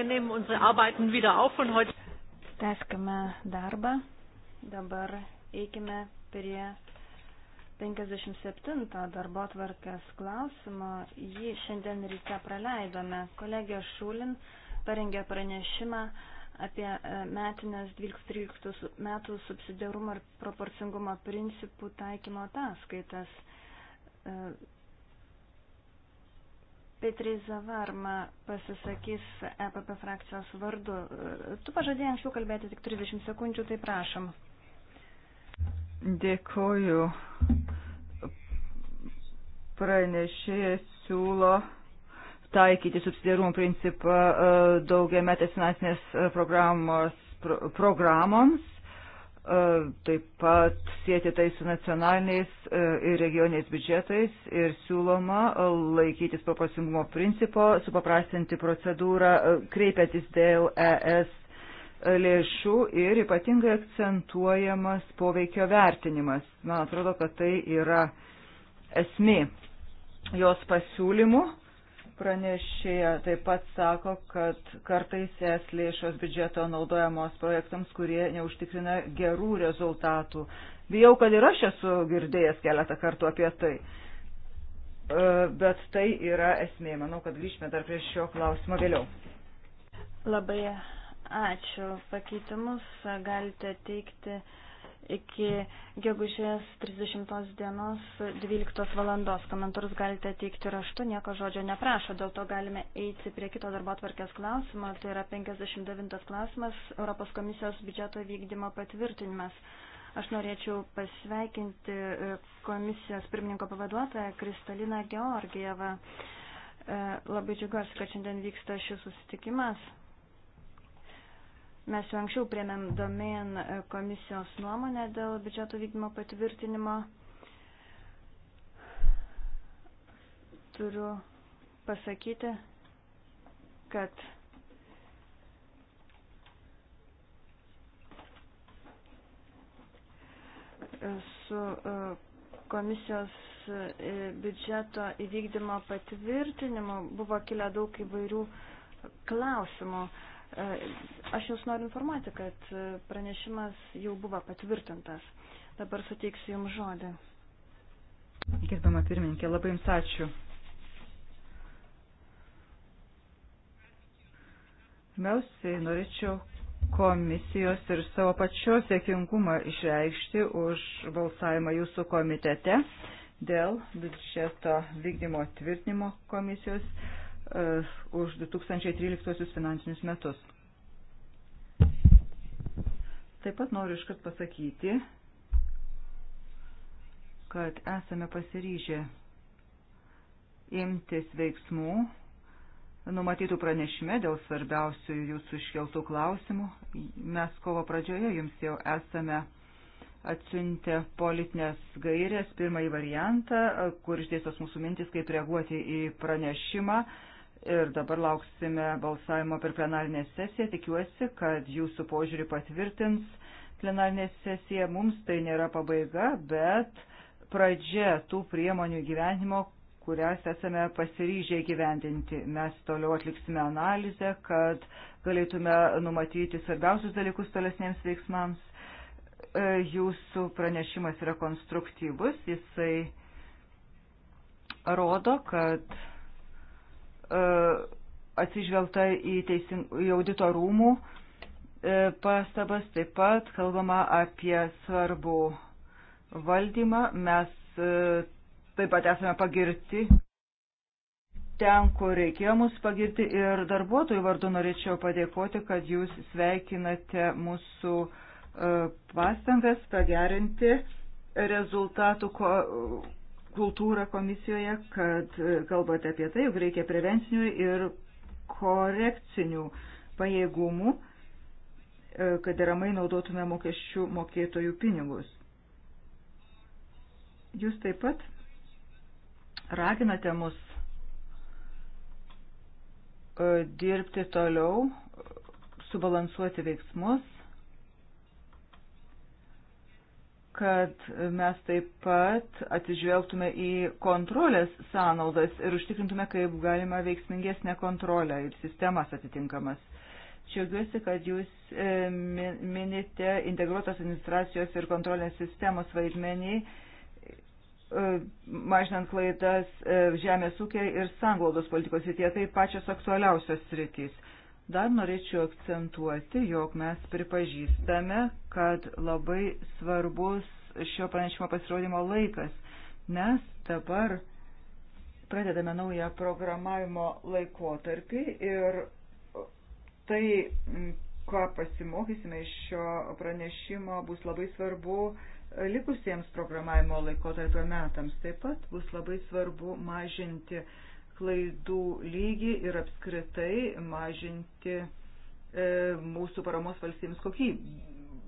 Wir nehmen unsere Arbeiten wieder auf von heute. Teskime darbą. Dabar eikime prie 57 darbo tvarkės klausimo. Jį šiandien ryte praleidome. Kolegė Šulin parengė pranešimą apie e, metinės 12-13 metų subsidiarumo ir proporcingumo principų taikymo ataskaitas e, Petris Zavarma pasisakys EPP frakcijos vardu. Tu pažadėjai anksčiau kalbėti tik 30 sekundžių, tai prašom. Dėkoju. Pranešėjas siūlo taikyti subsidiarumo principą e, daugiametės finansinės e, programos programoms E, taip pat sėti tai su nacionaliniais e, ir regioniais biudžetais ir siūloma laikytis proporcingumo principo, supaprastinti procedūrą, e, kreipiantis dėl ES lėšų ir ypatingai akcentuojamas poveikio vertinimas. Man atrodo, kad tai yra esmė jos pasiūlymų Pranešėja taip pat sako, kad kartais es lėšos biudžeto naudojamos projektams, kurie neužtikrina gerų rezultatų. Bijau, kad ir aš esu girdėjęs keletą kartų apie tai. E, bet tai yra esmė. Manau, kad grįžtume dar prie šio klausimo vėliau. Labai ačiū. Pakeitimus galite teikti iki gegužės 30 dienos 12 valandos. Komentarus galite teikti raštu, nieko žodžio neprašo, dėl to galime eiti prie kito darbo atvarkės klausimo. Tai yra 59 klausimas Europos komisijos biudžeto vykdymo patvirtinimas. Aš norėčiau pasveikinti e, komisijos pirmininko pavaduotoją Kristaliną Georgievą. E, labai džiugiuosi, kad šiandien vyksta šis susitikimas. Mes jau anksčiau priemėm domen e, komisijos nuomonę dėl biudžeto vykdymo patvirtinimo. Turiu pasakyti, kad su e, komisijos e, biudžeto įvykdymo patvirtinimu buvo kilę daug įvairių klausimų. E, aš jūs noriu informuoti, kad pranešimas jau buvo patvirtintas. Dabar suteiksiu Jums žodį. Gerbama pirmininkė, labai Jums ačiū. Pirmiausiai norėčiau komisijos ir savo pačios dėkingumą išreikšti už balsavimą Jūsų komitete dėl biudžeto vykdymo tvirtinimo komisijos už 2013 finansinius metus. Taip pat noriu iškart pasakyti, kad esame pasiryžę imtis veiksmų numatytų pranešime dėl svarbiausių jūsų iškeltų klausimų. Mes kovo pradžioje jums jau esame atsiuntę politinės gairės, pirmąjį variantą, kur išdėstos mūsų mintis, kaip reaguoti į pranešimą ir dabar lauksime balsavimo per plenarinę sesiją. Tikiuosi, kad jūsų požiūrį patvirtins plenarinė sesija. Mums tai nėra pabaiga, bet pradžia tų priemonių gyvenimo, kurias esame pasiryžę gyvendinti. Mes toliau atliksime analizę, kad galėtume numatyti svarbiausius dalykus tolesniems veiksmams. E, jūsų pranešimas yra konstruktyvus, jisai rodo, kad E, atsižvelgta į, teising, į audito rūmų e, pastabas, taip pat kalbama apie svarbų valdymą. Mes e, taip pat esame pagirti ten, kur reikėjo mus pagirti ir darbuotojų vardu norėčiau padėkoti, kad jūs sveikinate mūsų pastangas pagerinti rezultatų kultūrą komisijoje, kad e, kalbate apie tai, jog reikia prevencinių ir korekcinių pajėgumų, e, kad deramai naudotume mokesčių mokėtojų pinigus. Jūs taip pat raginate mus e, dirbti toliau, subalansuoti veiksmus kad mes taip pat atsižvelgtume į kontrolės sąnaudas ir užtikrintume, kaip galima veiksmingesnę kontrolę ir sistemas atitinkamas. Čiaugiuosi, kad jūs e, minite integruotos administracijos ir kontrolės sistemos vaidmenį, e, mažinant klaidas e, žemės ūkiai ir sanglaudos politikos įtie, tai pačios aktualiausios sritys. Dar norėčiau akcentuoti, jog mes pripažįstame, kad labai svarbus šio pranešimo pasirodymo laikas. Mes dabar pradedame naują programavimo laikotarpį ir tai, ką pasimokysime iš šio pranešimo, bus labai svarbu likusiems programavimo laikotarpio metams. Taip pat bus labai svarbu mažinti uh, klaidų lygį ir apskritai mažinti e, mūsų paramos valstybės kokybę,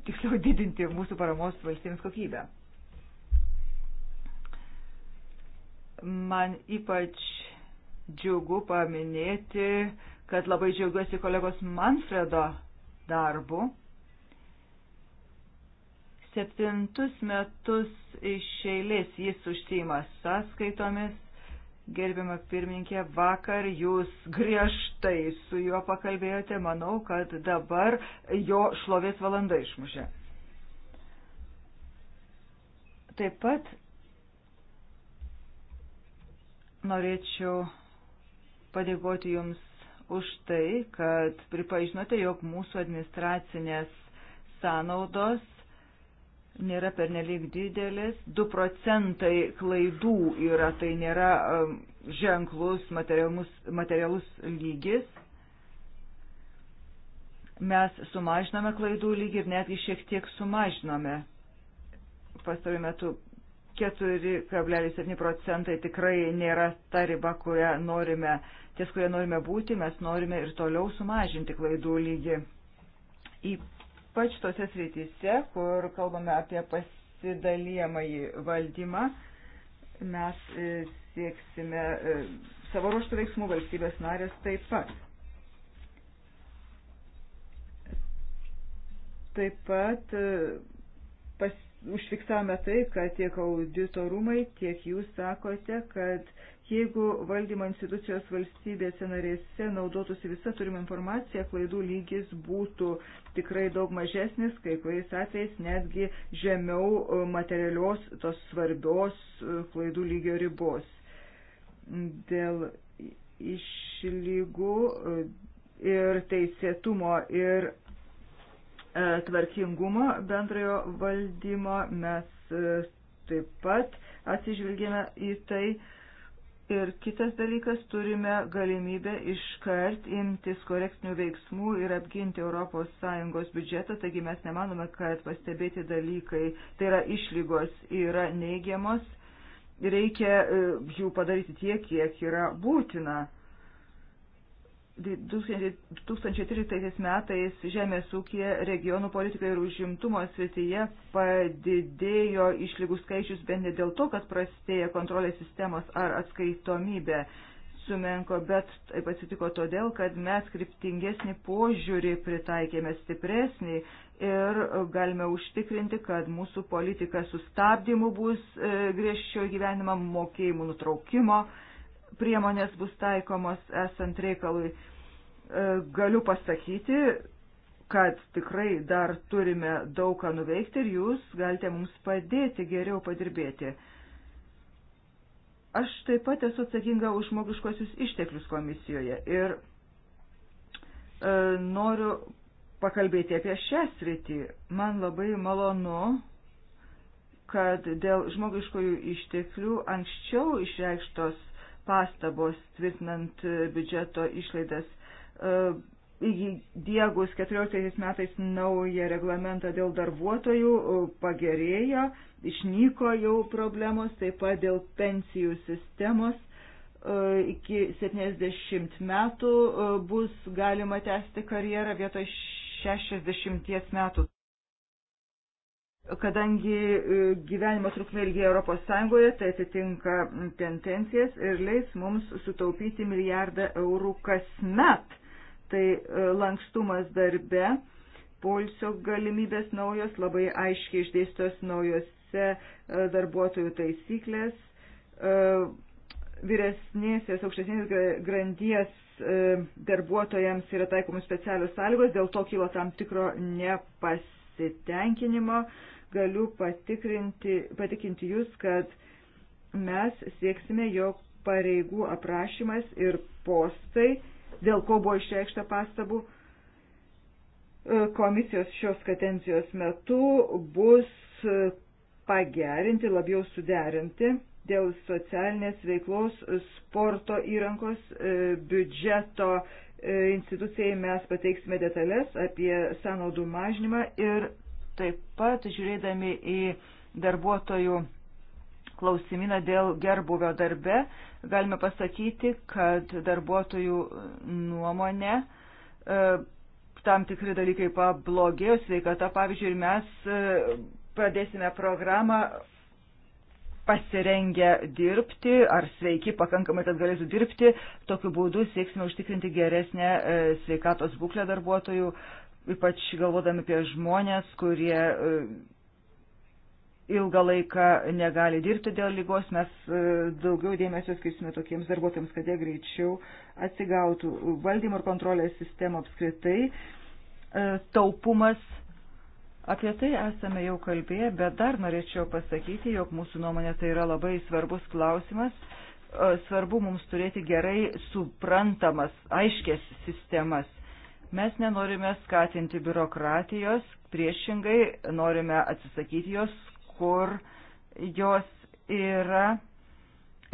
tiksliau didinti mūsų paramos valstybės kokybę. Man ypač džiugu paminėti, kad labai džiaugiuosi kolegos Manfredo darbu. Septintus metus iš eilės jis užsima sąskaitomis Gerbiama pirmininkė, vakar jūs griežtai su juo pakalbėjote, manau, kad dabar jo šlovės valanda išmušė. Taip pat norėčiau padėkoti Jums už tai, kad pripažinote, jog mūsų administracinės sąnaudos nėra pernelyg didelis. 2 procentai klaidų yra, tai nėra um, ženklus materialus, materialus lygis. Mes sumažiname klaidų lygį ir netgi šiek tiek sumažiname. Pastaruoju metu 4,7 procentai tikrai nėra ta riba, kurią norime, ties kurie norime būti, mes norime ir toliau sumažinti klaidų lygį. Į ypač tose srityse, kur kalbame apie pasidalijamąjį valdymą, mes e, sieksime e, savo ruoštų veiksmų valstybės narės taip pat. Taip pat e, pas, užfiksavome tai, kad tiek auditorumai, tiek jūs sakote, kad uh, Jeigu valdymo institucijos valstybėse narėse naudotųsi visą turimą informaciją, klaidų lygis būtų tikrai daug mažesnis, kai kuriais atvejais netgi žemiau e, materialios tos svarbios e, klaidų lygio ribos. Dėl išlygų e, ir teisėtumo ir tvarkingumo bendrojo valdymo mes taip pat atsižvelgėme į tai, Ir kitas dalykas, turime galimybę iškart imtis korektinių veiksmų ir apginti ES biudžetą, taigi mes nemanome, kad pastebėti dalykai, tai yra išlygos, yra neigiamos, reikia e, jų padaryti tiek, kiek yra būtina. 2013 metais žemės ūkija regionų politikoje ir užimtumo srityje padidėjo išlygų skaičius bent ne dėl to, kad prastėja kontrolės sistemos ar atskaitomybė sumenko, bet taip atsitiko todėl, kad mes kryptingesnį požiūrį pritaikėme stipresnį ir galime užtikrinti, kad mūsų politika sustabdymų bus e, griežčio gyvenimą, mokėjimų nutraukimo priemonės bus taikomos esant reikalui. E, galiu pasakyti, kad tikrai dar turime daug ką nuveikti ir jūs galite mums padėti geriau padirbėti. Aš taip pat esu atsakinga už žmogiškosius išteklius komisijoje ir e, noriu pakalbėti apie šią sritį. Man labai malonu, kad dėl žmogiškojų išteklių anksčiau išreikštos pastabos tvirtinant e, biudžeto išlaidas. E, Įdiegus 14 metais naują reglamentą dėl darbuotojų e, pagerėjo, išnyko jau problemos, taip pat dėl pensijų sistemos iki 70 metų bus galima tęsti karjerą vietoj 60 metų kadangi e, gyvenimo trukmė ilgėja Europos Sąjungoje, tai atitinka tendencijas ir leis mums sutaupyti milijardą eurų kasmet. Tai e, lankstumas darbe, polsio galimybės naujos, labai aiškiai išdėstos naujose e, darbuotojų taisyklės, vyresnėsės aukštesnės grandies darbuotojams yra taikomos specialios sąlygos, dėl to kyla tam tikro nepasitenkinimo galiu patikinti Jūs, kad mes sieksime, jog pareigų aprašymas ir postai, dėl ko buvo išreikšta pastabų, e, komisijos šios kadencijos metu bus e, pagerinti, labiau suderinti dėl socialinės veiklos, sporto įrankos, e, biudžeto institucijai mes pateiksime detalės apie sąnaudų mažinimą ir Taip pat žiūrėdami į darbuotojų klausimyną dėl gerbuvio darbe, galime pasakyti, kad darbuotojų nuomonė e, tam tikri dalykai pablogėjo sveikata. Pavyzdžiui, ir mes e, pradėsime programą pasirengę dirbti, ar sveiki pakankamai, kad galėtų dirbti. Tokiu būdu sieksime užtikrinti geresnę e, sveikatos būklę darbuotojų, ypač galvodami apie žmonės, kurie e, ilgą laiką negali dirbti dėl lygos, mes e, daugiau dėmesio skirsime tokiems darbuotojams, kad jie greičiau atsigautų. Valdymo ir kontrolės sistema apskritai, e, taupumas, apie tai esame jau kalbėję, bet dar norėčiau pasakyti, jog mūsų nuomonė tai yra labai svarbus klausimas. Svarbu mums turėti gerai suprantamas, aiškės sistemas Mes nenorime skatinti biurokratijos, priešingai norime atsisakyti jos, kur jos yra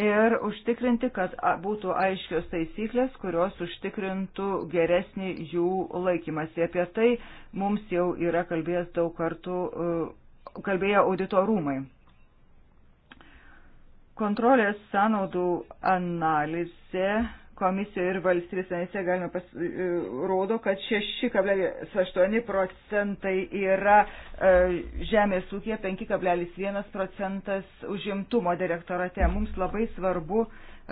ir užtikrinti, kad būtų aiškios taisyklės, kurios užtikrintų geresnį jų laikymasi. Apie tai mums jau yra kalbėjęs daug kartų, kalbėjo auditorumai. Kontrolės sąnaudų analizė komisijoje ir valstybės anėse galima pas, e, rodo, kad 6,8 procentai yra e, žemės ūkė, 5,1 procentas užimtumo direktorate. Mums labai svarbu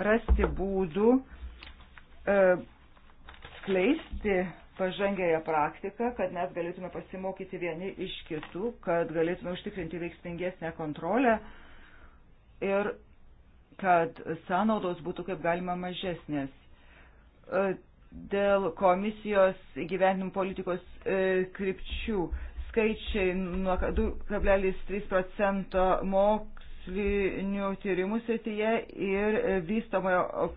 rasti būdų e, skleisti pažangėją praktiką, kad mes galėtume pasimokyti vieni iš kitų, kad galėtume užtikrinti veiksmingesnę kontrolę ir kad sąnaudos būtų kaip galima mažesnės. E, dėl komisijos gyvenimo politikos e, krypčių skaičiai nuo 2,3 procento mokslinių tyrimų srityje ir vystamojo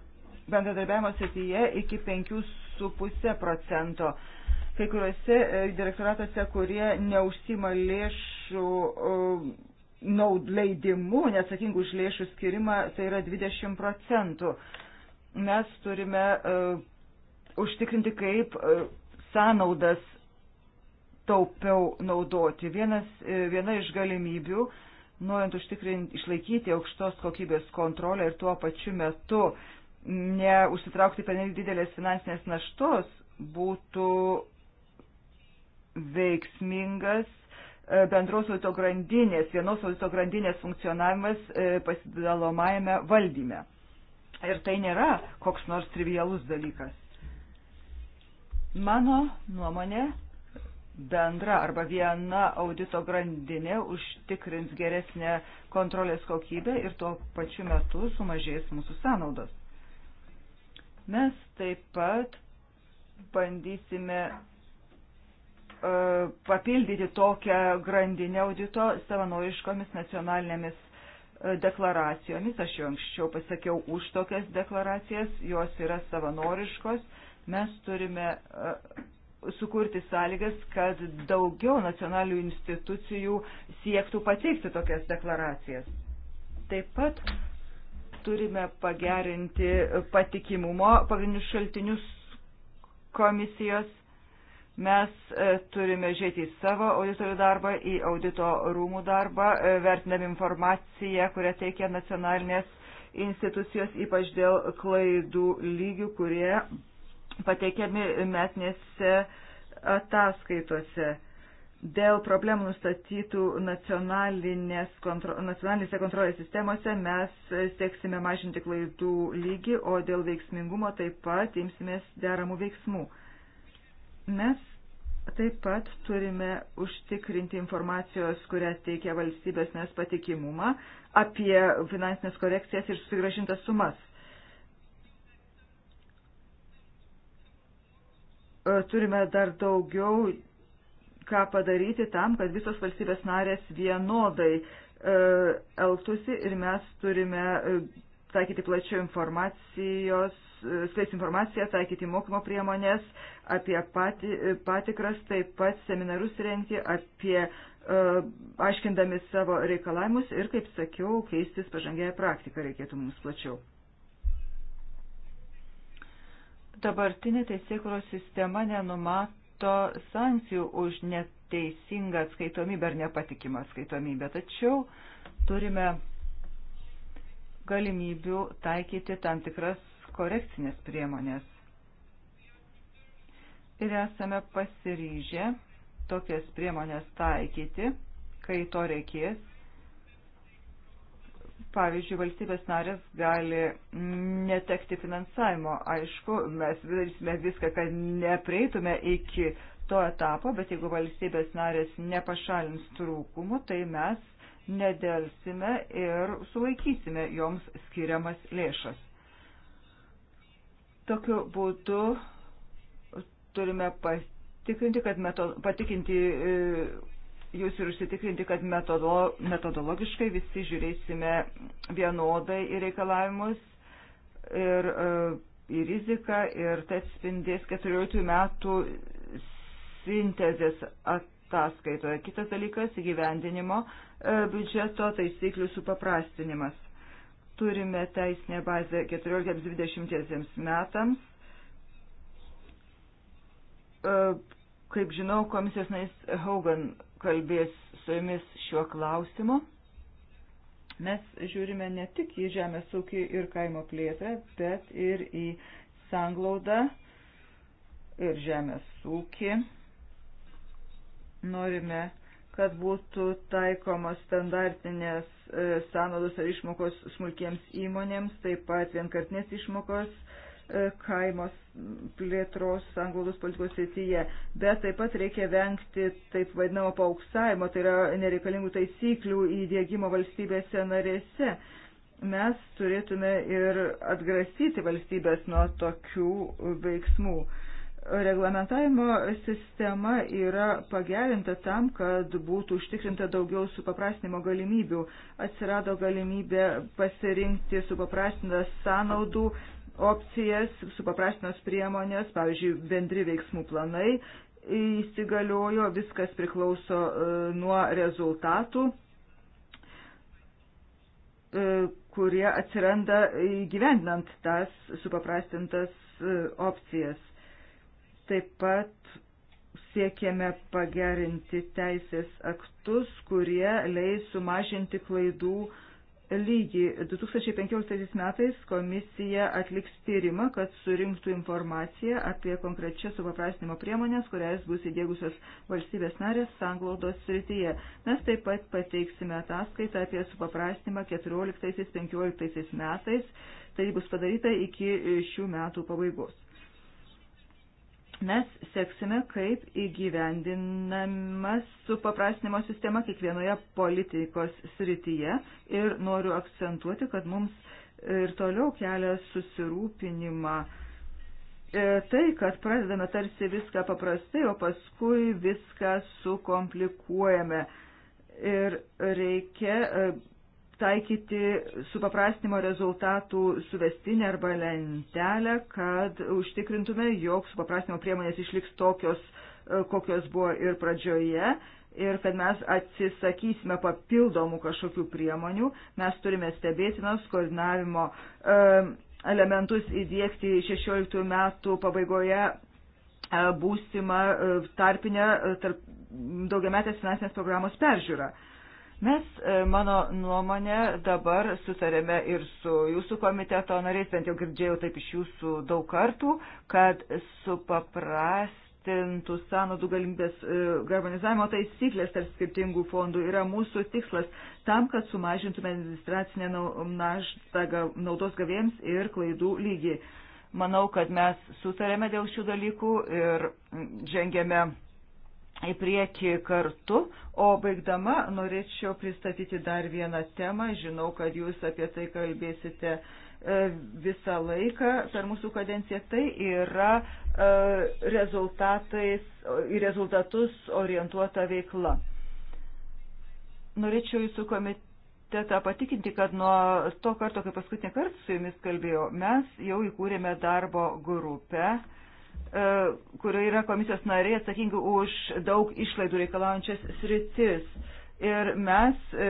bendradarbiavimo srityje iki 5,5 procento. Kai kuriuose e, direktoratuose, kurie neužsima lėšų naud leidimu, neatsakingų už lėšų skirimą, tai yra 20 procentų. Mes turime uh, užtikrinti, kaip uh, sąnaudas taupiau naudoti. Vienas, uh, viena iš galimybių, norint užtikrinti, išlaikyti aukštos kokybės kontrolę ir tuo pačiu metu neužsitraukti penel didelės finansinės naštos, būtų veiksmingas E, bendros audito grandinės, vienos audito grandinės funkcionavimas e, pasidalomajame valdyme. Ir tai nėra koks nors trivialus dalykas. Mano nuomonė bendra arba viena audito grandinė užtikrins geresnę kontrolės kokybę ir tuo pačiu metu sumažės mūsų sąnaudos. Mes taip pat bandysime E, papildyti tokią grandinę audito savanoriškomis nacionalinėmis e, deklaracijomis. Aš jau anksčiau pasakiau už tokias deklaracijas, jos yra savanoriškos. Mes turime e, sukurti sąlygas, kad daugiau nacionalių institucijų siektų pateikti tokias deklaracijas. Taip pat turime pagerinti patikimumo pagrindinius šaltinius komisijos Mes e, turime žiūrėti į savo auditorių darbą, į audito rūmų darbą, e, vertinami informaciją, kurią teikia nacionalinės institucijos, ypač dėl klaidų lygių, kurie pateikiami metinėse ataskaitose. Dėl problemų nustatytų kontro, nacionalinėse kontrolės sistemose mes sieksime mažinti klaidų lygį, o dėl veiksmingumo taip pat imsimės deramų veiksmų. Mes Taip pat turime užtikrinti informacijos, kurią teikia valstybės nes patikimumą apie finansinės korekcijas ir susigražintas sumas. E, turime dar daugiau ką padaryti tam, kad visos valstybės narės vienodai e, elgtųsi ir mes turime e, taikyti plačiau informacijos skleisti informaciją, taikyti mokymo priemonės, apie pati, patikras, taip pat seminarus rengti, apie uh, aiškindami savo reikalavimus ir, kaip sakiau, keistis pažangėją praktiką reikėtų mums plačiau. Dabartinė teisėkuros sistema nenumato sankcijų už neteisingą atskaitomybę ar nepatikimą atskaitomybę, tačiau turime galimybių taikyti tam tikras korekcinės priemonės. Ir esame pasiryžę tokias priemonės taikyti, kai to reikės. Pavyzdžiui, valstybės narės gali netekti finansavimo. Aišku, mes darysime viską, kad neprieitume iki to etapo, bet jeigu valstybės narės nepašalins trūkumų, tai mes nedelsime ir sulaikysime joms skiriamas lėšas. Tokiu būdu turime patikrinti, kad metod, patikinti e, jūs ir užsitikrinti, kad metodo, metodologiškai visi žiūrėsime vienodai į reikalavimus ir e, į riziką ir tai atspindės 14 metų sintezės ataskaitoje. Kitas dalykas - įgyvendinimo e, biudžeto taisyklių supaprastinimas. Turime teisinę bazę 14-20 metams. E, kaip žinau, komisijos nais Haugan kalbės su jumis šiuo klausimu. Mes žiūrime ne tik į žemės ūkį ir kaimo plėtrą, bet ir į sanglaudą ir žemės ūkį. Norime kad būtų taikomos standartinės e, sąnaudos ar išmokos smulkiems įmonėms, taip pat vienkartinės išmokos e, kaimos plėtros sanglaudos politikos srityje. Bet taip pat reikia vengti taip vadinamo paauksavimo, tai yra nereikalingų taisyklių įdėgymo valstybėse narėse. Mes turėtume ir atgrasyti valstybės nuo tokių veiksmų reglamentavimo sistema yra pagerinta tam, kad būtų užtikrinta daugiau supaprastinimo galimybių. Atsirado galimybė pasirinkti supaprastinas sąnaudų opcijas, supaprastinos priemonės, pavyzdžiui, bendri veiksmų planai įsigaliojo, viskas priklauso e, nuo rezultatų e, kurie atsiranda įgyvendinant tas supaprastintas e, opcijas. Taip pat siekiame pagerinti teisės aktus, kurie leis sumažinti klaidų lygį. 2015 metais komisija atliks tyrimą, kad surinktų informaciją apie konkrečias supaprastinimo priemonės, kurias bus įdėgusios valstybės narės sanglaudos srityje. Mes taip pat pateiksime ataskaitą apie supaprastinimą 14-15 metais. Tai bus padaryta iki šių metų pabaigos. Mes seksime, kaip įgyvendinamas supaprastinimo sistema kiekvienoje politikos srityje ir noriu akcentuoti, kad mums ir toliau kelia susirūpinimą e, tai, kad pradedame tarsi viską paprastai, o paskui viską sukomplikuojame ir reikia e, taikyti supaprastinimo rezultatų suvestinę arba lentelę, kad užtikrintume, jog supaprastinimo priemonės išliks tokios, e, kokios buvo ir pradžioje. Ir kad mes atsisakysime papildomų kažkokių priemonių, mes turime stebėtinos koordinavimo e, elementus įdėkti 16 metų pabaigoje e, būsimą tarpinę tarp, daugiametės finansinės programos peržiūrą. Mes, e, mano nuomonė, dabar sutarėme ir su jūsų komiteto nariais, bent jau girdėjau taip iš jūsų daug kartų, kad supaprastintų sąnaudų galimybės garbanizavimo e, taisyklės tarp skirtingų fondų yra mūsų tikslas tam, kad sumažintume administracinę naštą naudos gavėjams ir klaidų lygį. Manau, kad mes sutarėme dėl šių dalykų ir žengėme į priekį kartu. O baigdama norėčiau pristatyti dar vieną temą. Žinau, kad jūs apie tai kalbėsite e, visą laiką per mūsų kadenciją. Tai yra e, rezultatais, į rezultatus orientuota veikla. Norėčiau jūsų komitetą patikinti, kad nuo to karto, kai paskutinį kartą su jumis kalbėjau, mes jau įkūrėme darbo grupę E, kurioje yra komisijos nariai atsakingi už daug išlaidų reikalaujančias sritis. Ir mes e,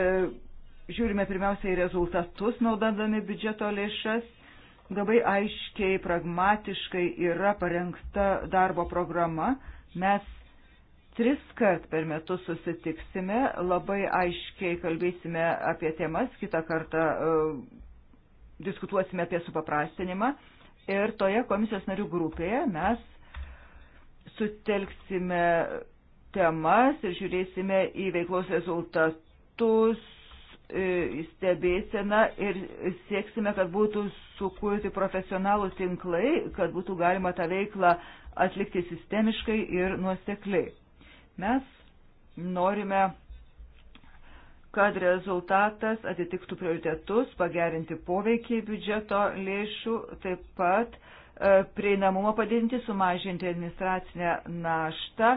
žiūrime pirmiausia į rezultatus, naudodami biudžeto lėšas. Labai aiškiai, pragmatiškai yra parengta darbo programa. Mes tris kart per metus susitiksime, labai aiškiai kalbėsime apie temas, kitą kartą uh, diskutuosime apie supaprastinimą. Uh, ir toje komisijos narių grupėje mes sutelksime temas ir žiūrėsime į veiklos rezultatus, stebėseną ir sieksime, kad būtų sukurti profesionalų tinklai, kad būtų galima tą veiklą atlikti sistemiškai ir nuosekliai. Mes norime kad rezultatas atitiktų prioritetus, pagerinti poveikį biudžeto lėšų, taip pat e, prieinamumą padidinti, sumažinti administracinę naštą,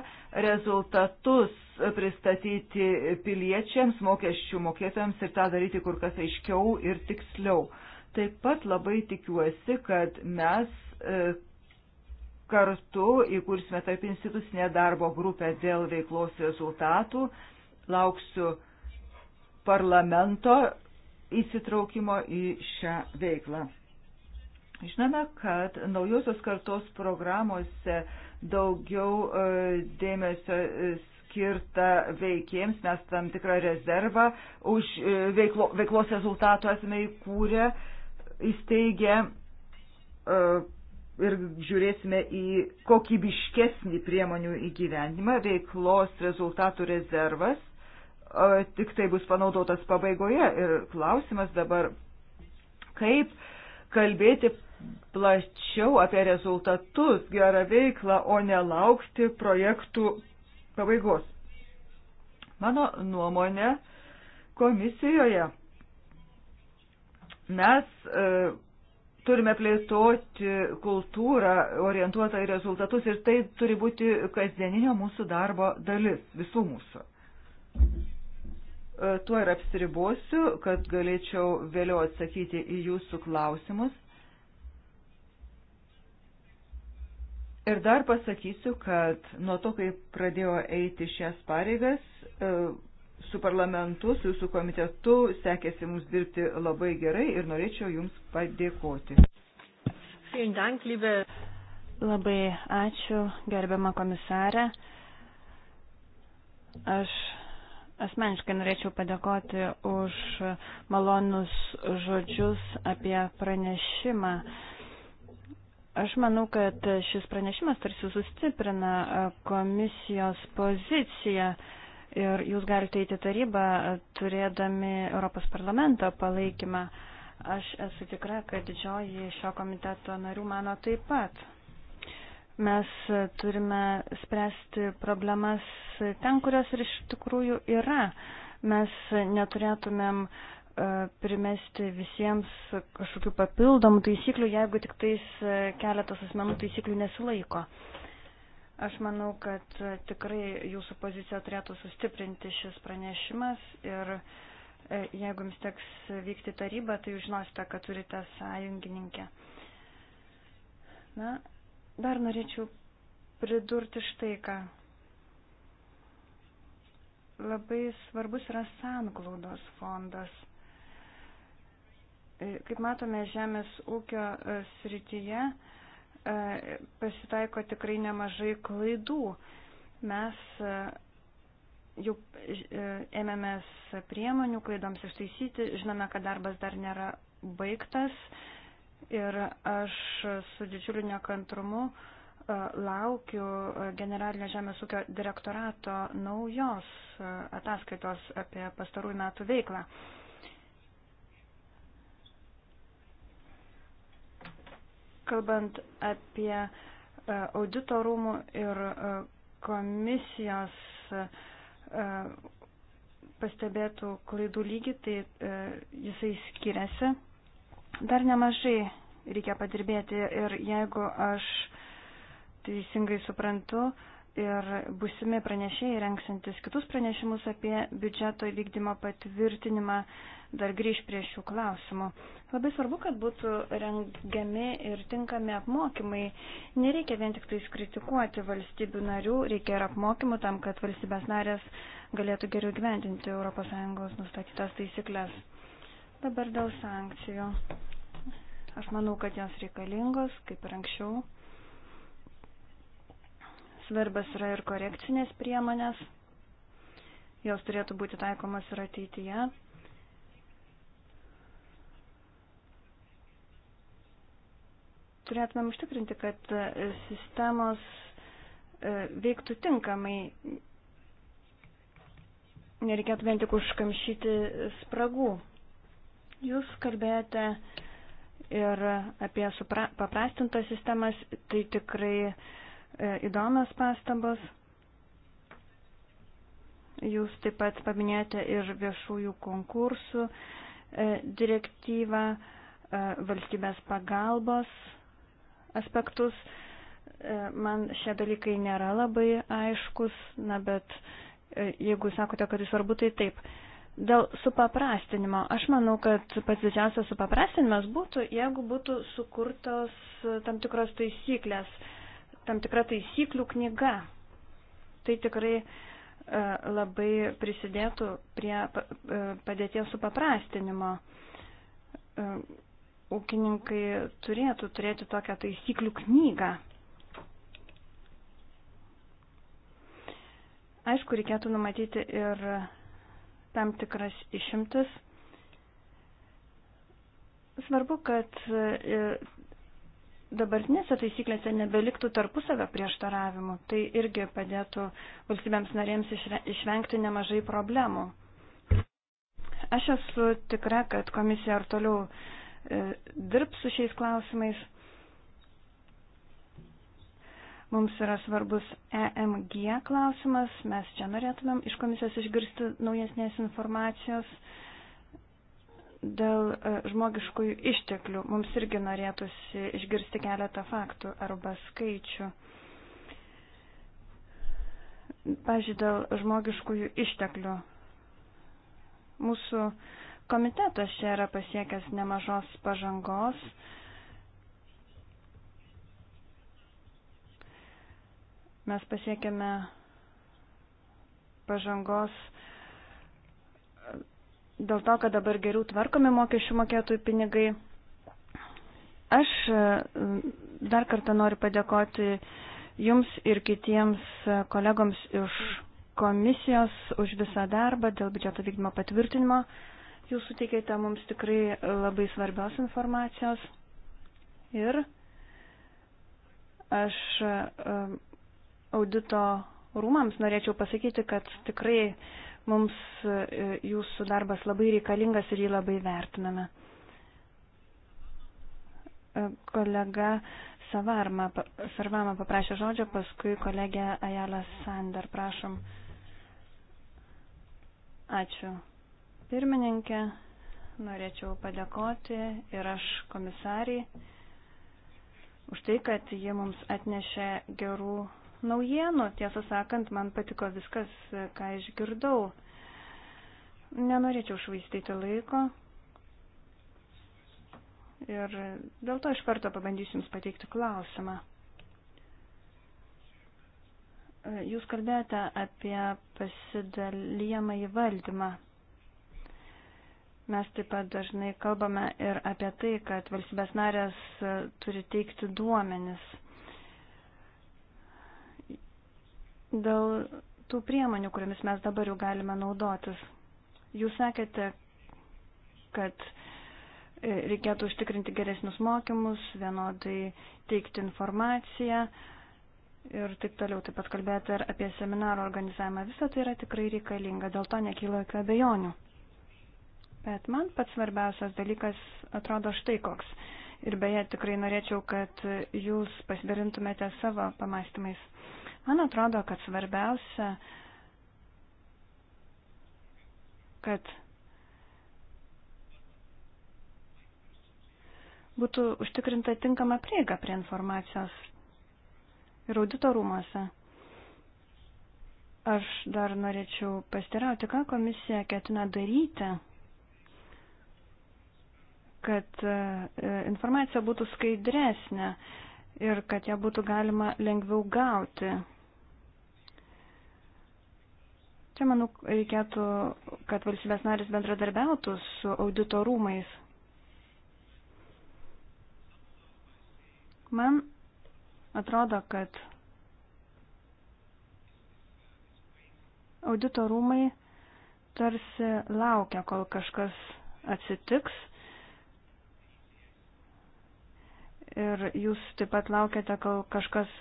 rezultatus pristatyti piliečiams, mokesčių mokėtams ir tą daryti kur kas aiškiau ir tiksliau. Taip pat labai tikiuosi, kad mes e, kartu įkursime tarp institucinę darbo grupę dėl veiklos rezultatų. Lauksiu parlamento įsitraukimo į šią veiklą. Žinome, kad naujosios kartos programuose daugiau e, dėmesio e, skirta veikėjams, mes tam tikrą rezervą už e, veiklo, veiklos rezultatų esame įkūrę, įsteigę ir žiūrėsime į kokybiškesnį priemonių įgyvendimą, veiklos rezultatų rezervas tik tai bus panaudotas pabaigoje. Ir klausimas dabar, kaip kalbėti plačiau apie rezultatus, gerą veiklą, o nelaukti projektų pabaigos. Mano nuomonė, komisijoje mes e, turime plėtoti kultūrą orientuotą į rezultatus ir tai turi būti kasdieninio mūsų darbo dalis, visų mūsų. E, tuo ir apsiribosiu, kad galėčiau vėliau atsakyti į jūsų klausimus. Ir dar pasakysiu, kad nuo to, kai pradėjo eiti šias pareigas, e, su parlamentu, su jūsų komitetu sekėsi mums dirbti labai gerai ir norėčiau jums padėkoti. Labai ačiū, gerbiama komisarė. Aš Asmeniškai norėčiau padėkoti už malonus žodžius apie pranešimą. Aš manau, kad šis pranešimas tarsi sustiprina komisijos poziciją ir jūs galite įti tarybą turėdami Europos parlamento palaikymą. Aš esu tikra, kad didžioji šio komiteto narių mano taip pat. Mes turime spręsti problemas ten, kurios ir iš tikrųjų yra. Mes neturėtumėm e, primesti visiems kažkokių papildomų taisyklių, jeigu tik tais e, keletas asmenų taisyklių nesilaiko. Aš manau, kad e, tikrai jūsų poziciją turėtų sustiprinti šis pranešimas ir jeigu jums teks vykti tarybą, tai jūs žinosite, kad turite sąjungininkę. Na, Dar norėčiau pridurti štai ką. Labai svarbus yra sanglaudos fondas. E, kaip matome, žemės ūkio e, srityje e, pasitaiko tikrai nemažai klaidų. Mes jau ėmėmės priemonių klaidoms ištaisyti, žinome, kad darbas dar nėra baigtas, Ir aš su didžiuliu nekantrumu e, laukiu e, generalinio žemės ūkio direktorato naujos e, ataskaitos apie pastarųjų metų veiklą. Kalbant apie auditorumų ir komisijos pastebėtų klaidų lygį, tai jisai skiriasi. Dar nemažai reikia padirbėti ir jeigu aš teisingai suprantu ir busimi pranešėjai renksantis kitus pranešimus apie biudžeto įvykdymo patvirtinimą, dar grįž prie šių klausimų. Labai svarbu, kad būtų rengiami ir tinkami apmokymai. Nereikia vien tik tais kritikuoti valstybių narių, reikia ir apmokymų tam, kad valstybės narės galėtų geriau gyventinti ES nustatytas taisyklės. Dabar dėl sankcijų. Aš manau, kad jos reikalingos, kaip ir anksčiau. Svarbas yra ir korekcinės priemonės. Jos turėtų būti taikomas ir ateityje. turėtumėm užtikrinti, kad sistemos e, veiktų tinkamai. Nereikėtų vien tik užkamšyti spragų. Jūs kalbėjote ir apie paprastintas sistemas, tai tikrai e, įdomios pastabos. Jūs taip pat paminėjote ir viešųjų konkursų e, direktyvą, e, valstybės pagalbos aspektus. Man šie dalykai nėra labai aiškus, na bet jeigu sakote, kad jis svarbu, tai taip. Dėl supaprastinimo. Aš manau, kad pats didžiausias supaprastinimas būtų, jeigu būtų sukurtos tam tikros taisyklės, tam tikra taisyklių knyga. Tai tikrai e, labai prisidėtų prie e, padėties supaprastinimo. E, ūkininkai turėtų turėti tokią taisyklių knygą. Aišku, reikėtų numatyti ir tam tikras išimtis. Svarbu, kad e, dabartinėse taisyklėse nebeliktų tarpusavio prieštaravimų. Tai irgi padėtų valstybėms narėms išvengti nemažai problemų. Aš esu tikra, kad komisija ir toliau e, dirbs su šiais klausimais. Mums yra svarbus EMG klausimas, mes čia norėtumėm iš komisijos išgirsti naujesnės informacijos dėl e, žmogiškųjų išteklių. Mums irgi norėtųsi išgirsti keletą faktų arba skaičių. Pavyzdžiui, dėl žmogiškųjų išteklių. Mūsų komitetas čia yra pasiekęs nemažos pažangos Mes pasiekėme pažangos dėl to, kad dabar geriau tvarkomi mokesčių mokėtojų pinigai. Aš e, dar kartą noriu padėkoti Jums ir kitiems kolegoms iš komisijos už visą darbą dėl biudžeto vykdymo patvirtinimo. Jūs suteikėte mums tikrai labai svarbios informacijos. Ir aš e, audito rūmams norėčiau pasakyti, kad tikrai mums e, jūsų darbas labai reikalingas ir jį labai vertiname. E, kolega Savarma, Sarvama paprašė žodžio, paskui kolegė Ajala Sander, prašom. Ačiū. Pirmininkė, norėčiau padėkoti ir aš komisariai už tai, kad jie mums atnešė gerų naujienų. Tiesą sakant, man patiko viskas, ką išgirdau. Nenorėčiau švaistyti laiko. Ir dėl to iš karto pabandysiu Jums pateikti klausimą. Jūs kalbėjote apie pasidalyjamą įvaldymą. Mes taip pat dažnai kalbame ir apie tai, kad valstybės narės turi teikti duomenis dėl tų priemonių, kuriamis mes dabar jau galime naudotis. Jūs sakėte, kad e, reikėtų užtikrinti geresnius mokymus, vienodai teikti informaciją ir taip toliau. Taip pat kalbėti ir apie seminarų organizavimą. Visą tai yra tikrai reikalinga, dėl to nekyla jokių abejonių. Bet man pats svarbiausias dalykas atrodo štai koks. Ir beje, tikrai norėčiau, kad jūs pasidalintumėte savo pamastymais. Man atrodo, kad svarbiausia, kad būtų užtikrinta tinkama prieiga prie informacijos ir audito rūmose. Aš dar norėčiau pastirauti, ką komisija ketina daryti, kad e, informacija būtų skaidresnė ir kad ją būtų galima lengviau gauti. Čia, manau, reikėtų, kad valstybės narys bendradarbiautų su auditorumais. Man atrodo, kad auditorumai tarsi laukia, kol kažkas atsitiks. Ir jūs taip pat laukiate, kol kažkas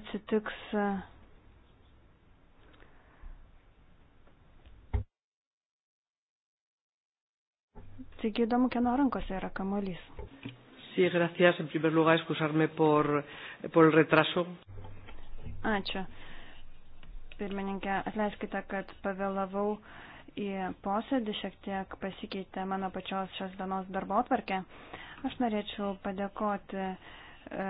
atsitiks. Uh, Taigi įdomu, kieno rankose yra kamuolys. Sí, gracias. En primer lugar, excusarme por, por el retraso. Ačiū. Pirmininkė, atleiskite, kad pavėlavau į posėdį, šiek tiek pasikeitė mano pačios šios dienos darbo atvarkė. Aš norėčiau padėkoti e,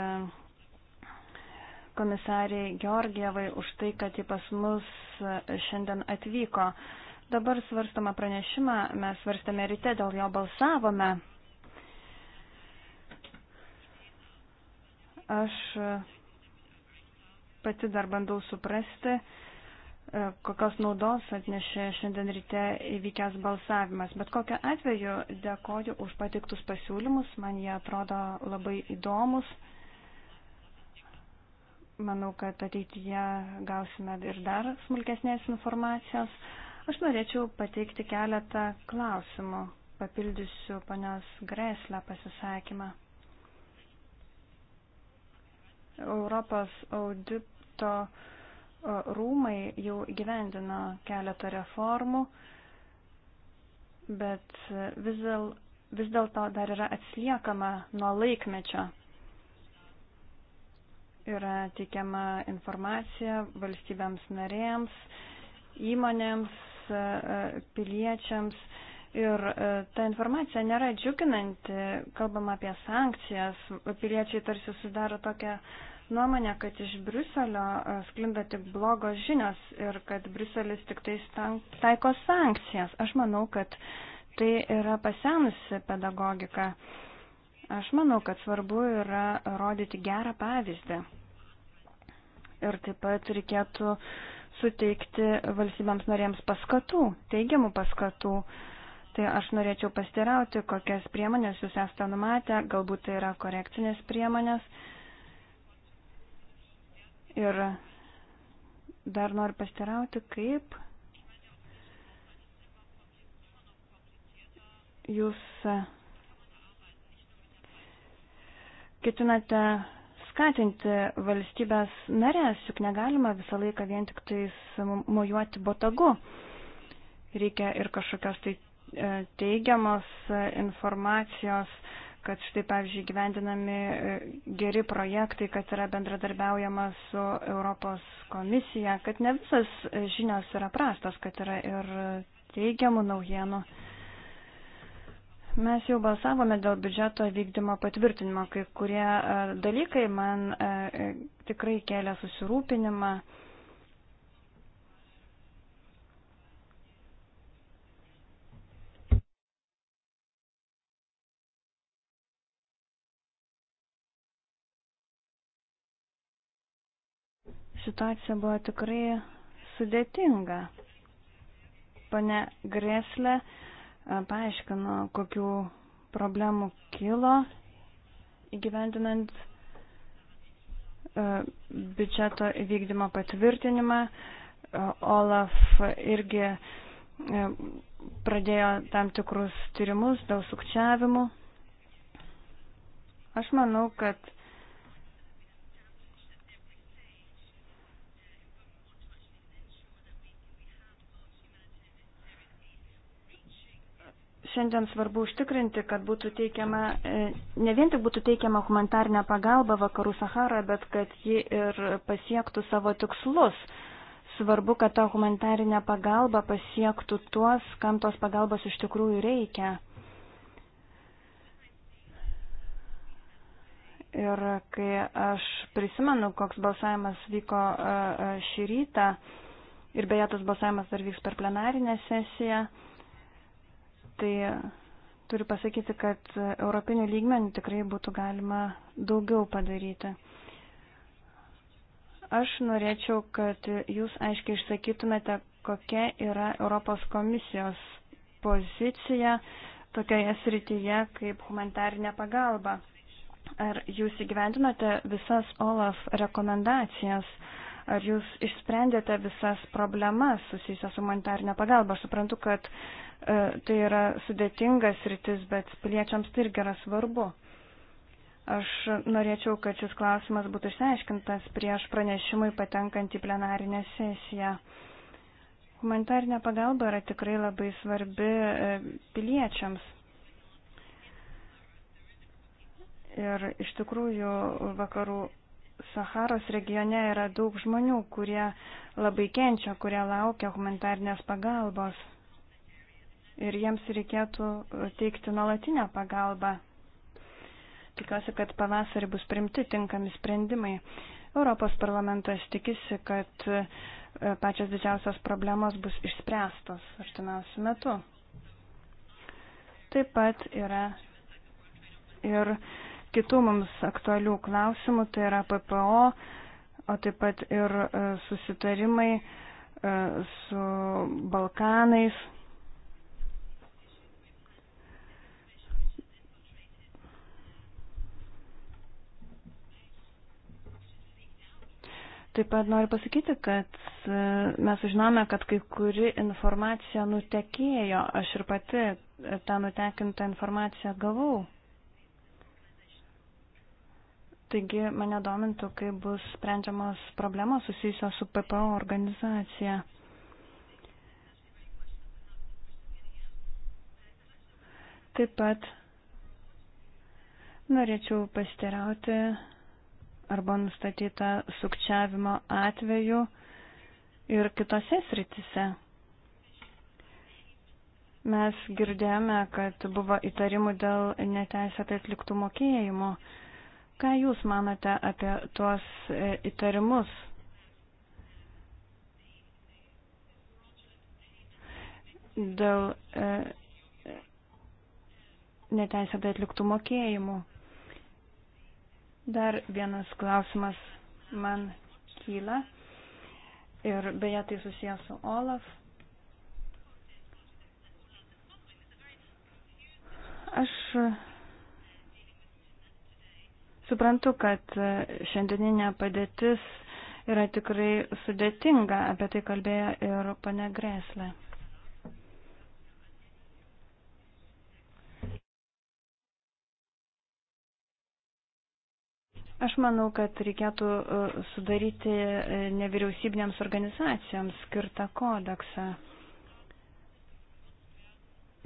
komisariai Georgievai už tai, kad ji pas mus e, šiandien atvyko. E, Dabar svarstama pranešimą, mes svarstame ryte, dėl jo balsavome. Aš pati dar bandau suprasti, e, kokios naudos atnešė šiandien ryte įvykęs balsavimas. Bet kokiu atveju dėkoju už patiktus pasiūlymus, man jie atrodo labai įdomus. Manau, kad ateityje gausime ir dar smulkesnės informacijos. Aš norėčiau pateikti keletą klausimų, papildysiu ponios Greslę pasisakymą. Europos audito rūmai jau gyvendino keletą reformų, bet vis dėlto vis dėlto dar yra atsliekama nuo laikmečio. Yra teikiama informacija valstybėms narėms, įmonėms, E, piliečiams. Ir e, ta informacija nėra džiuginanti, kalbam apie sankcijas, piliečiai tarsi sudaro tokią nuomonę, kad iš Briuselio e, sklinda tik blogos žinios ir kad Briuselis tik tai taiko sankcijas. Aš manau, kad tai yra pasenusi pedagogika. Aš manau, kad svarbu yra rodyti gerą pavyzdį. Ir taip pat reikėtų uh, suteikti valstybėms norėms paskatų, teigiamų paskatų. Tai aš norėčiau pastirauti, kokias priemonės jūs esate numatę, galbūt tai yra korekcinės priemonės. Ir dar noriu pastirauti, kaip jūs ketinate skatinti valstybės narės, juk negalima visą laiką vien tik tais mojuoti botagu. Reikia ir kažkokios tai e, teigiamos e, informacijos, kad štai, pavyzdžiui, gyvendinami e, geri projektai, kad yra bendradarbiaujama su Europos komisija, kad ne visas žinios yra prastos, kad yra ir teigiamų naujienų. Mes jau balsavome dėl biudžeto vykdymo patvirtinimo, kai kurie e, dalykai man e, e, tikrai kelia susirūpinimą. Situacija buvo tikrai sudėtinga. Pane Greslė, E, paaiškino, kokių problemų kilo įgyvendinant e, biudžeto įvykdymo patvirtinimą. E, Olaf irgi pradėjo tam tikrus tyrimus dėl sukčiavimų. Aš manau, kad Šiandien svarbu užtikrinti, kad būtų teikiama, e, ne vien tik būtų teikiama humanitarnė pagalba vakarų Sahara, bet kad ji ir pasiektų savo tikslus. Svarbu, kad ta humanitarinė pagalba pasiektų tuos, kam tos pagalbos iš tikrųjų reikia. Ir kai aš prisimenu, koks balsavimas vyko e, e, šį rytą, ir beje tas balsavimas dar vyks per plenarinę sesiją, tai turiu pasakyti, kad europinių lygmenių tikrai būtų galima daugiau padaryti. Aš norėčiau, kad jūs aiškiai išsakytumėte, kokia yra Europos komisijos pozicija tokioje srityje kaip humanitarinė pagalba. Ar jūs įgyvendinote visas OLAF rekomendacijas? Ar jūs išsprendėte visas problemas susijusias su humanitarinė pagalba? Aš suprantu, kad e, tai yra sudėtingas rytis, bet piliečiams tai irgi yra svarbu. Aš norėčiau, kad šis klausimas būtų išsiaiškintas prieš pranešimui patenkant į plenarinę sesiją. Humanitarinė pagalba yra tikrai labai svarbi e, piliečiams. Ir iš tikrųjų vakarų Saharos regione yra daug žmonių, kurie labai kenčia, kurie laukia humanitarnės pagalbos. Ir jiems reikėtų teikti nuolatinę pagalbą. Tikiuosi, kad pavasarį bus primti tinkami sprendimai. Europos parlamentas tikisi, kad e, pačios didžiausios problemos bus išspręstos artimiausių metų. Taip pat yra ir kitų mums aktualių klausimų, tai yra PPO, o taip pat ir e, susitarimai e, su Balkanais. Taip pat noriu pasakyti, kad e, mes žinome, kad kai kuri informacija nutekėjo, aš ir pati tą nutekintą informaciją gavau. Taigi mane domintų, kaip bus sprendžiamos problemos susijusios su PPO organizacija. Taip pat norėčiau pasiterauti arba nustatytą sukčiavimo atveju ir kitose sritise. Mes girdėjome, kad buvo įtarimų dėl neteisėtai atliktų mokėjimų. Ką Jūs manote apie tuos e, įtarimus? Dėl e, neteisėtai atliktų mokėjimų. Dar vienas klausimas man kyla ir beje tai susijęs su Olaf. Aš Suprantu, kad e, šiandieninė padėtis yra tikrai sudėtinga, apie tai kalbėjo ir pane Greslė. Aš manau, kad reikėtų e, sudaryti e, nevyriausybinėms organizacijoms skirtą kodeksą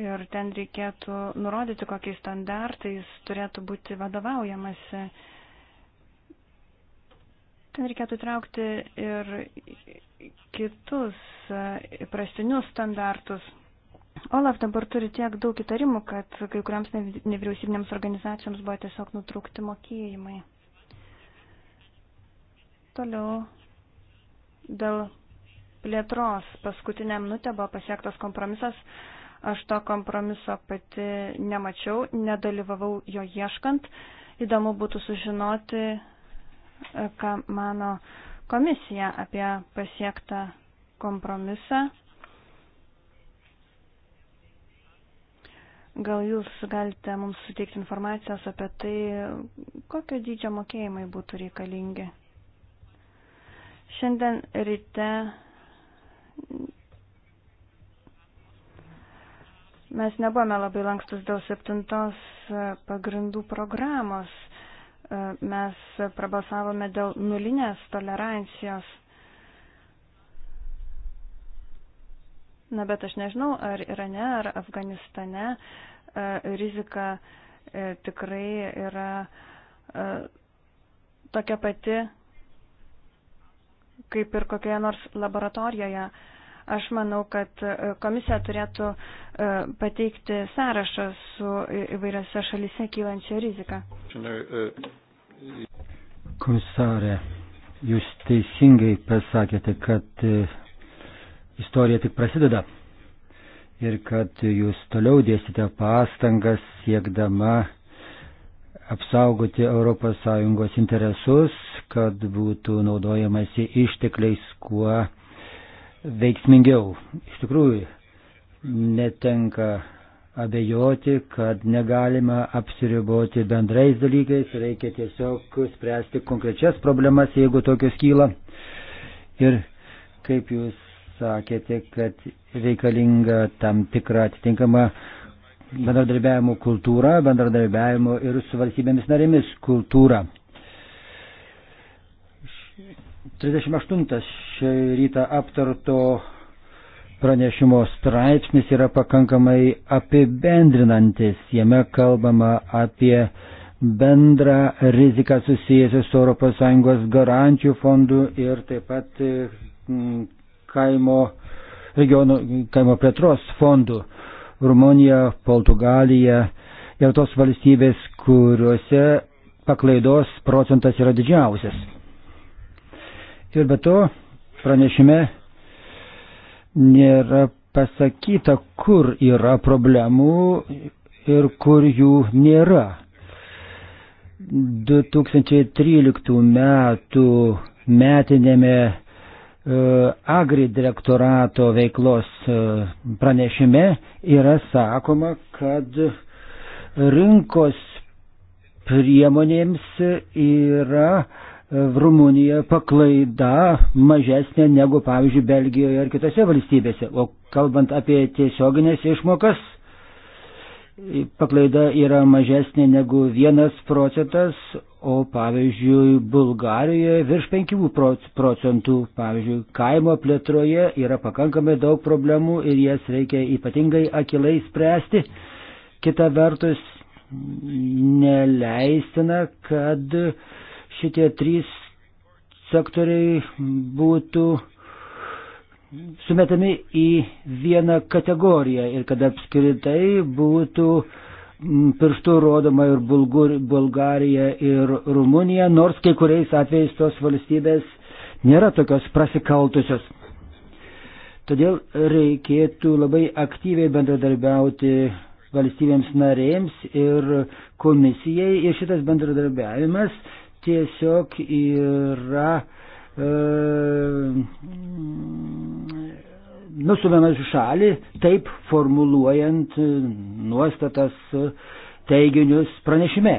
ir ten reikėtų nurodyti, kokiais standartais turėtų būti vadovaujamasi. Ten reikėtų traukti ir kitus įprastinius standartus. Olaf dabar turi tiek daug įtarimų, kad kai kuriams nevyriausybinėms organizacijoms buvo tiesiog nutrūkti mokėjimai. Toliau dėl plėtros paskutiniam minutę buvo pasiektas kompromisas Aš to kompromiso pati nemačiau, nedalyvavau jo ieškant. Įdomu būtų sužinoti, e, ką mano komisija apie pasiektą kompromisą. Gal jūs galite mums suteikti informacijos apie tai, kokio dydžio mokėjimai būtų reikalingi. Šiandien ryte Mes nebuvome labai lankstus dėl septintos e, pagrindų programos. E, mes prabalsavome dėl nulinės tolerancijos. Na, bet aš nežinau, ar Irane, ar Afganistane e, rizika tikrai yra tokia pati, kaip ir kokioje nors laboratorijoje. Aš manau, kad e, komisija turėtų e, pateikti sąrašą su e, įvairiose šalise kylančia rizika. Komisarė, jūs teisingai pasakėte, kad istorija tik prasideda ir kad jūs toliau dėsite pastangas siekdama apsaugoti ES interesus, kad būtų naudojamasi ištekliais kuo veiksmingiau. Iš tikrųjų, netenka abejoti, kad negalima apsiriboti bendrais dalykais, reikia tiesiog spręsti konkrečias problemas, jeigu tokios kyla. Ir kaip jūs sakėte, kad reikalinga tam tikra atitinkama bendradarbiavimo kultūra, bendradarbiavimo ir su valstybėmis narėmis kultūra. 38 šį rytą aptarto pranešimo straipsnis yra pakankamai apibendrinantis. Jame kalbama apie bendrą riziką susijusią su ES garantijų fondu ir taip pat mm, kaimo regionų kaimo plėtros fondu. Rumunija, Portugalija ir tos valstybės, kuriuose paklaidos procentas yra didžiausias. Ir be to pranešime nėra pasakyta, kur yra problemų ir kur jų nėra. 2013 metų metinėme e, Agri direktorato veiklos e, pranešime yra sakoma, kad rinkos priemonėms yra uh, E, Rumunija paklaida mažesnė negu, pavyzdžiui, Belgijoje ar kitose valstybėse. O kalbant apie tiesioginės išmokas, paklaida yra mažesnė negu 1 procentas, o pavyzdžiui, Bulgarijoje virš 5 procentų, pavyzdžiui, kaimo plėtroje yra pakankamai daug problemų ir jas reikia ypatingai akilai spręsti. Kita vertus, neleistina, kad uh, šitie trys sektoriai būtų sumetami į vieną kategoriją ir kad apskritai būtų mm, pirštų rodoma ir Bulgur, Bulgarija ir Rumunija, nors kai kuriais atvejais tos valstybės nėra tokios prasikaltusios. Todėl reikėtų labai aktyviai bendradarbiauti valstybėms narėms ir komisijai ir šitas bendradarbiavimas tiesiog yra e, nusumiamas į šalį, taip formuluojant nuostatas e, teiginius pranešime.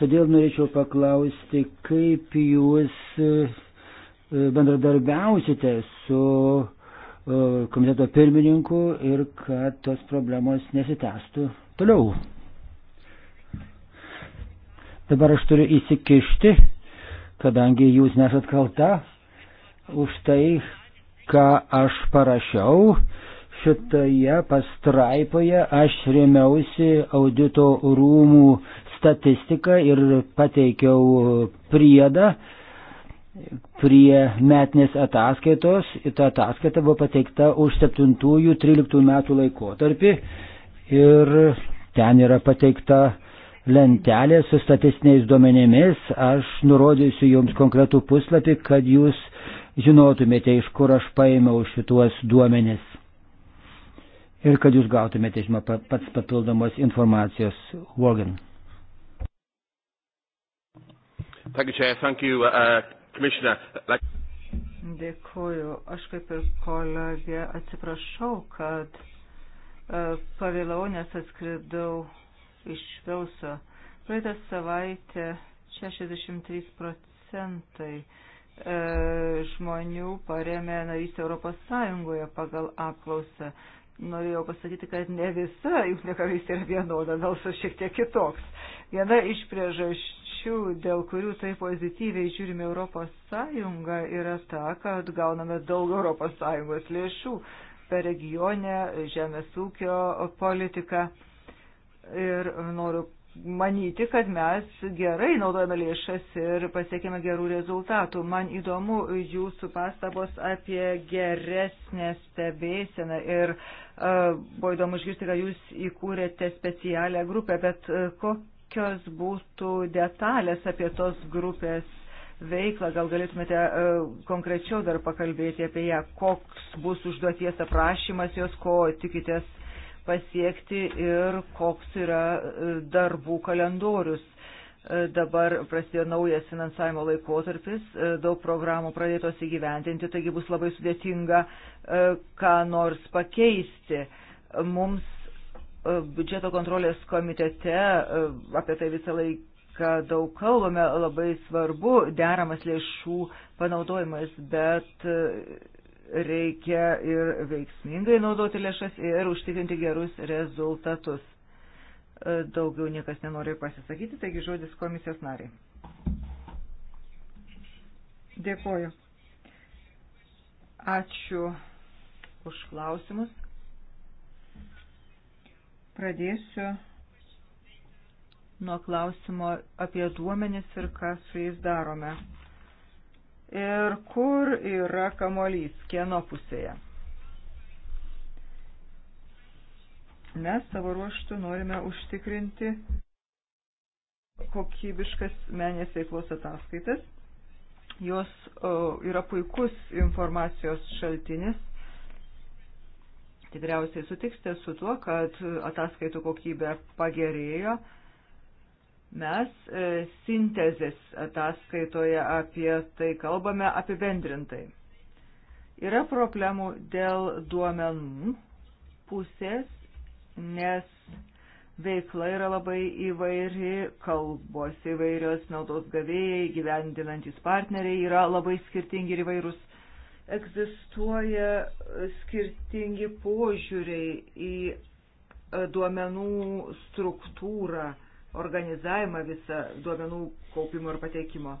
Todėl norėčiau paklausti, kaip jūs e, bendradarbiausite su e, komiteto pirmininku ir kad tos problemos nesitęstų toliau. Dabar aš turiu įsikišti, kadangi jūs nesat kalta už tai, ką aš parašiau. Šitoje pastraipoje aš rėmiausi audito rūmų statistiką ir pateikiau priedą prie metinės ataskaitos. Ta ataskaita buvo pateikta už 7-13 metų laikotarpį ir ten yra pateikta lentelė su statistiniais duomenėmis. Aš nurodysiu jums konkretų puslapį, kad jūs žinotumėte, iš kur aš paėmiau šituos duomenis. Ir kad jūs gautumėte, žinoma, pats papildomos informacijos. Wogan. Uh, uh, Dėkuoju. Aš kaip ir kolegė atsiprašau, kad uh, pavėlau, nes atskridau iš Velso. Praeitą savaitę 63 procentai e, žmonių paremė narystę Europos Sąjungoje pagal apklausą. Norėjau pasakyti, kad ne visa jungtinė karalystė yra vienoda, balsas šiek tiek kitoks. Viena iš priežasčių, dėl kurių taip pozityviai žiūrime Europos Sąjungą, yra ta, kad gauname daug Europos Sąjungos lėšų per regionę, žemės ūkio politiką ir noriu manyti, kad mes gerai naudojame lėšas ir pasiekėme gerų rezultatų. Man įdomu jūsų pastabos apie geresnę stebėseną ir uh, buvo įdomu išgirsti, kad jūs įkūrėte specialią grupę, bet uh, kokios būtų detalės apie tos grupės veiklą, gal galėtumėte uh, konkrečiau dar pakalbėti apie ją, koks bus užduoties aprašymas jos, ko tikitės pasiekti ir koks yra e, darbų kalendorius. E, dabar prasidėjo naujas finansavimo laikotarpis, e, daug programų pradėtos įgyventinti, taigi bus labai sudėtinga ką nors pakeisti. Mums biudžeto kontrolės komitete apie tai visą laiką ką daug kalbame, labai svarbu deramas lėšų panaudojimas, bet reikia ir veiksmingai naudoti lėšas ir užtikrinti gerus rezultatus. E, daugiau niekas nenori pasisakyti, taigi žodis komisijos nariai. Dėkoju. Ačiū už klausimus. Pradėsiu nuo klausimo apie duomenis ir ką su jais darome ir kur yra kamolys, kieno pusėje. Mes savo ruoštų norime užtikrinti kokybiškas menės veiklos ataskaitas. Jos o, yra puikus informacijos šaltinis. Tikriausiai sutiksite su tuo, kad ataskaitų kokybė pagerėjo Mes e, sintezės ataskaitoje apie tai kalbame apibendrintai. Yra problemų dėl duomenų pusės, nes veikla yra labai įvairi, kalbos įvairios, naudos gavėjai, gyvendinantis partneriai yra labai skirtingi ir įvairūs. Egzistuoja skirtingi požiūriai į e, duomenų struktūrą organizavimą visą duomenų kaupimo ir pateikimo.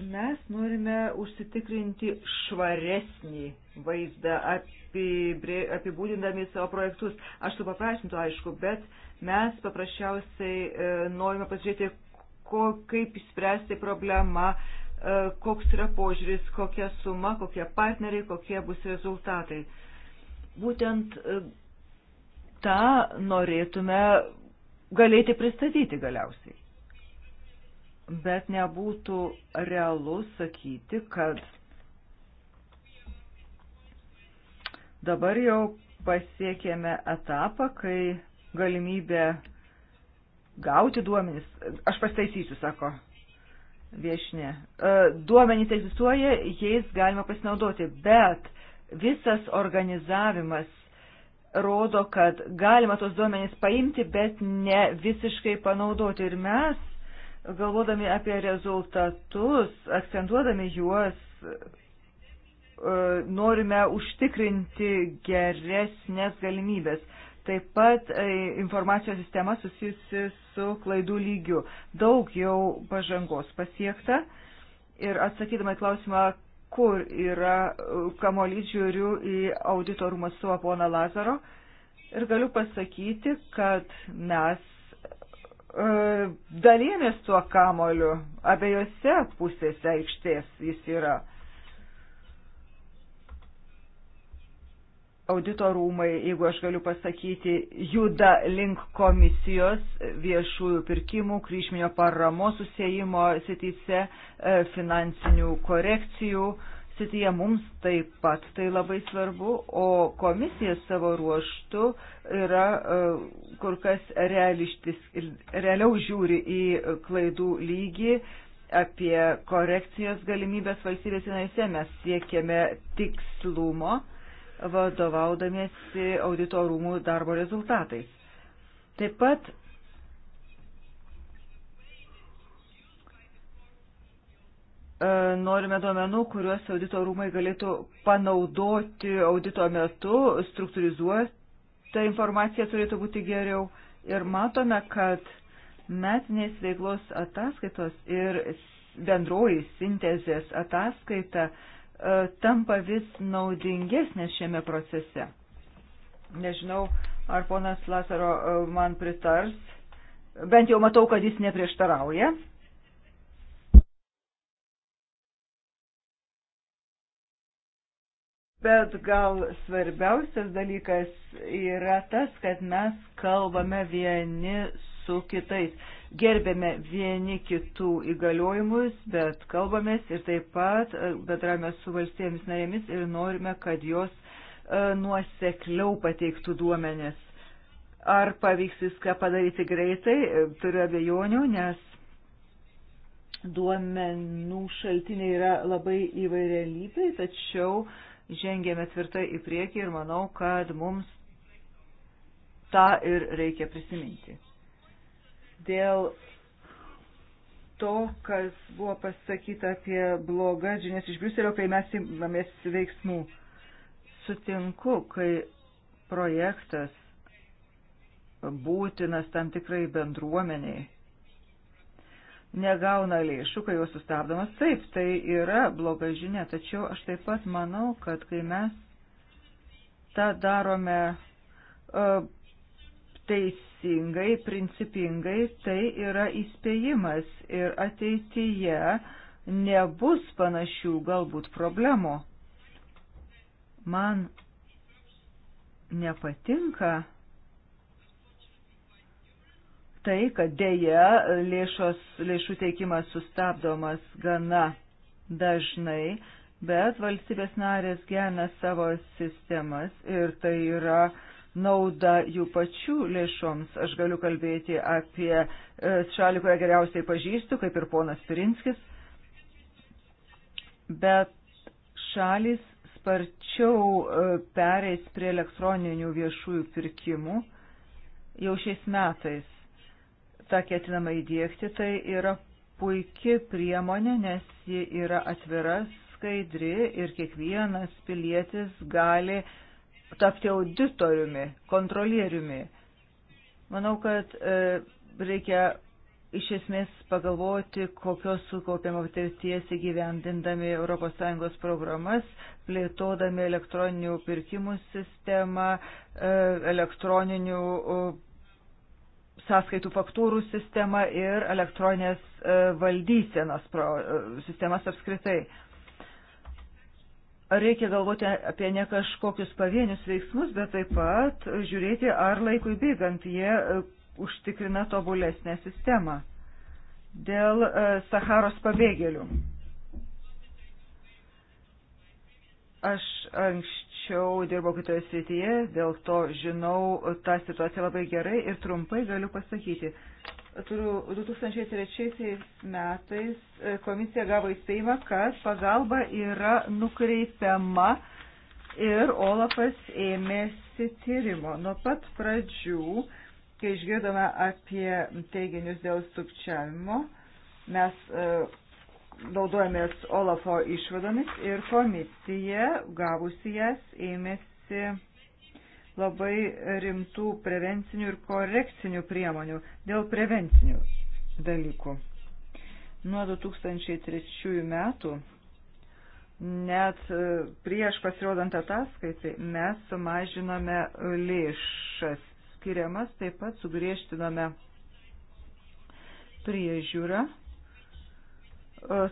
Mes norime užsitikrinti švaresnį vaizdą apibrė, apibūdindami savo projektus. Aš supaprašintu, aišku, bet mes paprasčiausiai e, norime pasižiūrėti, ko, kaip išspręsti problemą, e, koks yra požiūris, kokia suma, kokie partneriai, kokie bus rezultatai. Būtent e, tą norėtume galėti pristatyti galiausiai. Bet nebūtų realu sakyti, kad dabar jau pasiekėme etapą, kai galimybė gauti duomenis, aš pasitaisysiu, sako viešinė, e, duomenys egzistuoja, jais galima pasinaudoti, bet visas organizavimas rodo, kad galima tos duomenys paimti, bet ne visiškai panaudoti. Ir mes, galvodami apie rezultatus, akcentuodami juos, e, norime užtikrinti geresnės galimybės. Taip pat e, informacijos sistema susijusi su klaidų lygiu. Daug jau pažangos pasiekta. Ir atsakydama į klausimą, kur yra uh, kamolys, žiūriu į auditorų atstovą poną Lazaro ir galiu pasakyti, kad mes e, uh, dalėmės tuo kamoliu abiejose pusėse aikštės jis yra. E, audito rūmai, jeigu aš galiu pasakyti, juda link komisijos viešųjų pirkimų, kryžminio paramos susijimo sityse, e, finansinių korekcijų sityje mums taip pat tai labai svarbu, o komisija savo ruoštų yra e, kur kas realištis ir realiau žiūri į klaidų lygį apie korekcijos galimybės valstybės įnaise mes siekiame tikslumo vadovaudamiesi auditorumų darbo rezultatais. Taip pat e, norime duomenų, kuriuos auditorumai galėtų panaudoti audito metu, struktūrizuota informacija turėtų būti geriau. Ir matome, kad metinės veiklos ataskaitos ir bendroji sintezės ataskaita uh, E, tampa vis naudingesnės šiame procese. Nežinau, ar ponas Lasaro e, man pritars, bent jau matau, kad jis neprieštarauja. Bet gal svarbiausias dalykas yra tas, kad mes kalbame vieni su kitais gerbėme vieni kitų įgaliojimus, bet kalbamės ir taip pat e, bedrame su valstybėmis narėmis ir norime, kad jos e, nuosekliau pateiktų duomenės. Ar pavyks viską padaryti greitai, e, turiu abejonių, nes duomenų šaltiniai yra labai įvairialypiai, tačiau žengėme tvirtai į priekį ir manau, kad mums tą ir reikia prisiminti dėl to, kas buvo pasakyta apie blogas žinias iš Briuselio, kai mes imamės veiksmų. Sutinku, kai projektas būtinas tam tikrai bendruomeniai negauna lėšų, kai jos sustabdomas. Taip, tai yra bloga žinia, tačiau aš taip pat manau, kad kai mes tą darome uh, teisingai, principingai, tai yra įspėjimas ir ateityje nebus panašių galbūt problemų. Man nepatinka tai, kad dėja lėšos, lėšų teikimas sustabdomas gana dažnai, bet valstybės narės gena savo sistemas ir tai yra uh, nauda jų pačių lėšoms. Aš galiu kalbėti apie e, šalį, kurią geriausiai pažįstu, kaip ir ponas Pirinskis, bet šalis sparčiau e, pereis prie elektroninių viešųjų pirkimų jau šiais metais. Ta ketinama įdėkti, tai yra puikia priemonė, nes ji yra atvira, skaidri ir kiekvienas pilietis gali uh, tapti auditoriumi, kontrolieriumi. Manau, kad e, reikia iš esmės pagalvoti, kokios sukaupiamo patirties įgyvendindami ES programas, plėtodami elektroninių pirkimų sistemą, e, elektroninių sąskaitų faktūrų sistemą ir elektroninės e, valdysenos e, sistemas apskritai reikia galvoti apie ne kažkokius pavienius veiksmus, bet taip pat žiūrėti, ar laikui bėgant jie e, užtikrina tobulesnę sistemą. Dėl e, Saharos pabėgėlių. Aš anksčiau dirbau kitoje srityje, dėl to žinau tą situaciją labai gerai ir trumpai galiu pasakyti, 2003 metais e, komisija gavo įspėjimą, kad pagalba yra nukreipiama ir Olafas ėmėsi tyrimo. Nuo pat pradžių, kai išgirdome apie teiginius dėl sukčiavimo, mes e, naudojamės Olafo išvadomis ir komisija gavusi jas ėmėsi labai rimtų prevencinių ir korekcinių priemonių dėl prevencinių dalykų. Nuo 2003 metų, net e, prieš pasirodant ataskaitai, mes sumažinome lėšas skiriamas, taip pat sugriežtinome priežiūrą e,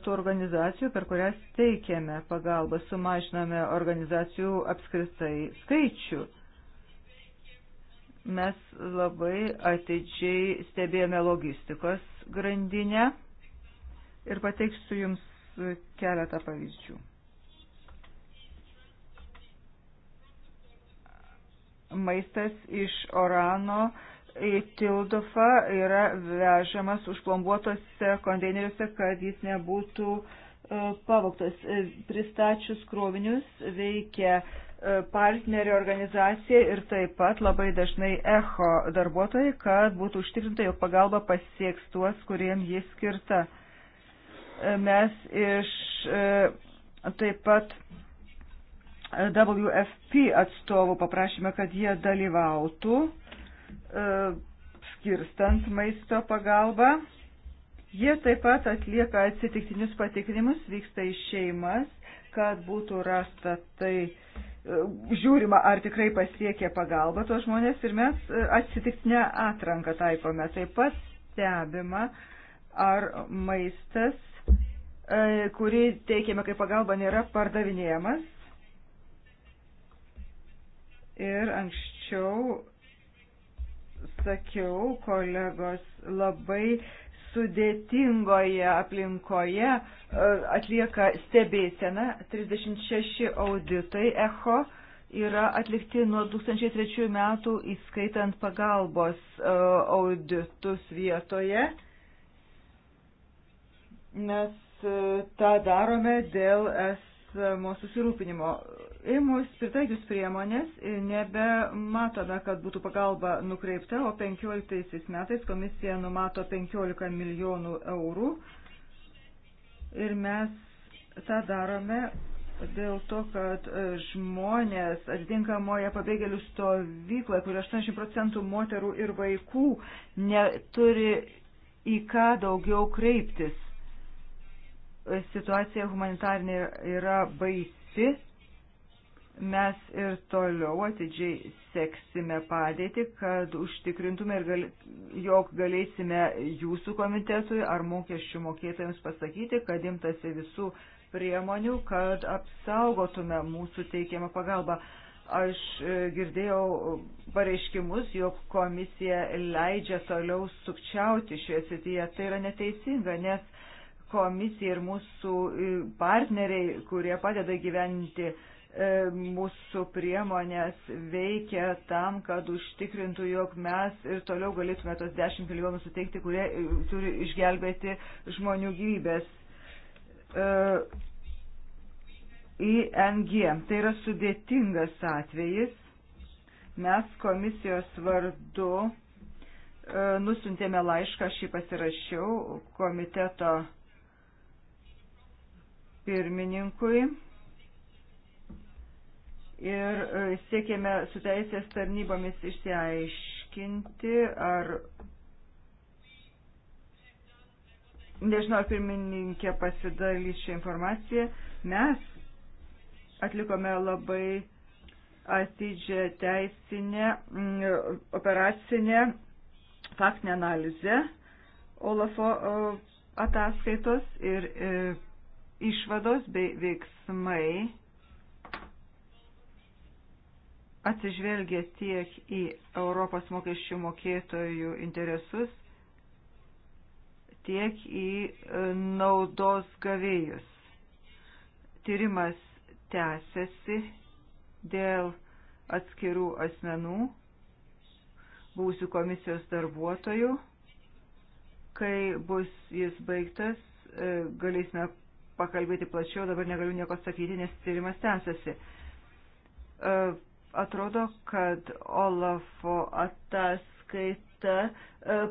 tų organizacijų, per kurias teikiame pagalbą, sumažiname organizacijų apskritai skaičių. Mes labai atidžiai stebėjome logistikos grandinę ir pateiksiu Jums keletą pavyzdžių. Maistas iš Orano į Tildofą yra vežamas užplombuotose konteineriuose, kad jis nebūtų e, pavoktas. E, pristačius krovinius veikia E, partnerio organizacija ir taip pat labai dažnai echo darbuotojai, kad būtų užtikrinta, jog pagalba pasieks tuos, kuriem jis skirta. E, mes iš e, taip pat WFP atstovų paprašėme, kad jie dalyvautų skirstant maisto pagalbą. Jie taip pat atlieka atsitiktinius patikrinimus, vyksta į šeimas, kad būtų rasta tai E, žiūrima, ar tikrai pasiekė pagalba tos žmonės ir mes e, atsitiktinę atranką taikome. Taip pat stebima, ar maistas, e, kurį teikėme kaip pagalba, nėra pardavinėjamas. Ir anksčiau sakiau, kolegos labai sudėtingoje aplinkoje e, atlieka stebėsena. 36 auditai echo yra atlikti nuo 2003 metų įskaitant pagalbos e, auditus vietoje. Mes e, tą darome dėl esamo susirūpinimo Įmus pritaikius priemonės nebematome, kad būtų pagalba nukreipta, o 15 metais komisija numato 15 milijonų eurų ir mes tą darome dėl to, kad žmonės atitinkamoje pabėgėlių stovykloje, kur 80 procentų moterų ir vaikų neturi į ką daugiau kreiptis. Situacija humanitarnė yra baisi Mes ir toliau atidžiai seksime padėti, kad užtikrintume ir gal, jog galėsime jūsų komitetui ar mokesčių mokėtojams pasakyti, kad imtasi visų priemonių, kad apsaugotume mūsų teikiamą pagalbą aš e, girdėjau pareiškimus, jog komisija leidžia toliau sukčiauti šioje srityje. Tai yra neteisinga, nes komisija ir mūsų e, partneriai, kurie padeda gyventi E, mūsų priemonės veikia tam, kad užtikrintų, jog mes ir toliau galėtume tos 10 milijonų suteikti, kurie e, turi išgelbėti žmonių gyvybės. E, ING. Tai yra sudėtingas atvejis. Mes komisijos vardu nusintėme laišką, aš jį pasirašiau komiteto pirmininkui ir e, siekėme su teisės tarnybomis išsiaiškinti, ar nežinau, ar pirmininkė pasidalys šią informaciją, mes atlikome labai atidžią teisinę, mm, operacinę, faktinę analizę Olafo e, ataskaitos ir e, išvados bei veiksmai atsižvelgia tiek į Europos mokesčių mokėtojų interesus, tiek į e, naudos gavėjus. Tyrimas tęsiasi dėl atskirų asmenų, būsių komisijos darbuotojų. Kai bus jis baigtas, e, galėsime pakalbėti plačiau, dabar negaliu nieko sakyti, nes tyrimas tęsiasi e, Atrodo, kad Olafo ataskaita e,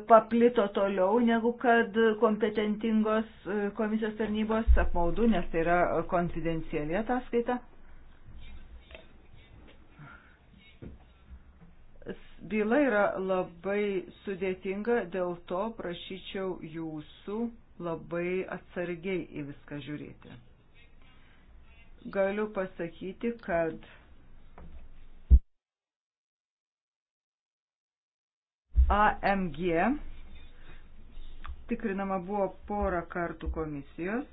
paplito toliau negu kad kompetentingos e, komisijos tarnybos apmaudu, nes tai yra konfidenciali ataskaita. Byla yra labai sudėtinga, dėl to prašyčiau jūsų labai atsargiai į viską žiūrėti. Galiu pasakyti, kad AMG tikrinama buvo porą kartų komisijos.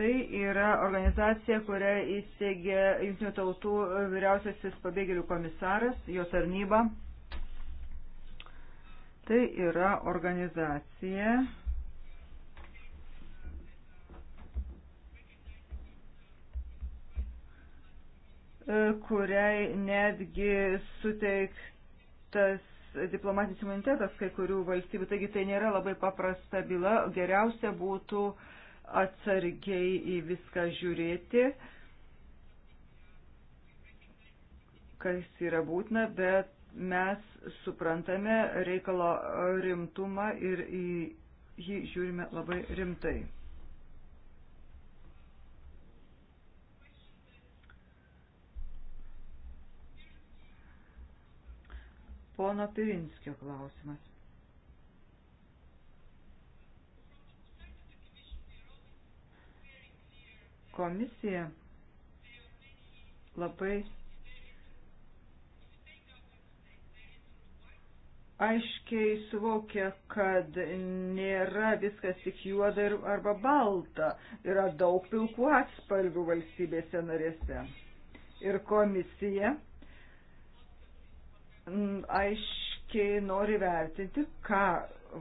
Tai yra organizacija, kurią įsteigė Junktinių tautų vyriausiasis pabėgėlių komisaras, jo tarnyba. Tai yra organizacija, E, kuriai netgi suteiktas diplomatinis imunitetas kai kurių valstybių. Taigi tai nėra labai paprasta byla. Geriausia būtų atsargiai į viską žiūrėti, kas yra būtina, bet mes suprantame reikalo rimtumą ir į jį žiūrime labai rimtai. Pono Pirinskio klausimas. Komisija labai aiškiai suvokia, kad nėra viskas tik juoda ir, arba balta, yra daug pilkų atspalvių valstybėse narėse. Ir komisija Mm, aiškiai nori vertinti, ką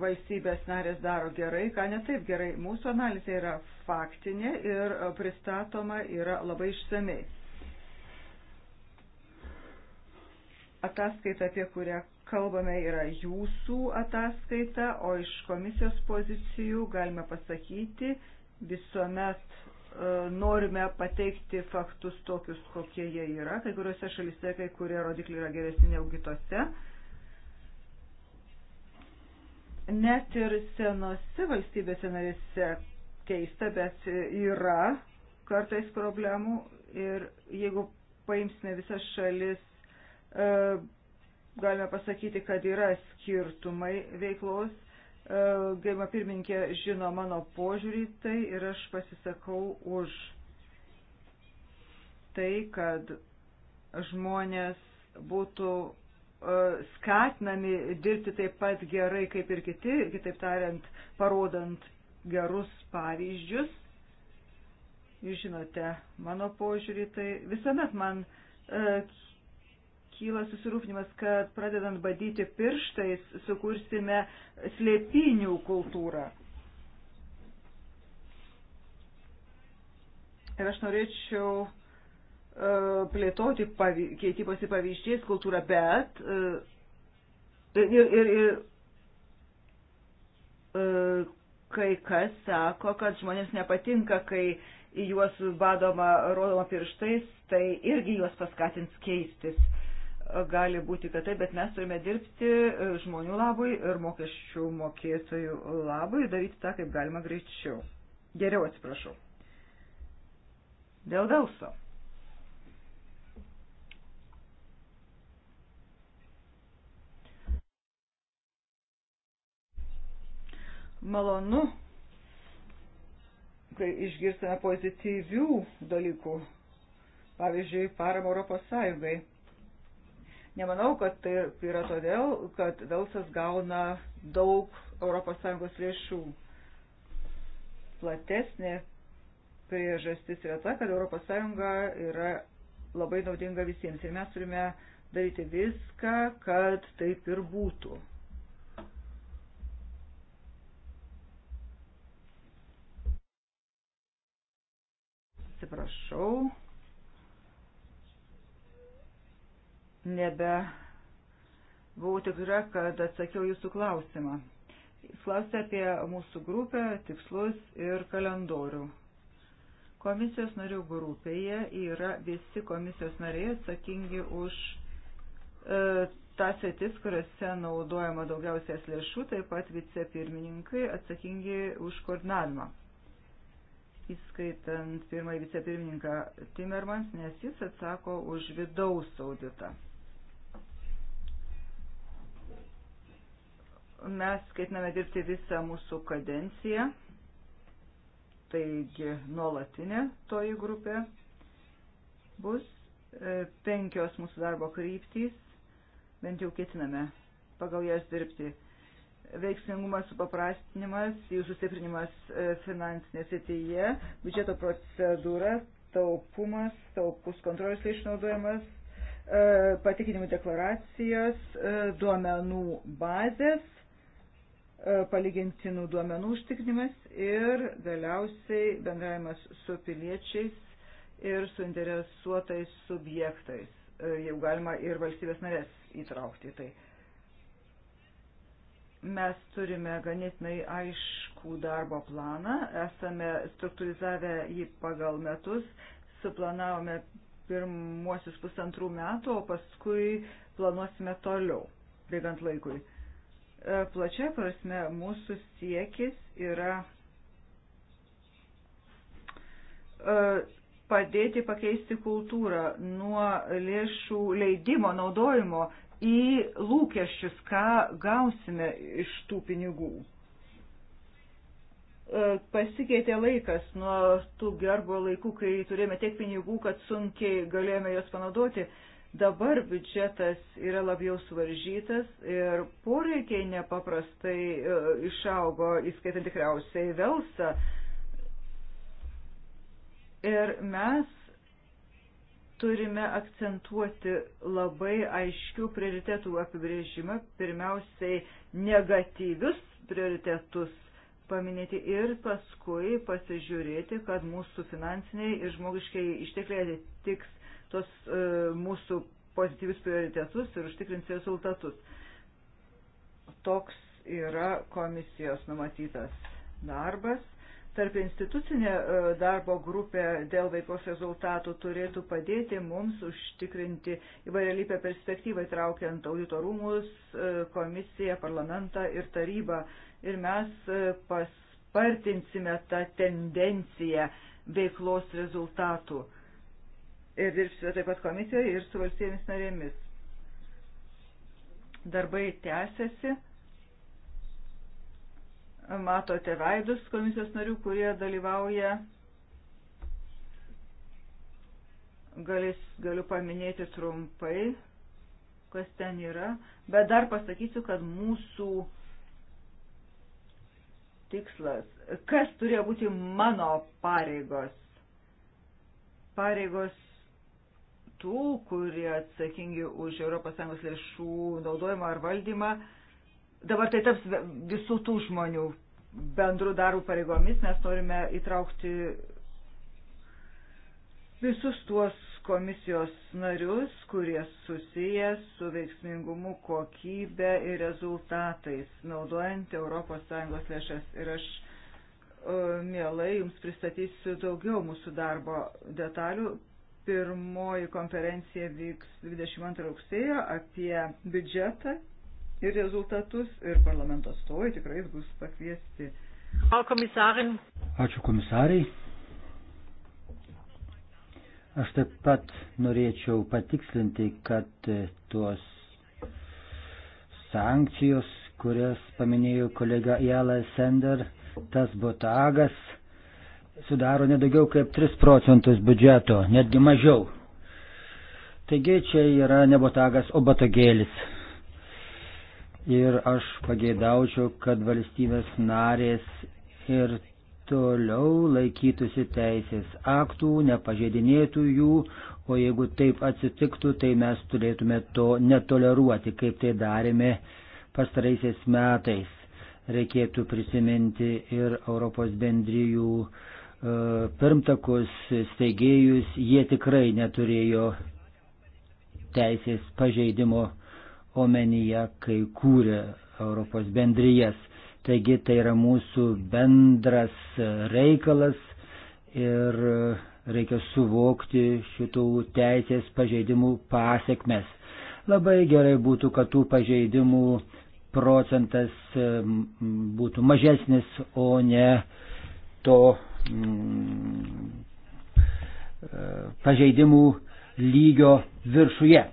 valstybės narės daro gerai, ką netaip gerai. Mūsų analizė yra faktinė ir e, pristatoma yra labai išsamei. Ataskaita, apie kurią kalbame, yra jūsų ataskaita, o iš komisijos pozicijų galime pasakyti, visuomet E, norime pateikti faktus tokius, kokie jie yra. Kai kuriuose šalise kai kurie rodikliai yra geresni negu kitose. Net ir senose valstybėse narėse keista, bet yra kartais problemų ir jeigu paimsime visas šalis, e, galime pasakyti, kad yra skirtumai veiklos Gaima pirmininkė žino mano požiūrį tai ir aš pasisakau už tai, kad žmonės būtų e, skatinami dirbti taip pat gerai kaip ir kiti, kitaip tariant, parodant gerus pavyzdžius. Jūs žinote, mano požiūrį tai visuomet man e, kyla susirūpinimas, kad pradedant badyti pirštais sukursime slėpinių kultūrą. Ir aš norėčiau uh, plėtoti pavy, keitimosi pavyzdžiais kultūrą, bet uh, ir, ir, ir uh, kai kas sako, kad žmonėms nepatinka, kai į juos badoma, rodoma pirštais, tai irgi juos paskatins keistis gali būti, kad taip, bet mes turime dirbti e, žmonių labui ir mokesčių mokėtojų labui ir daryti tą kaip galima greičiau. Geriau atsiprašau. Dėl Velso. Malonu, kai išgirstame pozityvių dalykų, pavyzdžiui, paramą Europos Sąjungai Nemanau, kad tai yra todėl, kad Velsas gauna daug ES lėšų. Platesnė priežastis yra ta, kad ES yra labai naudinga visiems ir mes turime daryti viską, kad taip ir būtų. Atsiprašau. nebe buvau tikra, kad atsakiau jūsų klausimą. Jis klausė apie mūsų grupę, tikslus ir kalendorių. Komisijos narių grupėje yra visi komisijos nariai atsakingi už e, tas sėtis, kuriuose naudojama daugiausias lėšų, taip pat vicepirmininkai atsakingi už koordinavimą. Įskaitant pirmąjį vicepirmininką Timmermans, nes jis atsako už vidaus auditą. Mes skaitiname dirbti visą mūsų kadenciją, taigi nuolatinė toji grupė bus e, penkios mūsų darbo kryptys, bent jau ketiname pagal jas dirbti veiksmingumas, supaprastinimas, jų sustiprinimas e, finansinėje srityje, biudžeto procedūra, taupumas, taupus kontrolės išnaudojimas, e, patikinimų deklaracijos, duomenų bazės E, palygintinų duomenų užtikrinimas ir galiausiai bendravimas su piliečiais ir suinteresuotais subjektais. E, Jau galima ir valstybės narės įtraukti į tai. Mes turime ganėtinai aiškų darbo planą, esame struktūrizavę jį pagal metus, suplanavome pirmuosius pusantrų metų, o paskui planuosime toliau, bėgant laikui. E, plačia prasme, mūsų siekis yra e, padėti pakeisti kultūrą nuo lėšų leidimo, naudojimo į lūkesčius, ką gausime iš tų pinigų. E, pasikeitė laikas nuo tų gerbo laikų, kai turėjome tiek pinigų, kad sunkiai galėjome juos panaudoti. Dabar biudžetas yra labiau suvaržytas ir poreikiai nepaprastai e, išaugo, įskaitant tikriausiai Velsą. Ir mes turime akcentuoti labai aiškių prioritetų apibrėžimą, pirmiausiai negatyvius prioritetus paminėti ir paskui pasižiūrėti, kad mūsų finansiniai ir žmogiškiai ištekliai atitiks tos e, mūsų pozityvius prioritetus ir užtikrins rezultatus. Toks yra komisijos numatytas darbas. Tarp institucinė e, darbo grupė dėl veiklos rezultatų turėtų padėti mums užtikrinti įvairialypę perspektyvą įtraukiant auditorumus, e, komisiją, parlamentą ir tarybą. Ir mes paspartinsime tą tendenciją veiklos rezultatų ir dirbsite taip pat komisijoje ir su valstybėmis narėmis. Darbai tęsiasi. Matote veidus komisijos narių, kurie dalyvauja. Galis, galiu paminėti trumpai, kas ten yra, bet dar pasakysiu, kad mūsų tikslas, kas turėjo būti mano pareigos. Pareigos tų, kurie atsakingi už ES lėšų naudojimą ar valdymą, dabar tai taps visų tų žmonių bendrų darbų pareigomis. Mes norime įtraukti visus tuos komisijos narius, kurie susiję su veiksmingumu, kokybė ir rezultatais, naudojant ES lėšas. Ir aš e, mielai jums pristatysiu daugiau mūsų darbo detalių. Pirmoji konferencija vyks 22 rugsėjo apie biudžetą ir rezultatus ir parlamento atstovai tikrai bus pakviesti. Ačiū komisarai. Aš taip pat norėčiau patikslinti, kad tuos sankcijos, kurias paminėjo kolega Jala Sender, tas botagas sudaro nedaugiau kaip 3 procentus biudžeto, netgi mažiau. Taigi čia yra nebotagas, o batagėlis. Ir aš pageidaučiau, kad valstybės narės ir toliau laikytųsi teisės aktų, nepažeidinėtų jų, o jeigu taip atsitiktų, tai mes turėtume to netoleruoti, kaip tai darėme pastaraisiais metais. Reikėtų prisiminti ir Europos bendryjų uh, pirmtakus, steigėjus, jie tikrai neturėjo teisės pažeidimo omenyje, kai kūrė Europos bendrijas. Taigi tai yra mūsų bendras reikalas ir reikia suvokti šitų teisės pažeidimų pasiekmes. Labai gerai būtų, kad tų pažeidimų procentas būtų mažesnis, o ne to Mm, e, pažeidimų lygio viršuje.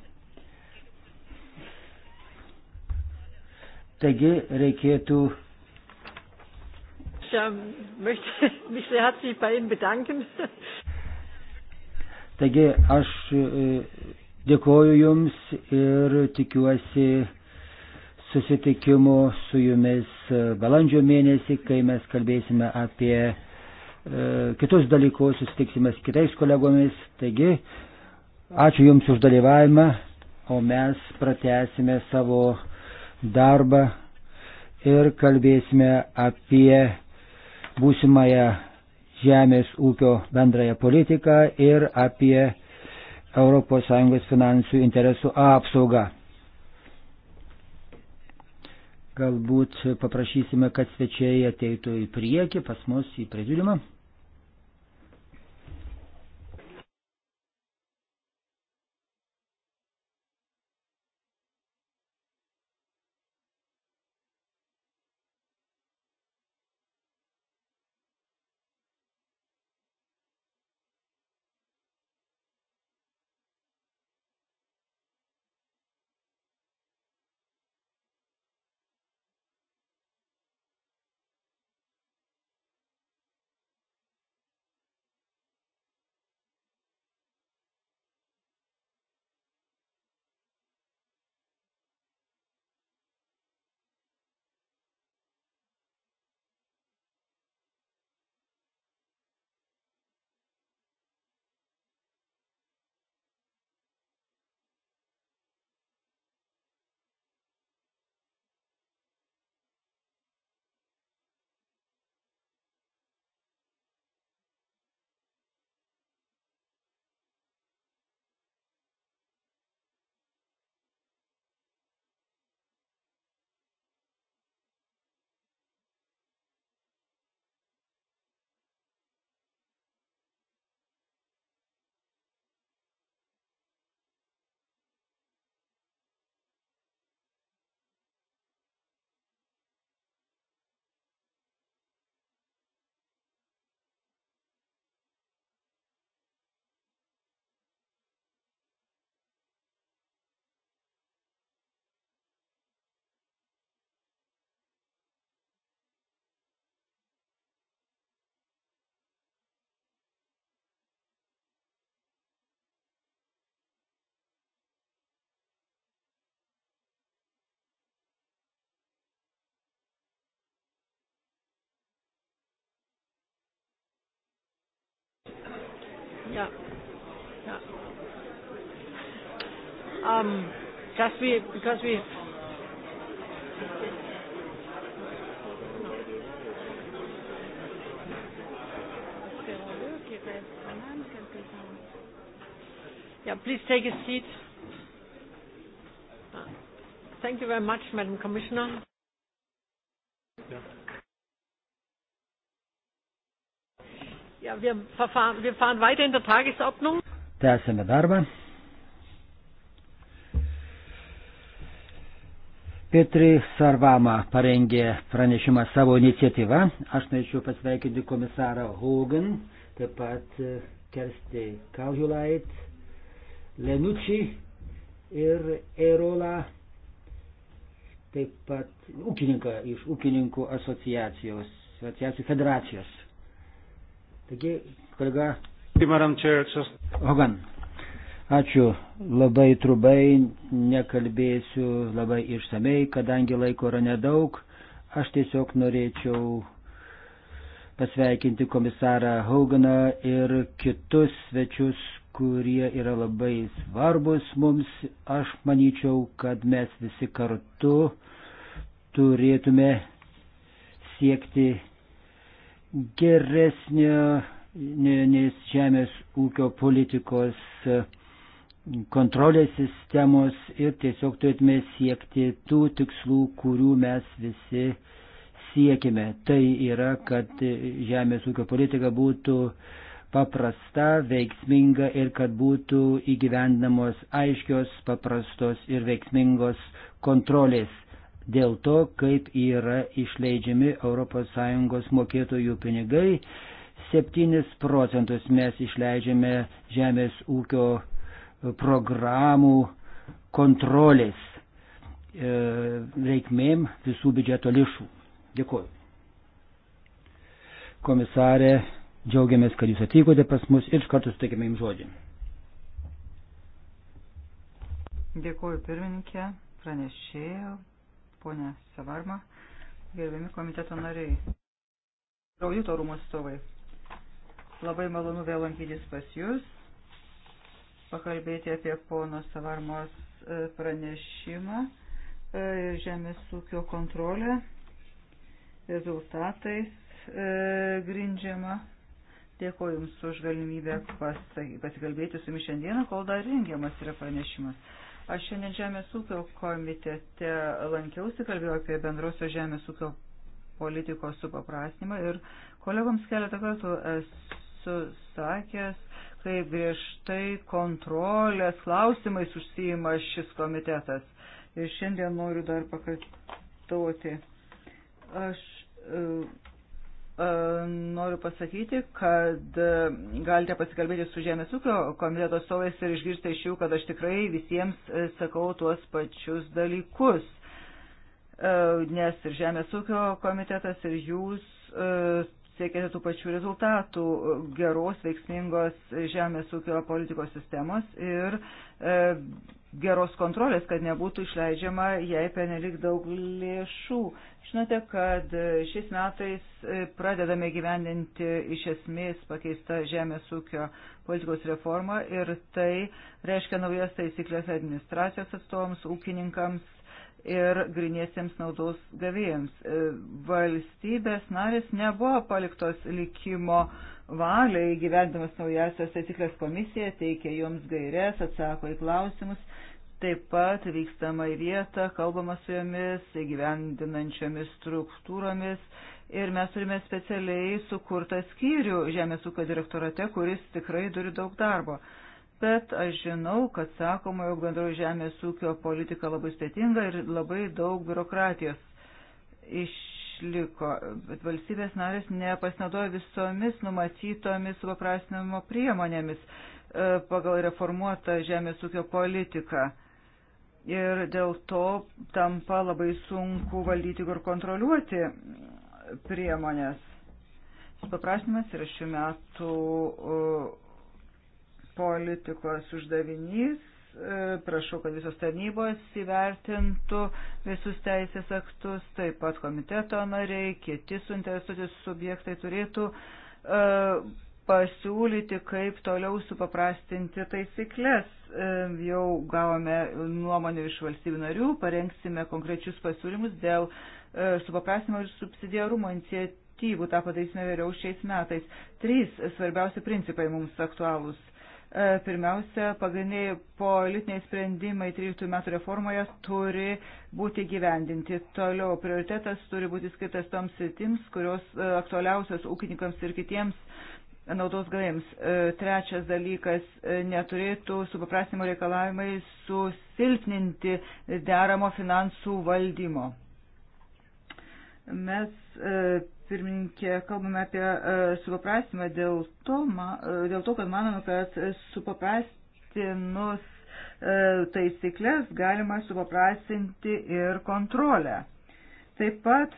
Taigi reikėtų. Ähm, Taigi aš e, dėkoju Jums ir tikiuosi susitikimo su Jumis balandžio mėnesį, kai mes kalbėsime apie E, kitus dalykus, susitiksime su kitais kolegomis. Taigi, ačiū Jums už dalyvavimą, o mes pratesime savo darbą ir kalbėsime apie būsimąją žemės ūkio bendrąją politiką ir apie ES finansų interesų apsaugą. Galbūt paprašysime, kad svečiai ateitų į priekį pas mus į prezidiumą. Ja. ja. Um, just we, because we Yeah, please take a seat. Uh, thank you very much, Madam Commissioner. Yeah. Ja, wir, verfahren, wir fahren weiter in der Tagesordnung. Tęsėme darbą. Petri Sarvama parengė pranešimą savo iniciatyvą. Aš norėčiau pasveikinti komisarą Hogan, taip pat e, Kersti Kaljulait, Lenucci ir Erola, taip pat ūkininką iš ūkininkų asociacijos, asociacijų federacijos. Taigi, kolega. Hogan. Ačiū labai trubai, nekalbėsiu labai išsamei, kadangi laiko yra nedaug. Aš tiesiog norėčiau pasveikinti komisarą Hauganą ir kitus svečius, kurie yra labai svarbus mums. Aš manyčiau, kad mes visi kartu turėtume siekti geresnės žemės ūkio politikos e, kontrolės sistemos ir tiesiog turėtume siekti tų tikslų, kurių mes visi siekime. Tai yra, kad žemės ūkio politika būtų paprasta, veiksminga ir kad būtų įgyvendamos aiškios, paprastos ir veiksmingos kontrolės dėl to, kaip yra išleidžiami ES mokėtojų pinigai. 7 procentus mes išleidžiame žemės ūkio e, programų kontrolės e, reikmėm visų biudžeto lišų. Dėkuoju. Komisarė, džiaugiamės, kad jūs atvykote pas mus ir iš karto suteikime jums žodį. Dėkuoju pirmininkė, pranešėjau, ponė Savarma, gerbiami komiteto nariai, audito rūmų atstovai. Labai malonu vėl lankytis pas Jūs, pakalbėti apie pono Savarmos e, pranešimą e, žemės ūkio kontrolę, rezultatais e, grindžiama. Dėkuoju Jums už galimybę pasikalbėti su Jumis šiandieną, kol dar rengiamas yra pranešimas. Aš šiandien Žemės ūkio komitete lankiausi, kalbėjau apie bendrosios Žemės ūkio politikos supaprastinimą ir kolegoms keletą kartų esu sakęs, kaip griežtai kontrolės klausimais užsijima šis komitetas. Ir šiandien noriu dar pakartoti. Aš e, E, noriu pasakyti, kad e, galite pasikalbėti su Žemės ūkio komiteto atstovais ir išgirsti iš jų, kad aš tikrai visiems e, sakau tuos pačius dalykus. Nes ir Žemės ūkio komitetas, ir jūs siekėte tų pačių rezultatų geros, veiksmingos žemės ūkio politikos sistemos ir geros kontrolės, kad nebūtų išleidžiama jai penelik daug lėšų. Žinote, kad e, šiais metais e, pradedame gyvendinti iš esmės pakeista žemės ūkio politikos reforma ir tai reiškia naujas taisyklės administracijos atstovams, ūkininkams ir griniesiems naudos gavėjams. E, valstybės narės nebuvo paliktos likimo valiai gyvendamas naujasias taisyklės komisija, teikia joms gairias, atsako į klausimus Taip pat vykstama į vietą, kalbama su jomis, įgyvendinančiomis struktūromis ir mes turime specialiai sukurtą skyrių Žemės ūkio direktorate, kuris tikrai turi daug darbo. Bet aš žinau, kad sakoma, jog bendroji žemės ūkio politika labai stėtinga ir labai daug biurokratijos išliko. Bet valstybės narės nepasinaudoja visomis numatytomis supaprastinimo priemonėmis e, pagal reformuotą žemės ūkio politiką ir dėl to tampa labai sunku valdyti ir kontroliuoti priemonės. Supaprastinimas yra šių metų uh, politikos uždavinys. Uh, prašau, kad visos tarnybos įvertintų visus teisės aktus, taip pat komiteto nariai, kiti suinteresuoti subjektai turėtų uh, pasiūlyti, kaip toliau supaprastinti taisyklės jau gavome nuomonių iš valstybių narių, parengsime konkrečius pasiūlymus dėl e, supaprastinimo ir subsidiarumo iniciatyvų, tą padarysime vėliau šiais metais. Trys svarbiausi principai mums aktualūs e, pirmiausia, pagrindiniai politiniai sprendimai 13 metų reformoje turi būti gyvendinti. Toliau prioritetas turi būti skirtas toms sritims, kurios e, aktualiausios ūkininkams ir kitiems naudos gavėjams. E, trečias dalykas e, - neturėtų supaprastinimo reikalavimai susilpninti deramo finansų valdymo. Mes, e, pirmininkė, kalbame apie supaprastinimą dėl to, dėl to, kad manome, kad supaprastinus taisyklės galima supaprastinti ir kontrolę. Taip pat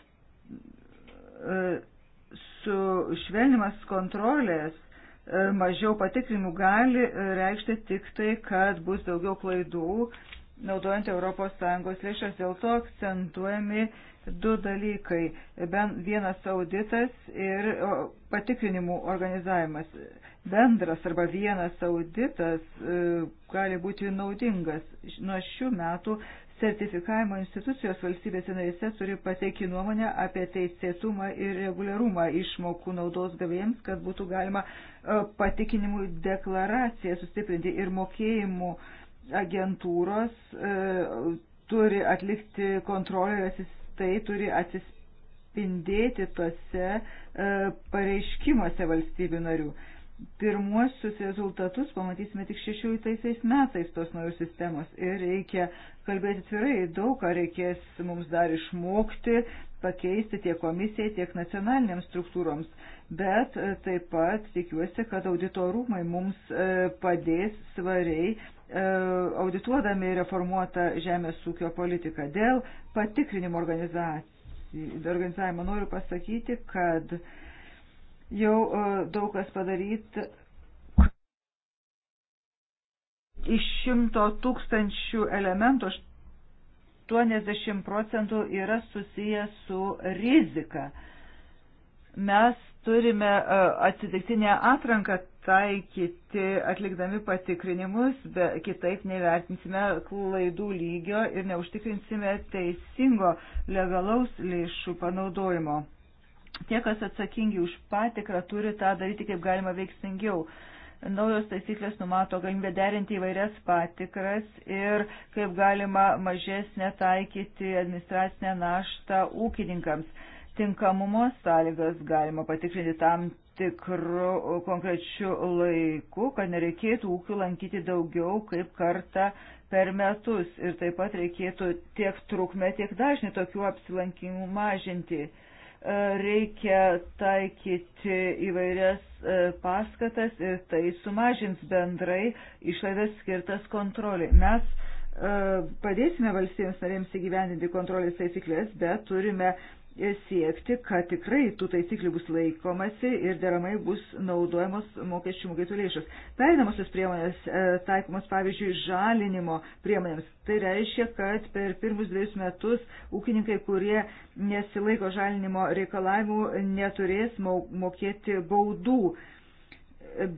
sušvelnimas kontrolės, e, mažiau patikrinimų gali e, reikšti tik tai, kad bus daugiau klaidų naudojant ES lėšas. Dėl to akcentuojami du dalykai. Bent vienas auditas ir patikrinimų organizavimas. Bendras arba vienas auditas e, gali būti naudingas. Nuo šių metų sertifikavimo institucijos valstybėse narėse turi pateikti nuomonę apie teisėtumą ir reguliarumą išmokų naudos gavėjams, kad būtų galima e, patikinimų deklaraciją sustiprinti ir mokėjimų agentūros e, turi atlikti kontrolę, tai turi atsispindėti tose e, pareiškimuose valstybių narių. E, pirmuosius rezultatus pamatysime tik 16 metais tos naujos sistemos ir reikia kalbėti tvirai, daug ką reikės mums dar išmokti, pakeisti tiek komisijai, tiek nacionalinėms struktūroms, bet e, taip pat tikiuosi, kad auditorumai mums e, padės svariai e, audituodami reformuotą žemės ūkio politiką. Dėl patikrinimo organizavimo noriu pasakyti, kad uh, jau e, daug kas padaryti. Iš šimto tūkstančių elementų 80 procentų yra susiję su rizika. Mes turime e, atsitiktinę atranką taikyti atlikdami patikrinimus, bet kitaip nevertinsime klaidų lygio ir neužtikrinsime teisingo legalaus lėšų panaudojimo. Tie, kas atsakingi už patikrą, turi tą daryti kaip galima veiksmingiau. Naujos taisyklės numato galimybę derinti įvairias patikras ir kaip galima mažesnę taikyti administracinę naštą ūkininkams. Tinkamumo sąlygas galima patikrinti tam tikru konkrečiu laiku, kad nereikėtų ūkių lankyti daugiau kaip kartą per metus ir taip pat reikėtų tiek trukmę, tiek dažnį tokių apsilankimų mažinti. E, reikia taikyti įvairias e, paskatas ir tai sumažins bendrai išlaidas skirtas kontroliai. Mes e, padėsime valstybėms narėms įgyvendinti kontrolės taisyklės, bet turime siekti, kad tikrai tų taisyklių bus laikomasi ir deramai bus naudojamos mokesčių mokėtų lėšos. Pereinamosios priemonės e, taikomas, pavyzdžiui, žalinimo priemonėms. Tai reiškia, kad per pirmus dviejus metus ūkininkai, kurie nesilaiko žalinimo reikalavimų, neturės mokėti baudų.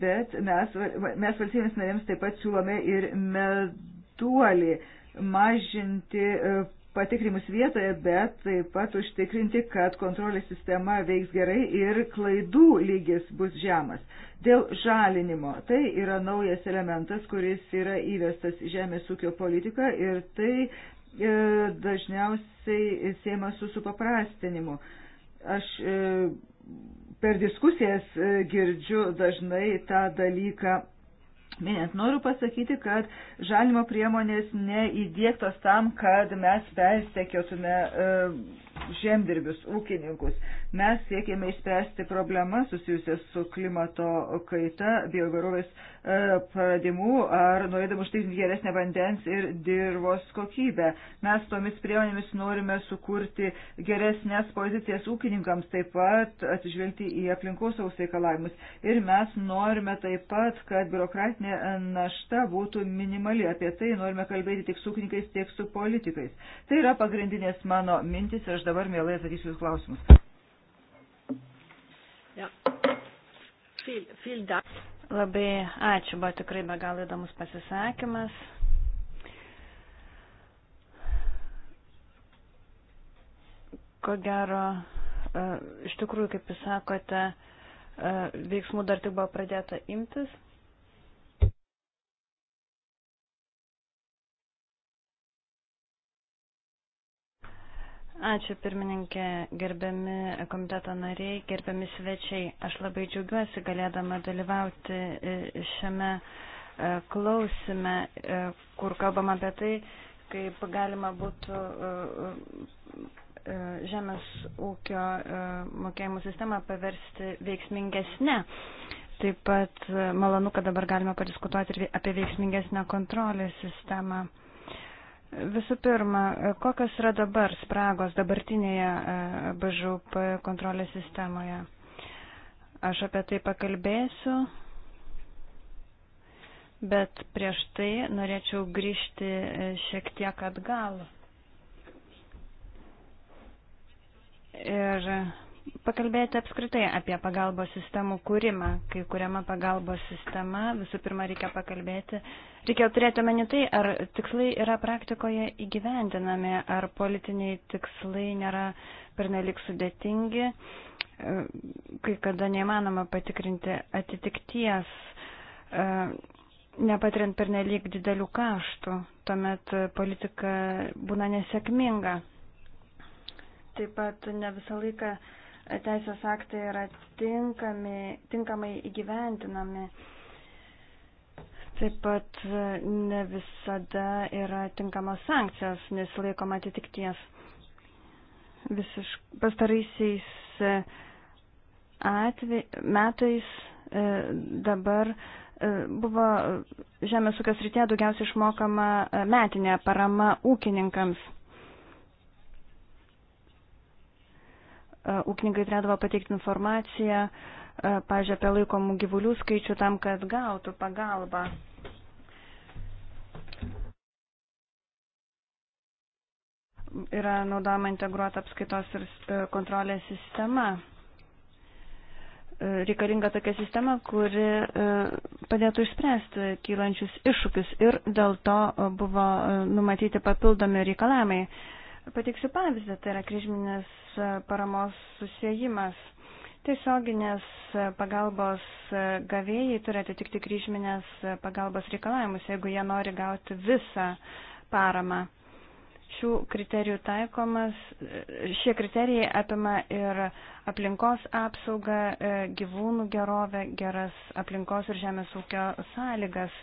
Bet mes, mes valstybės narėms taip pat siūlome ir meduolį mažinti e, patikrimus vietoje, bet taip pat užtikrinti, kad kontrolės sistema veiks gerai ir klaidų lygis bus žemas. Dėl žalinimo tai yra naujas elementas, kuris yra įvestas žemės ūkio politika ir tai e, dažniausiai siema su supaprastinimu. Aš e, per diskusijas e, girdžiu dažnai tą dalyką Minint, noriu pasakyti, kad žalimo priemonės neįdėktos tam, kad mes persekiotume e, žemdirbius, ūkininkus. Mes siekėme išspręsti problemas susijusias su klimato kaita, biogarovės e, pradimu ar norėdami užtikrinti geresnę vandens ir dirvos kokybę. Mes tomis priemonėmis norime sukurti geresnės pozicijas ūkininkams, taip pat atsižvelgti į aplinkosaus reikalavimus. Ir mes norime taip pat, kad biurokratinė našta būtų minimali. Apie tai norime kalbėti tiek su ūkininkais, tiek su politikais. Tai yra pagrindinės mano mintis ir aš dabar mielai atsakysiu jūsų klausimus. Labai ačiū, buvo tikrai be galo įdomus pasisakymas. Ko gero, e, iš tikrųjų, kaip jūs sakote, e, veiksmų dar tik buvo pradėta imtis. Ačiū pirmininkė, gerbiami komiteto nariai, gerbiami svečiai. Aš labai džiaugiuosi galėdama dalyvauti e, šiame e, klausime, e, kur kalbam apie tai, kaip galima būtų žemės ūkio mokėjimų sistemą paversti veiksmingesnę. Taip pat malonu, kad dabar galime padiskutuoti ir apie veiksmingesnę kontrolės sistemą. Visų pirma, kokios yra dabar spragos dabartinėje e, BŽUP kontrolės sistemoje? Aš apie tai pakalbėsiu, bet prieš tai norėčiau grįžti e, šiek tiek atgal. Ir pakalbėti apskritai apie pagalbos sistemų kūrimą. Kai kuriama pagalbos sistema, visų pirma, reikia pakalbėti, reikia turėti omeny tai, ar tikslai yra praktikoje įgyvendinami, ar politiniai tikslai nėra pernelik sudėtingi, e, kai kada neįmanoma patikrinti atitikties, e, nepatiriant pernelik didelių kaštų, tuomet politika būna nesėkminga. Taip pat ne visą laiką uh, teisės aktai yra tinkami, tinkamai įgyventinami. Taip pat e, ne visada yra tinkamos sankcijos, nesilaikoma atitikties. Visiš, pastaraisiais e, atve, metais e, dabar buvo žemės ūkio srityje daugiausiai išmokama metinė parama ūkininkams. E, ūkininkai turėdavo pateikti informaciją, e, pažiūrėjau, apie laikomų gyvulių skaičių tam, kad gautų pagalbą. Yra naudojama integruota apskaitos ir e, kontrolės sistema. Reikalinga tokia sistema, kuri padėtų išspręsti kylančius iššūkius ir dėl to buvo numatyti papildomi reikalavimai Pateiksiu pavyzdį, tai yra kryžminės e, paramos susijimas. Tiesioginės e, pagalbos e, gavėjai turi atitikti kryžminės pagalbos reikalavimus, jeigu jie nori gauti visą paramą. Šių kriterijų taikomas, šie kriterijai apima ir aplinkos apsaugą, gyvūnų gerovę, geras aplinkos ir žemės ūkio sąlygas.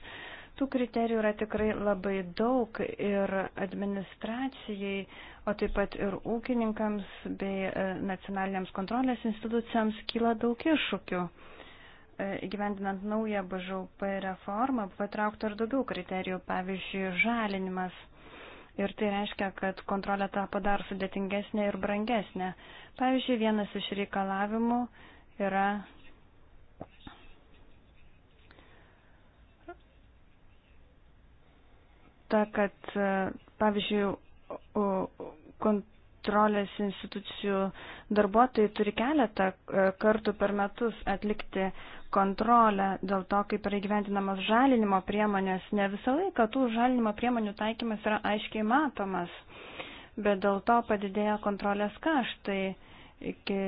Tų kriterijų yra tikrai labai daug ir administracijai, o taip pat ir ūkininkams bei e, nacionaliniams kontrolės institucijams kyla daug iššūkių. E, įgyvendinant naują BŽP reformą, patraukta ir daugiau kriterijų, pavyzdžiui, žalinimas. Ir tai reiškia, kad kontrolė tapo dar sudėtingesnė ir brangesnė. Pavyzdžiui, vienas iš reikalavimų yra ta, kad e, pavyzdžiui kontrolės institucijų darbuotojai turi keletą e, kartų per metus atlikti kontrolę dėl to, kaip yra įgyvendinamas žalinimo priemonės. Ne visą laiką tų žalinimo priemonių taikymas yra aiškiai matomas, bet dėl to padidėja kontrolės kaštai iki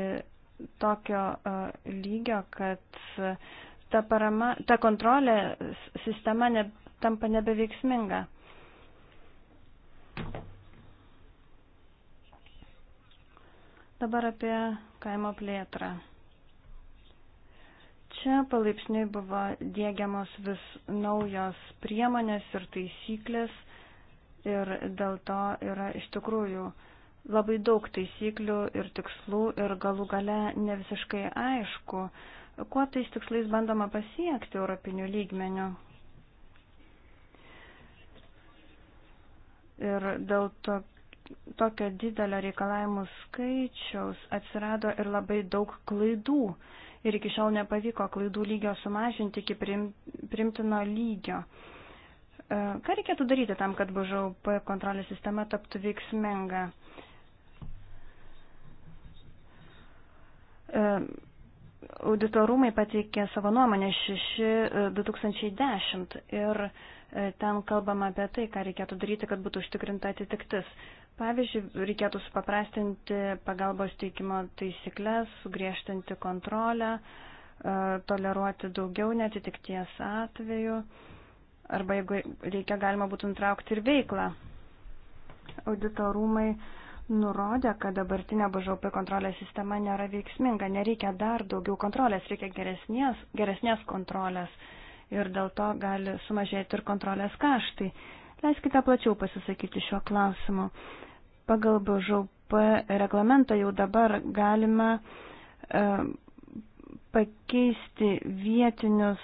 tokio e, lygio, kad ta, parama, ta kontrolė sistema ne, tampa nebeveiksminga. Dabar apie kaimo plėtrą. Čia palaipsniui buvo dėgiamos vis naujos priemonės ir taisyklės ir dėl to yra iš tikrųjų labai daug taisyklių ir tikslų ir galų gale ne visiškai aišku, kuo tais tikslais bandoma pasiekti europinių lygmenių. Ir dėl to, tokio didelio reikalavimų skaičiaus atsirado ir labai daug klaidų. Ir iki šiol nepavyko klaidų lygio sumažinti iki primtino lygio. E, ką reikėtų daryti tam, kad BŽUP kontrolės sistema taptų veiksminga? E, auditorumai pateikė savo nuomonę 6-2010 e, ir ten kalbama apie tai, ką reikėtų daryti, kad būtų užtikrinta atitiktis. Pavyzdžiui, reikėtų supaprastinti pagalbos teikimo taisyklės, sugriežtinti kontrolę, e, toleruoti daugiau netitikties atveju, arba jeigu reikia, galima būtų nutraukti ir veiklą. Auditorumai nurodė, kad dabartinė BŽP kontrolės sistema nėra veiksminga, nereikia dar daugiau kontrolės, reikia geresnės, geresnės kontrolės ir dėl to gali sumažėti ir kontrolės kaštai. Leiskite plačiau pasisakyti šiuo klausimu. Pagal BŽP reglamentą jau dabar galima e, pakeisti vietinius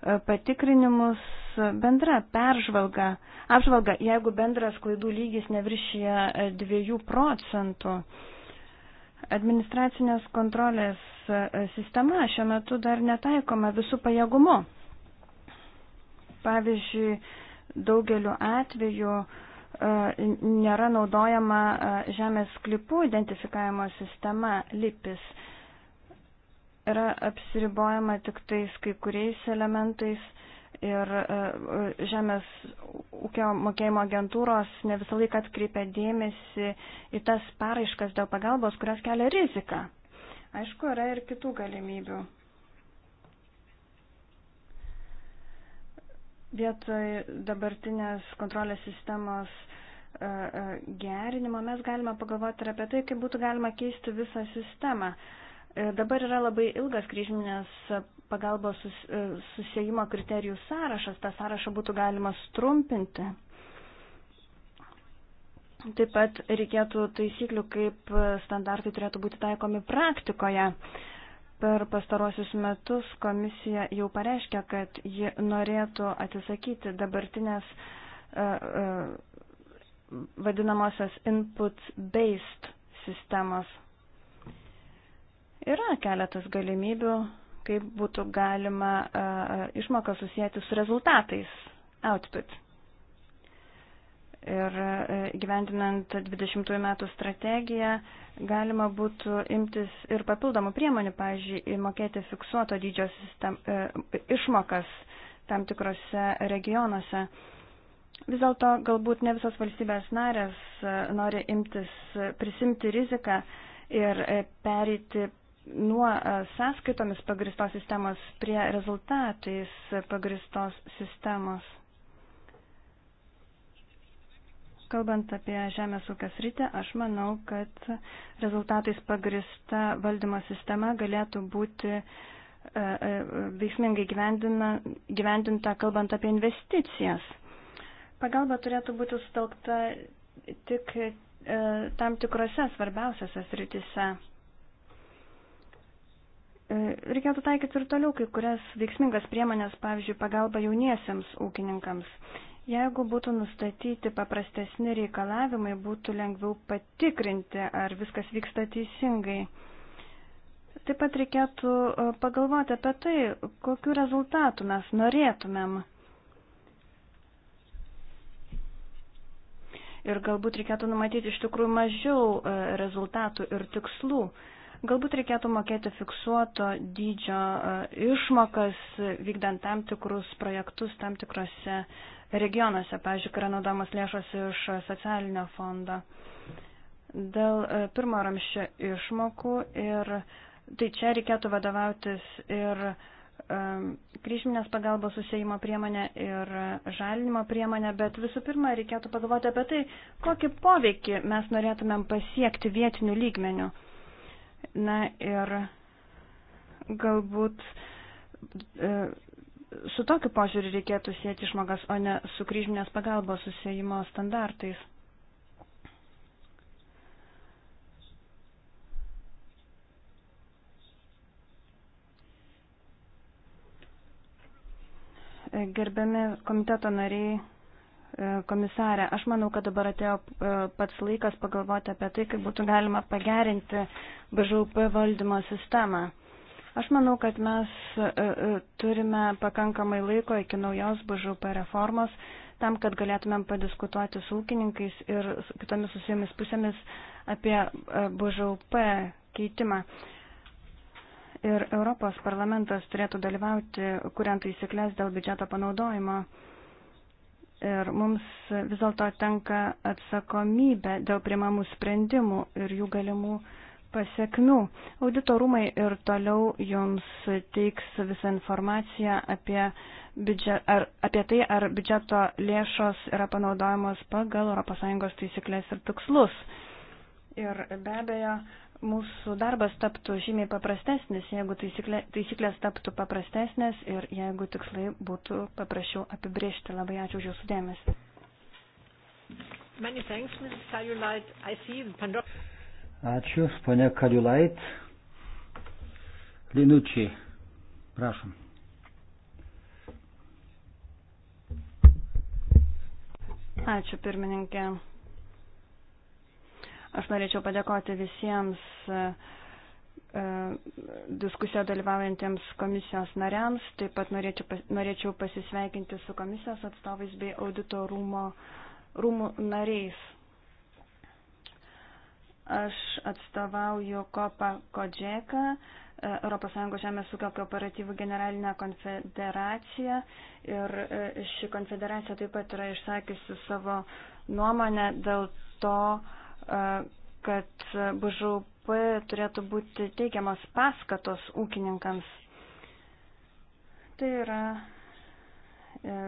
e, patikrinimus e, bendra peržvalga, apžvalga, jeigu bendras klaidų lygis neviršyje 2 procentų. Administracinės kontrolės sistema šiuo metu dar netaikoma visų pajėgumu. Pavyzdžiui, daugeliu atveju uh, E, nėra naudojama e, žemės klipų identifikavimo sistema LIPIS. Yra apsiribojama tik tais kai kuriais elementais ir e, žemės ūkio mokėjimo agentūros ne visą laiką atkreipia dėmesį į tas paraiškas dėl pagalbos, kurios kelia riziką. Aišku, yra ir kitų galimybių. vietoj dabartinės kontrolės sistemos e, e, gerinimo mes galime pagalvoti ir apie tai, kaip būtų galima keisti visą sistemą. E, dabar yra labai ilgas kryžminės pagalbos sus, susijimo kriterijų sąrašas, tą sąrašą būtų galima strumpinti. Taip pat reikėtų taisyklių, kaip standartai turėtų būti taikomi praktikoje. Uh, Per pastarosius metus komisija jau pareiškia, kad ji norėtų atsisakyti dabartinės uh, uh, vadinamosios input-based sistemos. Yra keletas galimybių, kaip būtų galima uh, e, išmoką susijęti su rezultatais, output. Ir e, gyvendinant 20 metų strategiją galima būtų imtis ir papildomų priemonių, pavyzdžiui, įmokėti fiksuoto dydžio sistem, e, išmokas tam tikrose regionuose. Vis dėlto galbūt ne visos valstybės narės e, nori imtis prisimti riziką ir perėti nuo sąskaitomis pagristos sistemos prie rezultatais pagristos sistemos. Kalbant apie žemės ūkio sritį, aš manau, kad rezultatais pagrista valdymo sistema galėtų būti e, e, veiksmingai gyvendinta, kalbant apie investicijas. Pagalba turėtų būti sutelkta tik e, tam tikrose svarbiausiose sritise. Reikėtų taikyti ir toliau kai kurias veiksmingas priemonės, pavyzdžiui, pagalba jauniesiems ūkininkams. Jeigu būtų nustatyti paprastesni reikalavimai, būtų lengviau patikrinti, ar viskas vyksta teisingai. Taip pat reikėtų e, pagalvoti apie tai, kokiu rezultatu mes norėtumėm. Ir galbūt reikėtų numatyti iš tikrųjų mažiau e, rezultatų ir tikslų. Galbūt reikėtų mokėti fiksuoto dydžio e, išmokas, vykdant tam tikrus projektus tam tikrose regionuose, pavyzdžiui, yra naudojamos lėšos iš socialinio fondo. Dėl e, pirmo ramščio išmokų ir tai čia reikėtų vadovautis ir um, kryžminės pagalbos susėjimo priemonė ir žalinimo priemonė, bet visų pirma reikėtų pagalvoti apie tai, kokį poveikį mes norėtumėm pasiekti vietinių lygmenių. Na ir galbūt. Uh, su tokiu požiūriu reikėtų sėti išmokas, o ne su kryžminės pagalbos susijimo standartais. Gerbiami komiteto nariai, komisarė, aš manau, kad dabar atėjo e, pats laikas pagalvoti apie tai, kaip būtų galima pagerinti BŽUP valdymo sistemą. Aš manau, kad mes e, e, turime pakankamai laiko iki naujos BŽP reformos tam, kad galėtumėm padiskutuoti su ūkininkais ir kitomis susijomis pusėmis apie e, BŽP keitimą. Ir Europos parlamentas turėtų dalyvauti, kuriant taisyklės dėl biudžeto panaudojimo. Ir mums vis dėlto tenka atsakomybė dėl primamų sprendimų ir jų galimų uh, pasiekmių. Auditorumai ir toliau jums teiks visą informaciją apie, biudžet, ar, apie tai, ar biudžeto lėšos yra panaudojamos pagal ES taisyklės ir tikslus. Ir be abejo, mūsų darbas taptų žymiai paprastesnis, jeigu taisyklė, taisyklės taptų paprastesnės ir jeigu tikslai būtų paprasčiau apibriežti. Labai ačiū už jūsų dėmesį. Many thanks, Mrs. Sayulite. I see the Pandora. Ačiū, ponia Kaliulait. Linučiai, prašom. Ačiū, pirmininkė. Aš norėčiau padėkoti visiems e, e, diskusijoje dalyvaujantiems komisijos nariams. Taip pat norėčiau, norėčiau pasisveikinti su komisijos atstovais bei audito rūmo, rūmų nariais. Aš atstovauju Kopa Kodžeką, ES žemės ūkio kooperatyvų generalinę konfederaciją ir e, ši konfederacija taip pat yra išsakiusi savo nuomonę dėl to, e, kad BŽUP turėtų būti teikiamas paskatos ūkininkams. Tai yra e,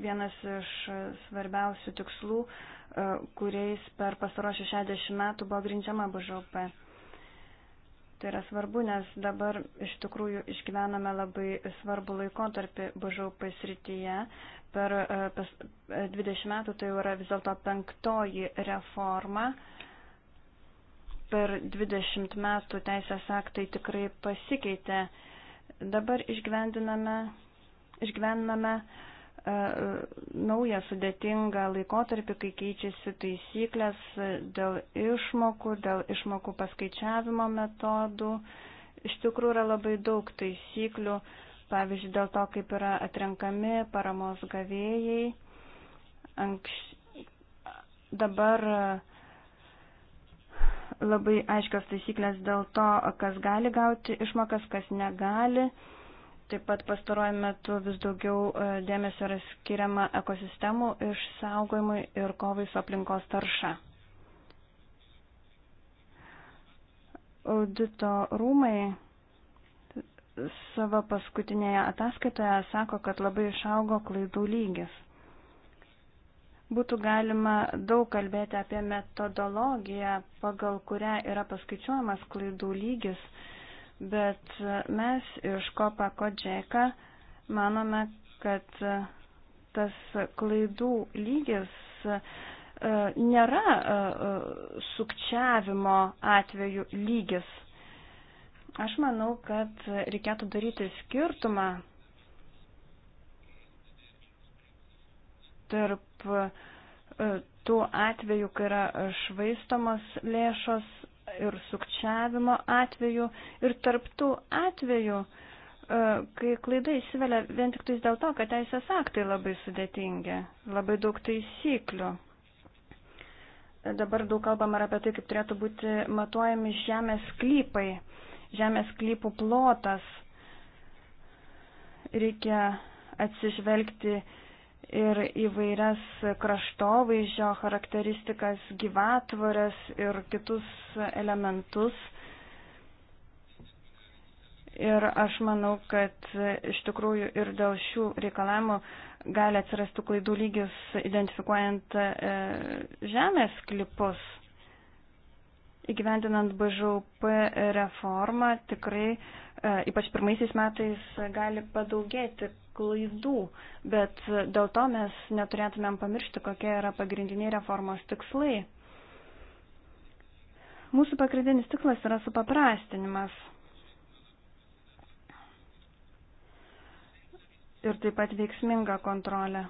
vienas iš svarbiausių tikslų, e, kuriais per pastarošius 60 metų buvo grindžiama BŽP. Tai yra svarbu, nes dabar iš tikrųjų išgyvename labai svarbu laikotarpį BŽP srityje. Per 20 e, e, metų tai yra vis dėlto penktoji reforma. Per 20 metų teisės aktai tikrai pasikeitė. Dabar išgyvendiname, išgyvendiname uh, E, naują sudėtingą laikotarpį, kai keičiasi taisyklės dėl išmokų, dėl išmokų paskaičiavimo metodų. Iš tikrųjų yra labai daug taisyklių, pavyzdžiui, dėl to, kaip yra atrenkami paramos gavėjai. Anks... Dabar e, labai aiškios taisyklės dėl to, kas gali gauti išmokas, kas negali. Taip pat pastaruoju metu vis daugiau e, dėmesio yra skiriama ekosistemų išsaugojimui ir kovai su aplinkos tarša. Audito rūmai savo paskutinėje ataskaitoje sako, kad labai išaugo klaidų lygis. Būtų galima daug kalbėti apie metodologiją, pagal kurią yra paskaičiuojamas klaidų lygis bet mes iš Kopa Kodžeka manome, kad tas klaidų lygis e, nėra e, e, sukčiavimo atveju lygis. Aš manau, kad reikėtų daryti skirtumą tarp tų atvejų, kai yra švaistamos lėšos ir sukčiavimo atveju, ir tarptų atveju, e, kai klaida įsivelia vien tik dėl to, kad teisės aktai labai sudėtingi, labai daug taisyklių. Dabar daug kalbam ir apie tai, kaip turėtų būti matuojami žemės sklypai, žemės sklypų plotas. Reikia atsižvelgti ir įvairias kraštovaizdžio charakteristikas, gyvatvorės ir kitus elementus. Ir aš manau, kad iš tikrųjų ir dėl šių reikalavimų gali atsirasti klaidų lygis identifikuojant e, žemės klipus. Įgyvendinant BŽUP reformą tikrai, e, ypač pirmaisiais metais, gali padaugėti klaidų, bet dėl to mes neturėtumėm pamiršti, kokie yra pagrindiniai reformos tikslai. Mūsų pagrindinis tikslas yra supaprastinimas. Ir taip pat veiksminga kontrolė.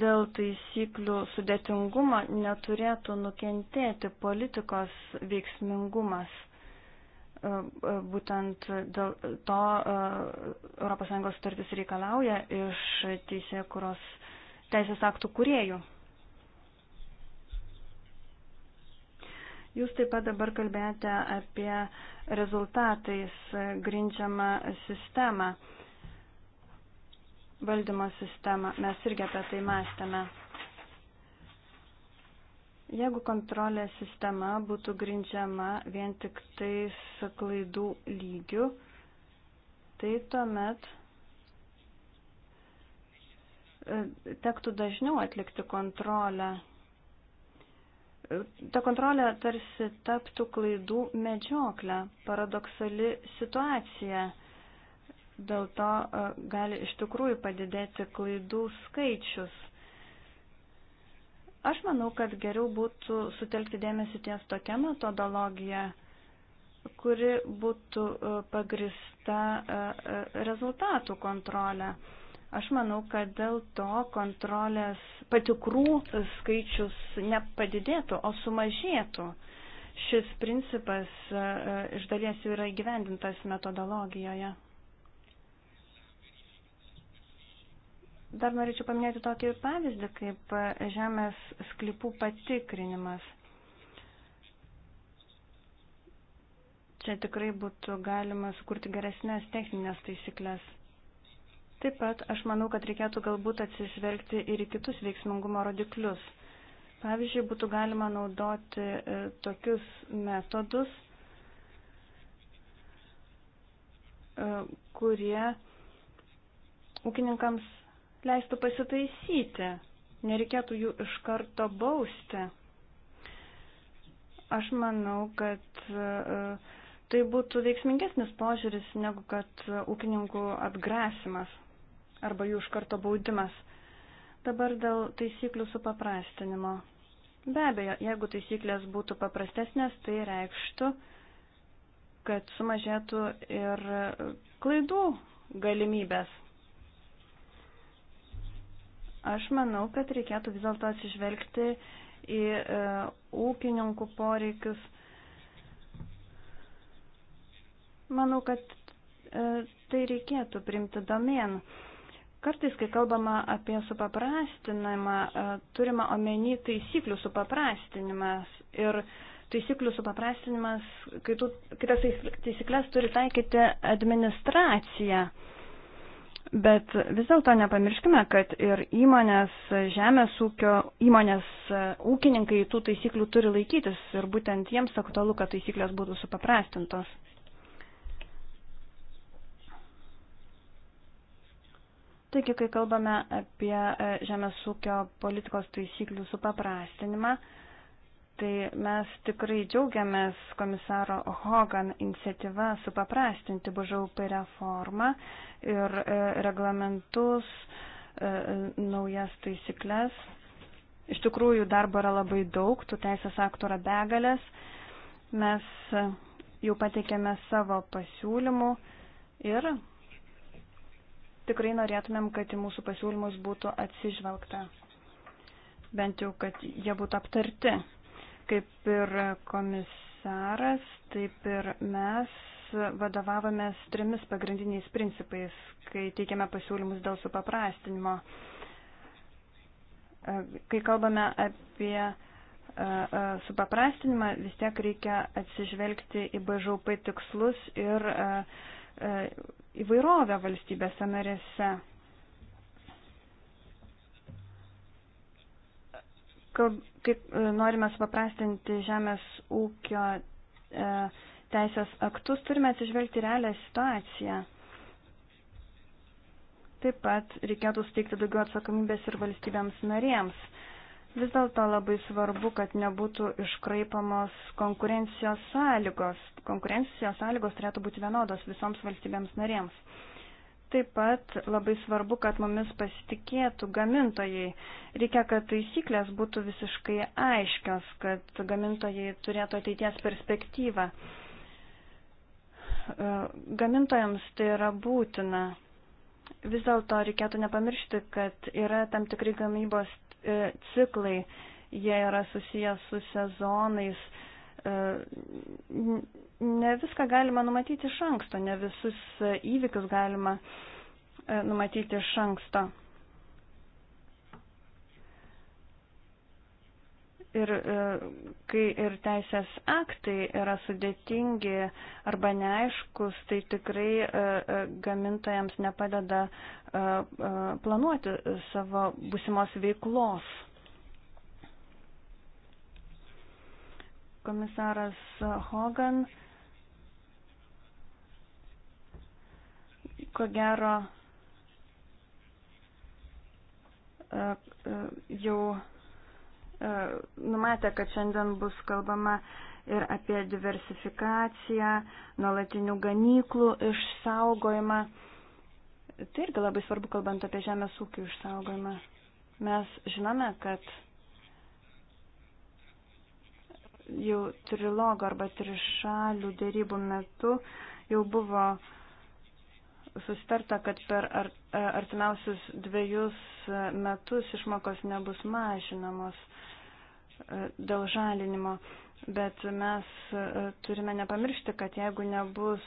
Dėl taisyklių sudėtingumo neturėtų nukentėti politikos veiksmingumas. E, e, būtent dėl to e, ES sutartis reikalauja iš teisė, kurios teisės aktų kuriejų. Jūs taip pat dabar kalbėjote apie rezultatais grindžiamą sistemą, valdymo sistemą. Mes irgi apie tai mąstėme. Jeigu kontrolės sistema būtų grindžiama vien tik tais klaidų lygių, tai tuomet e, tektų dažniau atlikti kontrolę. E, ta kontrolė tarsi taptų klaidų medžioklę, paradoksali situacija. Dėl to e, gali iš tikrųjų padidėti klaidų skaičius. Aš manau, kad geriau būtų sutelkti dėmesį ties tokia metodologija, kuri būtų e, pagrista e, e, rezultatų kontrolė. Aš manau, kad dėl to kontrolės patikrų skaičius nepadidėtų, o sumažėtų. Šis principas iš dalies jau yra įgyvendintas metodologijoje. Dar norėčiau paminėti tokį pavyzdį, kaip žemės sklipų patikrinimas. Čia tikrai būtų galima sukurti geresnės techninės taisyklės. Taip pat aš manau, kad reikėtų galbūt atsižvelgti ir į kitus veiksmingumo rodiklius. Pavyzdžiui, būtų galima naudoti e, tokius metodus, e, kurie ūkininkams leistų pasitaisyti, nereikėtų jų iš karto bausti. Aš manau, kad e, tai būtų veiksmingesnis požiūris negu kad ūkininkų atgrasimas arba jų iš karto baudimas. Dabar dėl taisyklių supaprastinimo. Be abejo, jeigu taisyklės būtų paprastesnės, tai reikštų, kad sumažėtų ir klaidų galimybės. Aš manau, kad reikėtų vis dėlto atsižvelgti į e, ūkininkų poreikius. Manau, kad e, tai reikėtų primti domen. Kartais, kai kalbama apie supaprastinimą, e, turima omeny taisyklių supaprastinimas ir taisyklių supaprastinimas, kai, tu, kai tas taisyklės turi taikyti administracija. E, Bet vis dėlto nepamirškime, kad ir įmonės, žemės ūkio įmonės, ūkininkai tų taisyklių turi laikytis ir būtent jiems aktualu, kad taisyklės būtų supaprastintos. Taigi, kai kalbame apie e, žemės ūkio politikos taisyklių supaprastinimą, Tai mes tikrai džiaugiamės komisaro Hogan iniciatyva supaprastinti BŽUP reformą ir e, reglamentus, e, naujas taisyklės. Iš tikrųjų, darbo yra labai daug, tų teisės aktų yra begalės. Mes e, jau pateikėme savo pasiūlymų ir tikrai norėtumėm, kad į mūsų pasiūlymus būtų atsižvelgta. Bent jau, kad jie būtų aptarti. Kaip ir komisaras, taip ir mes vadovavomės trimis pagrindiniais principais, kai teikiame pasiūlymus dėl supaprastinimo. E, kai kalbame apie e, e, supaprastinimą, vis tiek reikia atsižvelgti į BŽP tikslus ir įvairovę valstybėse narėse kaip e, norime supaprastinti žemės ūkio e, teisės aktus, turime atsižvelgti realią situaciją. Taip pat reikėtų steigti daugiau atsakomybės ir valstybėms narėms. Vis dėlto labai svarbu, kad nebūtų iškraipamos konkurencijos sąlygos. Konkurencijos sąlygos turėtų būti vienodos visoms valstybėms narėms. Taip pat labai svarbu, kad mumis pasitikėtų gamintojai. Reikia, kad taisyklės būtų visiškai aiškios, kad gamintojai turėtų ateities perspektyvą. E, gamintojams tai yra būtina. Vis dėlto reikėtų nepamiršti, kad yra tam tikri gamybos e, ciklai, jie yra susijęs su sezonais, E, ne viską galima numatyti iš anksto, ne visus e, įvykius galima e, numatyti iš anksto. Ir kai ir teisės aktai yra sudėtingi arba neaiškus, tai tikrai gamintojams nepadeda planuoti savo būsimos veiklos. komisaras Hogan ko gero e, e, jau e, numatė, kad šiandien bus kalbama ir apie diversifikaciją, nuolatinių ganyklų išsaugojimą. Tai irgi labai svarbu, kalbant apie žemės ūkių išsaugojimą. Mes žinome, kad jau trilogo arba trišalių dėrybų metu jau buvo sustarta, kad per e, artimiausius dviejus metus išmokos nebus mažinamos e, dėl žalinimo. Bet mes e, turime nepamiršti, kad jeigu nebus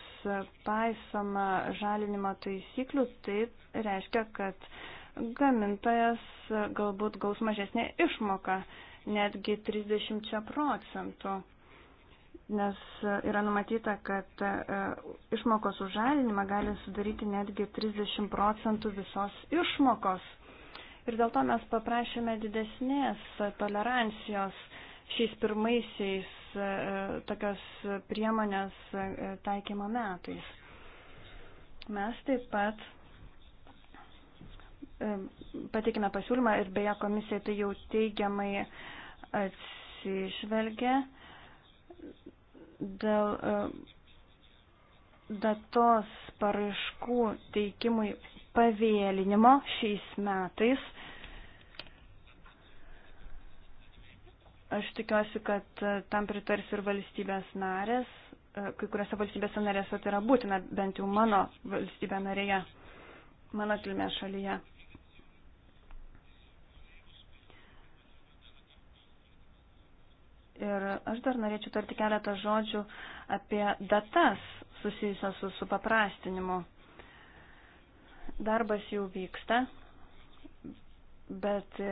paisoma žalinimo taisyklių, tai reiškia, kad gamintojas galbūt gaus mažesnę išmoką netgi 30 procentų, nes yra numatyta, kad e, išmokos už žalinimą gali sudaryti netgi 30 procentų visos išmokos. Ir dėl to mes paprašėme didesnės tolerancijos šiais pirmaisiais e, tokios priemonės e, taikymo metais. Mes taip pat pateikime pasiūlymą ir beje komisija tai jau teigiamai atsižvelgia dėl datos paraiškų teikimui pavėlinimo šiais metais. Aš tikiuosi, kad tam pritars ir valstybės narės. E, kai kuriuose valstybėse narėse tai yra būtina, bent jau mano valstybė narėje, mano kilmės šalyje. Ir aš dar norėčiau tarti keletą žodžių apie datas susijusios su supaprastinimu. Darbas jau vyksta, bet e,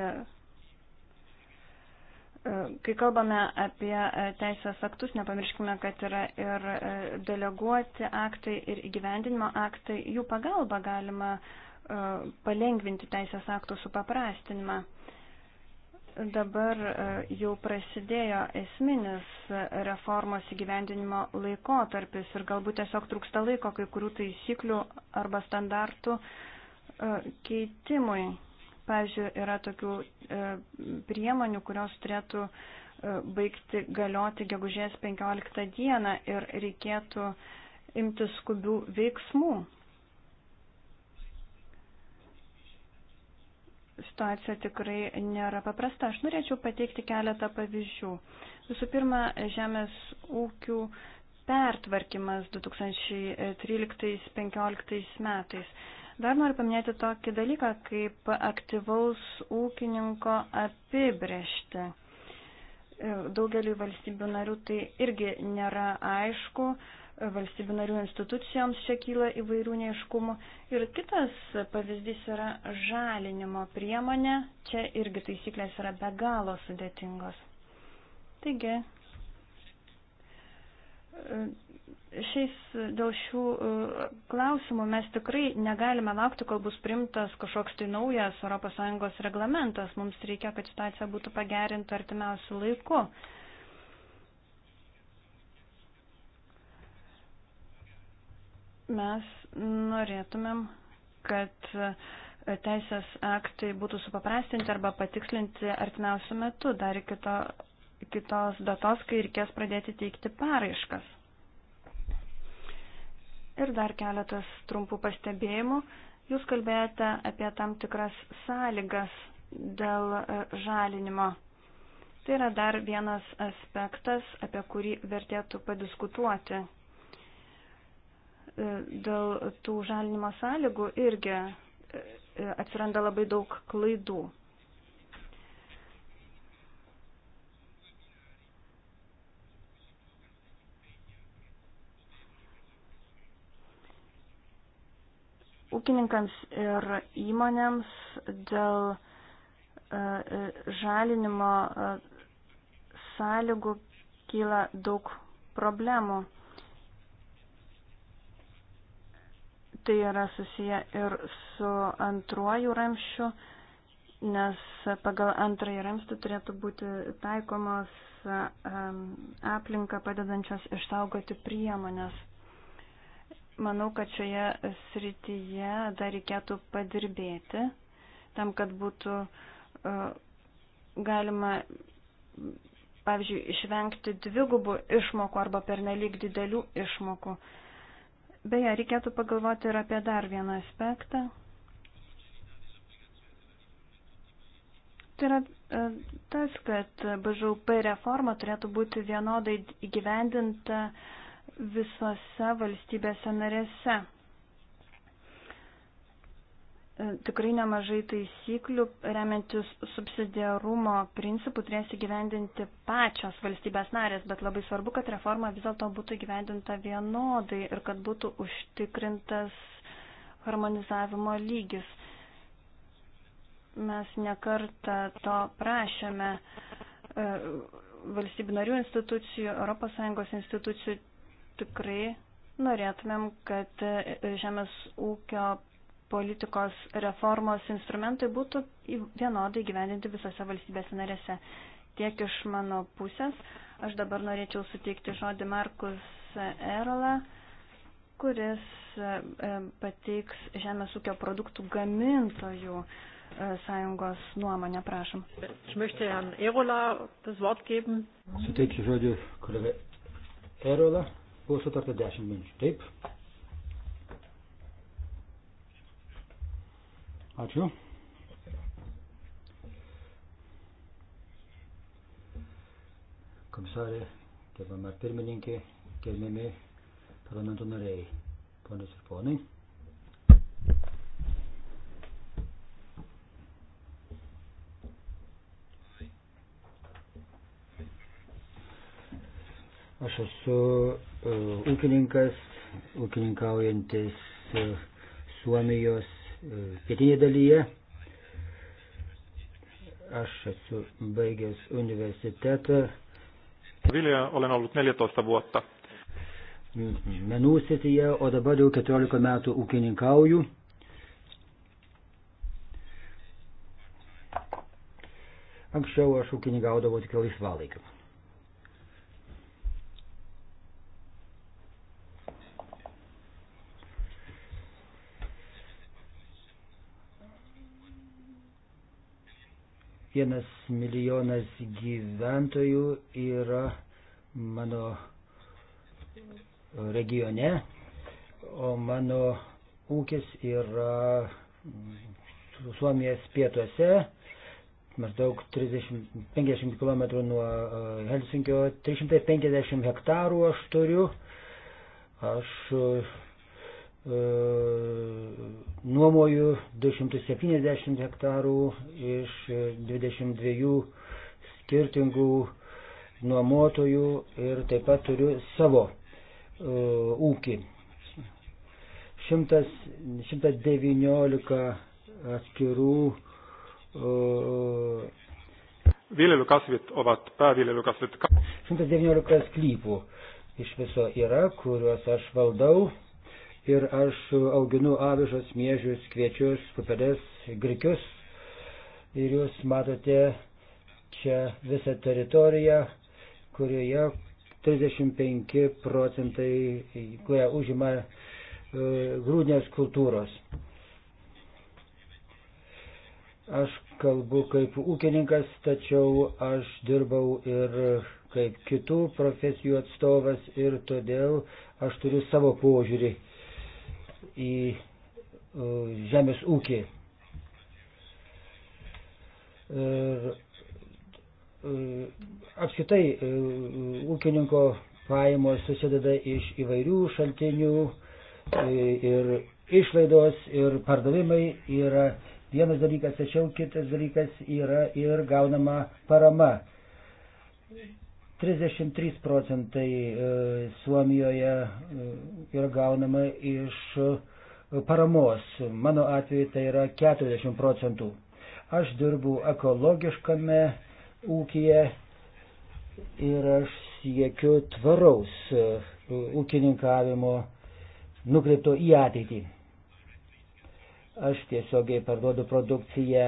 e, kai kalbame apie e, teisės aktus, nepamirškime, kad yra ir deleguoti aktai ir įgyvendinimo aktai, jų pagalba galima palengvinti teisės aktų supaprastinimą dabar e, jau prasidėjo esminis reformos įgyvendinimo laikotarpis ir galbūt tiesiog trūksta laiko kai kurių taisyklių arba standartų e, keitimui. Pavyzdžiui, yra tokių e, priemonių, kurios turėtų baigti galioti gegužės 15 dieną ir reikėtų imti skubių veiksmų. situacija tikrai nėra paprasta. Aš norėčiau pateikti keletą pavyzdžių. Visų pirma, žemės ūkių pertvarkymas 2013-2015 metais. Dar noriu paminėti tokį dalyką kaip aktyvaus ūkininko apibrėžti. Daugelį valstybių narių tai irgi nėra aišku valstybių narių institucijoms čia kyla įvairių neiškumų. Ir kitas pavyzdys yra žalinimo priemonė. Čia irgi taisyklės yra be galo sudėtingos. Taigi, šiais dėl šių klausimų mes tikrai negalime laukti, kol bus primtas kažkoks tai naujas ES reglamentas. Mums reikia, kad situacija būtų pagerinta artimiausių laikų. Mes norėtumėm, kad e, teisės aktai būtų supaprastinti arba patikslinti artimiausių metų, dar kito, kitos datos, kai reikės pradėti teikti paraiškas. Ir dar keletas trumpų pastebėjimų. Jūs kalbėjote apie tam tikras sąlygas dėl e, žalinimo. Tai yra dar vienas aspektas, apie kurį vertėtų padiskutuoti. E, dėl tų žalinimo sąlygų irgi e, e, atsiranda labai daug klaidų. Ūkininkams ir įmonėms dėl žalinimo sąlygų kyla daug problemų. Tai yra susiję ir su antruoju ramščiu, nes pagal antrąjį ramstį turėtų būti taikomos aplinką padedančios išsaugoti priemonės. Manau, kad šioje srityje dar reikėtų padirbėti, tam, kad būtų e, galima, pavyzdžiui, išvengti dvigubų išmokų arba pernelyg didelių išmokų. Beje, reikėtų pagalvoti ir apie dar vieną aspektą. Tai yra e, tas, kad BŽUP reforma turėtų būti vienodai įgyvendinta visose valstybėse narėse. E, tikrai nemažai taisyklių, remiantis subsidiarumo principų, turės įgyvendinti pačios valstybės narės, bet labai svarbu, kad reforma vis dėlto būtų įgyvendinta vienodai ir kad būtų užtikrintas harmonizavimo lygis. Mes nekartą to prašėme e, valstybių narių institucijų, ES institucijų tikrai norėtumėm, kad e, žemės ūkio politikos reformos instrumentai būtų vienodai gyvendinti visose valstybėse narėse. Tiek iš mano pusės. Aš dabar norėčiau suteikti žodį Markus Erola, kuris e, e, pateiks žemės ūkio produktų gamintojų e, sąjungos nuomonę, prašom. Suteiksiu žodį kolegai Erola, buvo sutarta 10 minučių. Taip. Ačiū. Komisarė, gerbama pirmininkė, gerbiami parlamento nariai, ponios ir ponai. Aš esu uh, ūkininkas, ūkininkaujantis uh, Suomijos pietinėje dalyje. Aš esu baigęs universitetą. Vilniuje olen ollut 14 vuotta. Menų srityje, o dabar jau 14 metų ūkininkauju. Anksčiau aš ūkininkaudavau tik laisvalaikiu. Vienas milijonas gyventojų yra mano regione, o mano ūkis yra Suomijos pietuose, maždaug 30, 50 km nuo e, Helsinkio, 350 hektarų aš turiu. Aš E, nuomoju 270 hektarų iš 22 skirtingų nuomotojų ir taip pat turiu savo uh, ūkį. 100, 119 atskirų uh, e, viljelykasvit ovat pääviljelykasvit. 119 sklypų iš viso yra, kuriuos aš valdau ir aš auginu avižas, miežius, kviečius, pupelės, grikius. Ir jūs matote čia visą teritoriją, kurioje 35 procentai, kurią užima e, grūdinės kultūros. Aš kalbu kaip ūkininkas, tačiau aš dirbau ir kaip kitų profesijų atstovas ir todėl aš turiu savo požiūrį į e, žemės ūkį. Ir e, apskritai e, ūkininko pajamos susideda iš įvairių šaltinių ir išlaidos ir pardavimai yra vienas dalykas, tačiau kitas dalykas yra ir gaunama parama. 33 procentai e, Suomijoje e, yra gaunama iš e, paramos. Mano atveju tai yra 40 procentų. Aš dirbu ekologiškame ūkija ir aš siekiu tvaraus ūkininkavimo nukreipto į ateitį. Aš tiesiogiai parduodu produkciją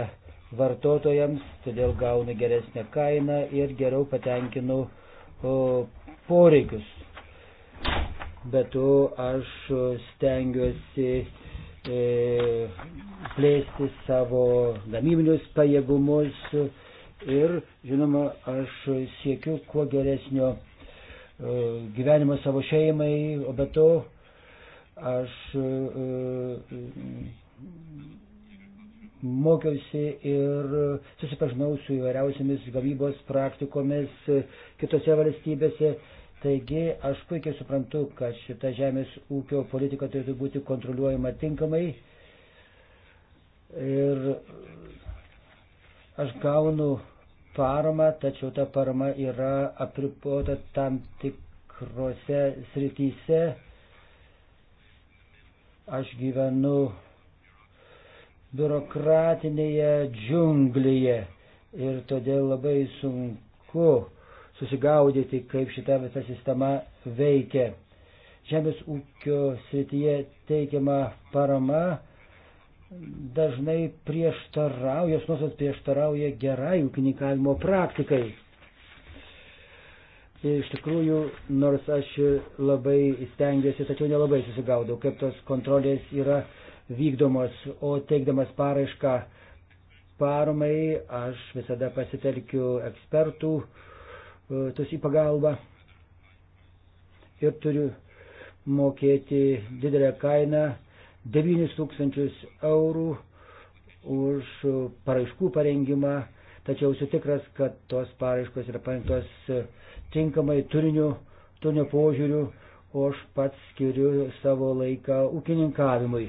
vartotojams, todėl gaunu geresnę kainą ir geriau patenkinu uh, poreikius. Bet to aš stengiuosi e, plėsti savo gamybinius pajėgumus ir, žinoma, aš siekiu kuo geresnio e, gyvenimo savo šeimai, o be to aš e, mokiausi ir susipažinau su įvairiausiamis gamybos praktikomis kitose valstybėse. Taigi aš puikiai suprantu, kad šita žemės ūkio politika turėtų būti kontroliuojama tinkamai. Ir aš gaunu paramą, tačiau ta parama yra apripota tam tikrose srityse. Aš gyvenu biurokratinėje džiunglėje ir todėl labai sunku susigaudyti, kaip šita visa sistema veikia. Žemės ūkio srityje teikiama parama dažnai prieštarauja, jos nuosas prieštarauja gerai ūkininkavimo praktikai. Ir iš tikrųjų, nors aš labai stengiuosi, tačiau nelabai susigaudau, kaip tos kontrolės yra vykdomos, o teikdamas paraišką paramai aš visada pasitelkiu ekspertų e, tos į pagalbą ir turiu mokėti didelę kainą 9000 eurų už paraiškų parengimą, tačiau esu tikras, kad tos paraiškos yra parengtos tinkamai turiniu, turinio požiūriu, o aš pats skiriu savo laiką ūkininkavimui.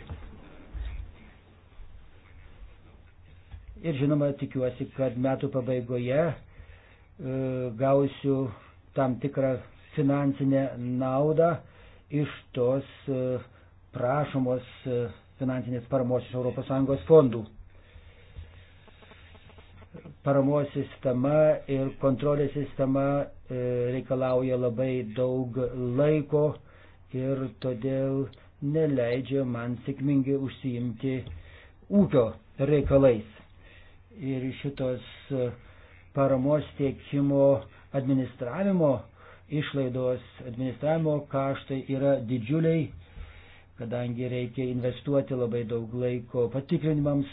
Ir žinoma, tikiuosi, kad metų pabaigoje e, gausiu tam tikrą finansinę naudą iš tos e, prašomos e, finansinės paramos iš ES fondų. Paramos sistema ir kontrolės sistema reikalauja labai daug laiko ir todėl neleidžia man sėkmingai užsiimti ūkio reikalais ir šitos e, paramos tiekimo administravimo išlaidos, administravimo kaštai yra didžiuliai, kadangi reikia investuoti labai daug laiko patikrinimams.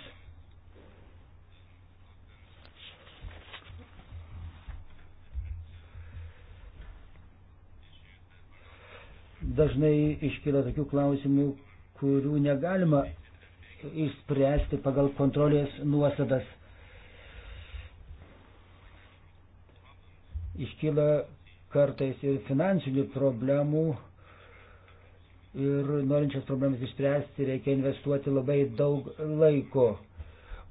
Dažnai iškyla tokių klausimų, kurių negalima išspręsti pagal kontrolės nuosadas iškyla kartais ir finansinių problemų ir norinčias problemas išspręsti reikia investuoti labai daug laiko.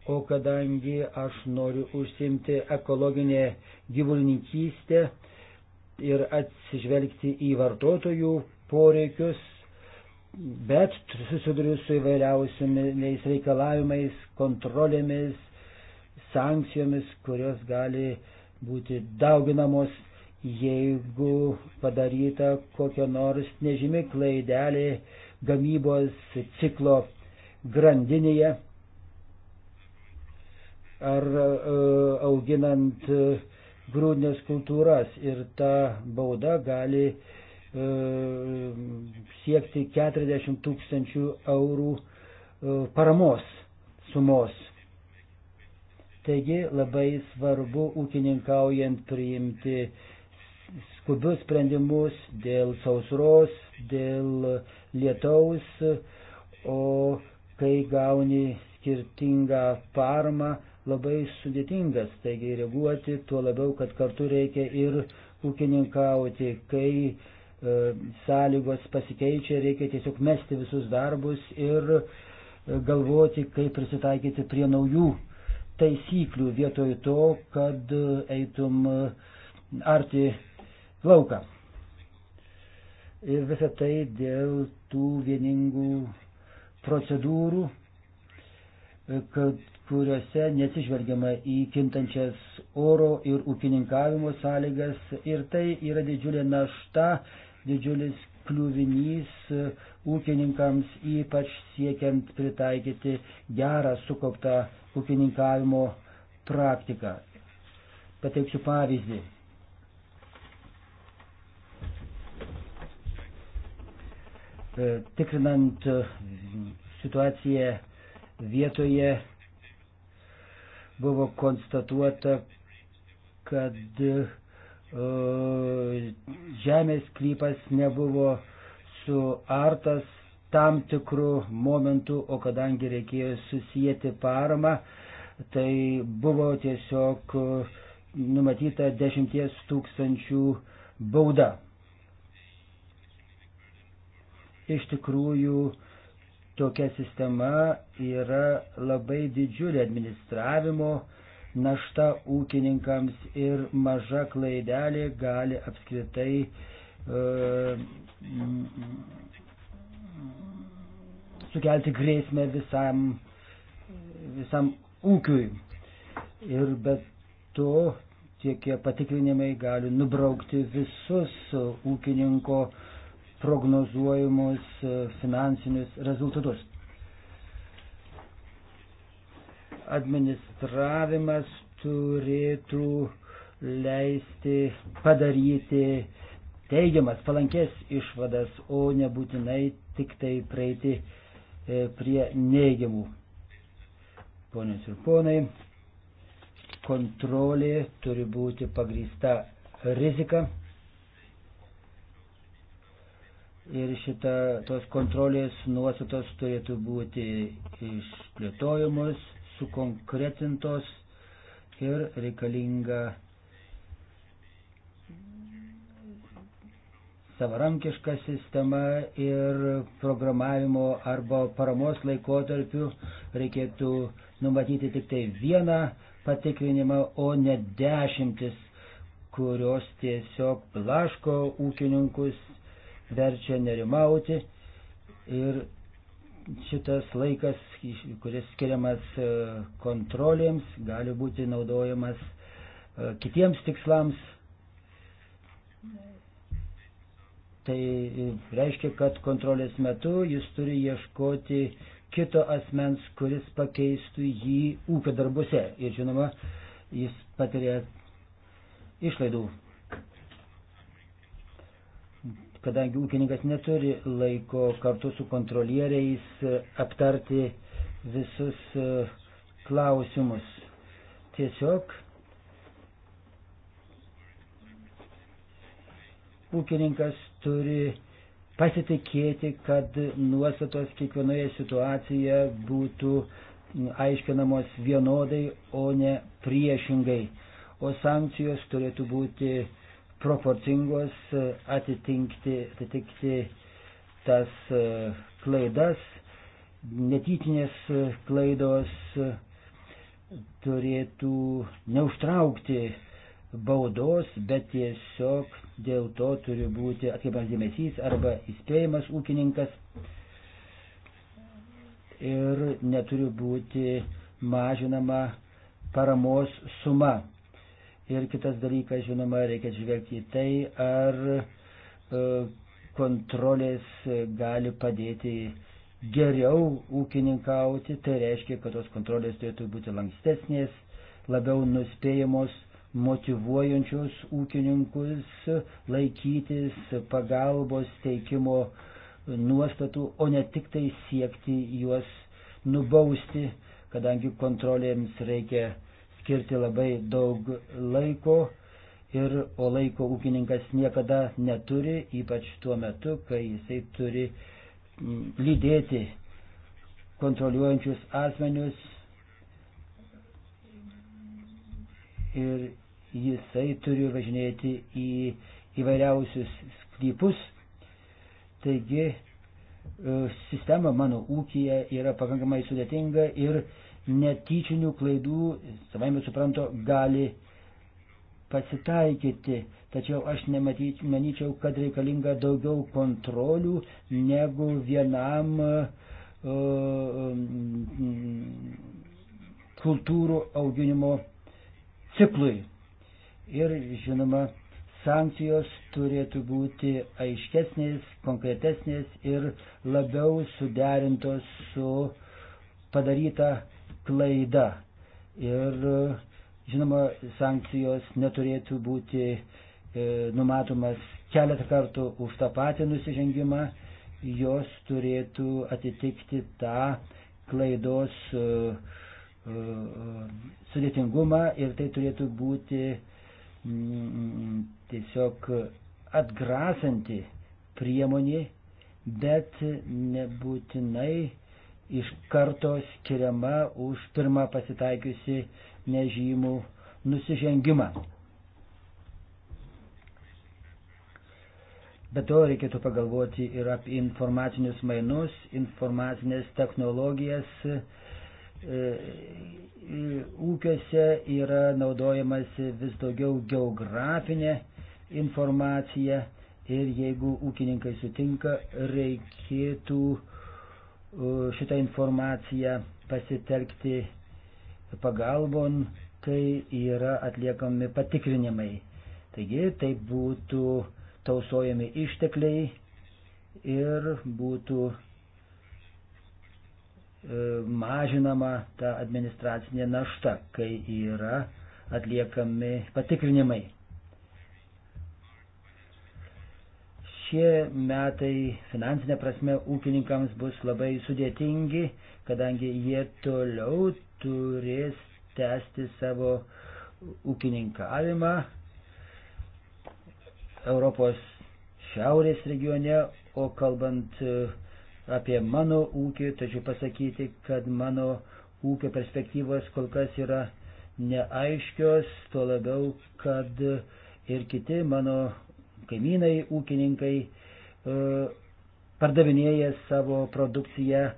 O kadangi aš noriu užsimti ekologinę gyvulininkystę ir atsižvelgti į vartotojų poreikius, bet susiduriu su įvairiausiamis reikalavimais, kontrolėmis, sankcijomis, kurios gali uh, būti dauginamos, jeigu padaryta kokia nors nežymi klaidelė gamybos ciklo grandinėje ar e, auginant e, grūdinės kultūras ir ta bauda gali e, siekti 40 tūkstančių eurų paramos sumos. Taigi labai svarbu ūkininkaujant priimti skubius sprendimus dėl sausros, dėl lietaus, o kai gauni skirtingą paramą, labai sudėtingas, taigi reaguoti, tuo labiau, kad kartu reikia ir ūkininkauti, kai e, sąlygos pasikeičia, reikia tiesiog mesti visus darbus ir e, galvoti, kaip prisitaikyti prie naujų taisyklių vietoj to, kad eitum e, arti lauką. Ir visą tai dėl tų vieningų procedūrų, e, kad, kuriuose nesižvelgiama į kintančias oro ir ūkininkavimo sąlygas. Ir tai yra didžiulė našta, didžiulis kliuvinys e, ūkininkams, ypač siekiant pritaikyti gerą sukauptą ūkininkavimo praktiką. Pateiksiu pavyzdį. E, tikrinant e, situaciją vietoje buvo konstatuota, kad e, žemės klypas nebuvo suartas tam tikrų momentų, o kadangi reikėjo susijęti paramą, tai buvo tiesiog e, numatyta 10 tūkstančių bauda. Iš tikrųjų, tokia sistema yra labai didžiulė administravimo našta ūkininkams ir maža klaidelė gali apskritai e, sukelti grėsmę visam, visam ūkiui. Ir bet to tie patikrinimai gali nubraukti visus ūkininko prognozuojamus e, finansinius rezultatus. Administravimas turėtų leisti padaryti teigiamas, palankės išvadas, o nebūtinai tik tai praeiti E, prie neigiamų. Ponios ir ponai, kontrolė turi būti pagrįsta rizika. Ir šita, tos kontrolės nuostatos turėtų būti išplėtojamos, sukonkretintos ir reikalinga savarankiška sistema ir programavimo arba paramos laikotarpiu reikėtų numatyti tik tai vieną patikrinimą, o ne dešimtis, kurios tiesiog blaško ūkininkus, verčia nerimauti. Ir šitas laikas, kuris skiriamas e, kontrolėms, gali būti naudojamas e, kitiems tikslams Tai reiškia, kad kontrolės metu jis turi ieškoti kito asmens, kuris pakeistų jį ūkio darbuose. Ir žinoma, jis patiria išlaidų. Kadangi ūkininkas neturi laiko kartu su kontrolieriais aptarti visus e, klausimus. Tiesiog ūkininkas turi pasitikėti, kad nuostatos kiekvienoje situacijoje būtų aiškinamos vienodai, o ne priešingai. O sankcijos turėtų būti proporcingos, atitinkti, atitikti tas e, klaidas, netytinės klaidos turėtų neužtraukti baudos, bet tiesiog dėl to turi būti atkreipiamas dėmesys arba įspėjimas ūkininkas ir neturi būti mažinama paramos suma. Ir kitas dalykas, žinoma, reikia žvelgti į tai, ar e, kontrolės gali padėti geriau ūkininkauti, tai reiškia, kad tos kontrolės turėtų būti lankstesnės, labiau nuspėjamos motivuojančios ūkininkus laikytis pagalbos teikimo nuostatų, o ne tik tai siekti juos nubausti, kadangi kontrolėms reikia skirti labai daug laiko ir o laiko ūkininkas niekada neturi, ypač tuo metu, kai jisai turi mm, lydėti kontroliuojančius asmenius ir jisai turi važinėti į įvairiausius sklypus. Taigi e, sistema mano ūkija yra pakankamai sudėtinga ir netyčinių klaidų, savai mes suprantu, gali pasitaikyti. Tačiau aš nematyč, manyčiau, kad reikalinga daugiau kontrolių negu vienam uh, kultūrų auginimo ciklui. Ir žinoma, sankcijos turėtų būti aiškesnės, konkretesnės ir labiau suderintos su padaryta klaida. Ir žinoma, sankcijos neturėtų būti e, numatomas keletą kartų už tą patį nusižengimą, jos turėtų atitikti tą klaidos e, E, e, sudėtingumą ir tai turėtų būti mm, mm, tiesiog atgrasanti priemonė, bet nebūtinai iš karto skiriama už pirmą pasitaikiusi nežymų nusižengimą. Be to reikėtų pagalvoti ir apie informacinius mainus, informacinės technologijas, E, ūkiuose yra naudojamas vis daugiau geografinė informacija ir jeigu ūkininkai sutinka, reikėtų e, šitą informaciją pasitelkti pagalbon, kai yra atliekami patikrinimai. Taigi tai būtų tausojami ištekliai ir būtų E, mažinama ta administracinė našta, kai yra atliekami patikrinimai. Šie metai finansinė prasme ūkininkams bus labai sudėtingi, kadangi jie toliau turės tęsti savo ūkininkavimą Europos šiaurės regione, o kalbant uh, apie mano ūkį, tačiau pasakyti, kad mano ūkio perspektyvos kol kas yra neaiškios, tuo labiau, kad ir kiti mano kaimynai, ūkininkai e, pardavinėja savo produkciją e,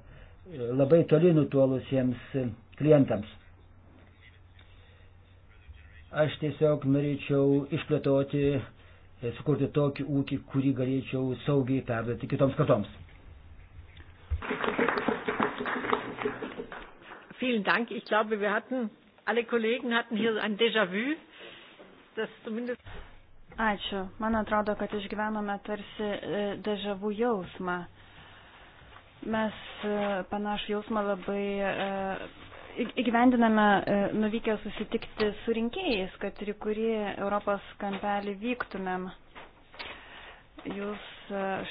labai toli nutolusiems klientams. Aš tiesiog norėčiau išplėtoti, e, sukurti tokį ūkį, kurį galėčiau saugiai perduoti kitoms kartoms. Vielen Dank. Ich glaube, wir hatten, alle Kollegen hatten hier ein Déjà-vu. Zumindest... Ačiū. Man atrodo, kad išgyvenome tarsi e, dežavų jausmą. Mes e, panašų jausmą labai e, įgyvendiname nuvykę susitikti su rinkėjais, kad ir kurį Europos kampelį vyktumėm. Jūs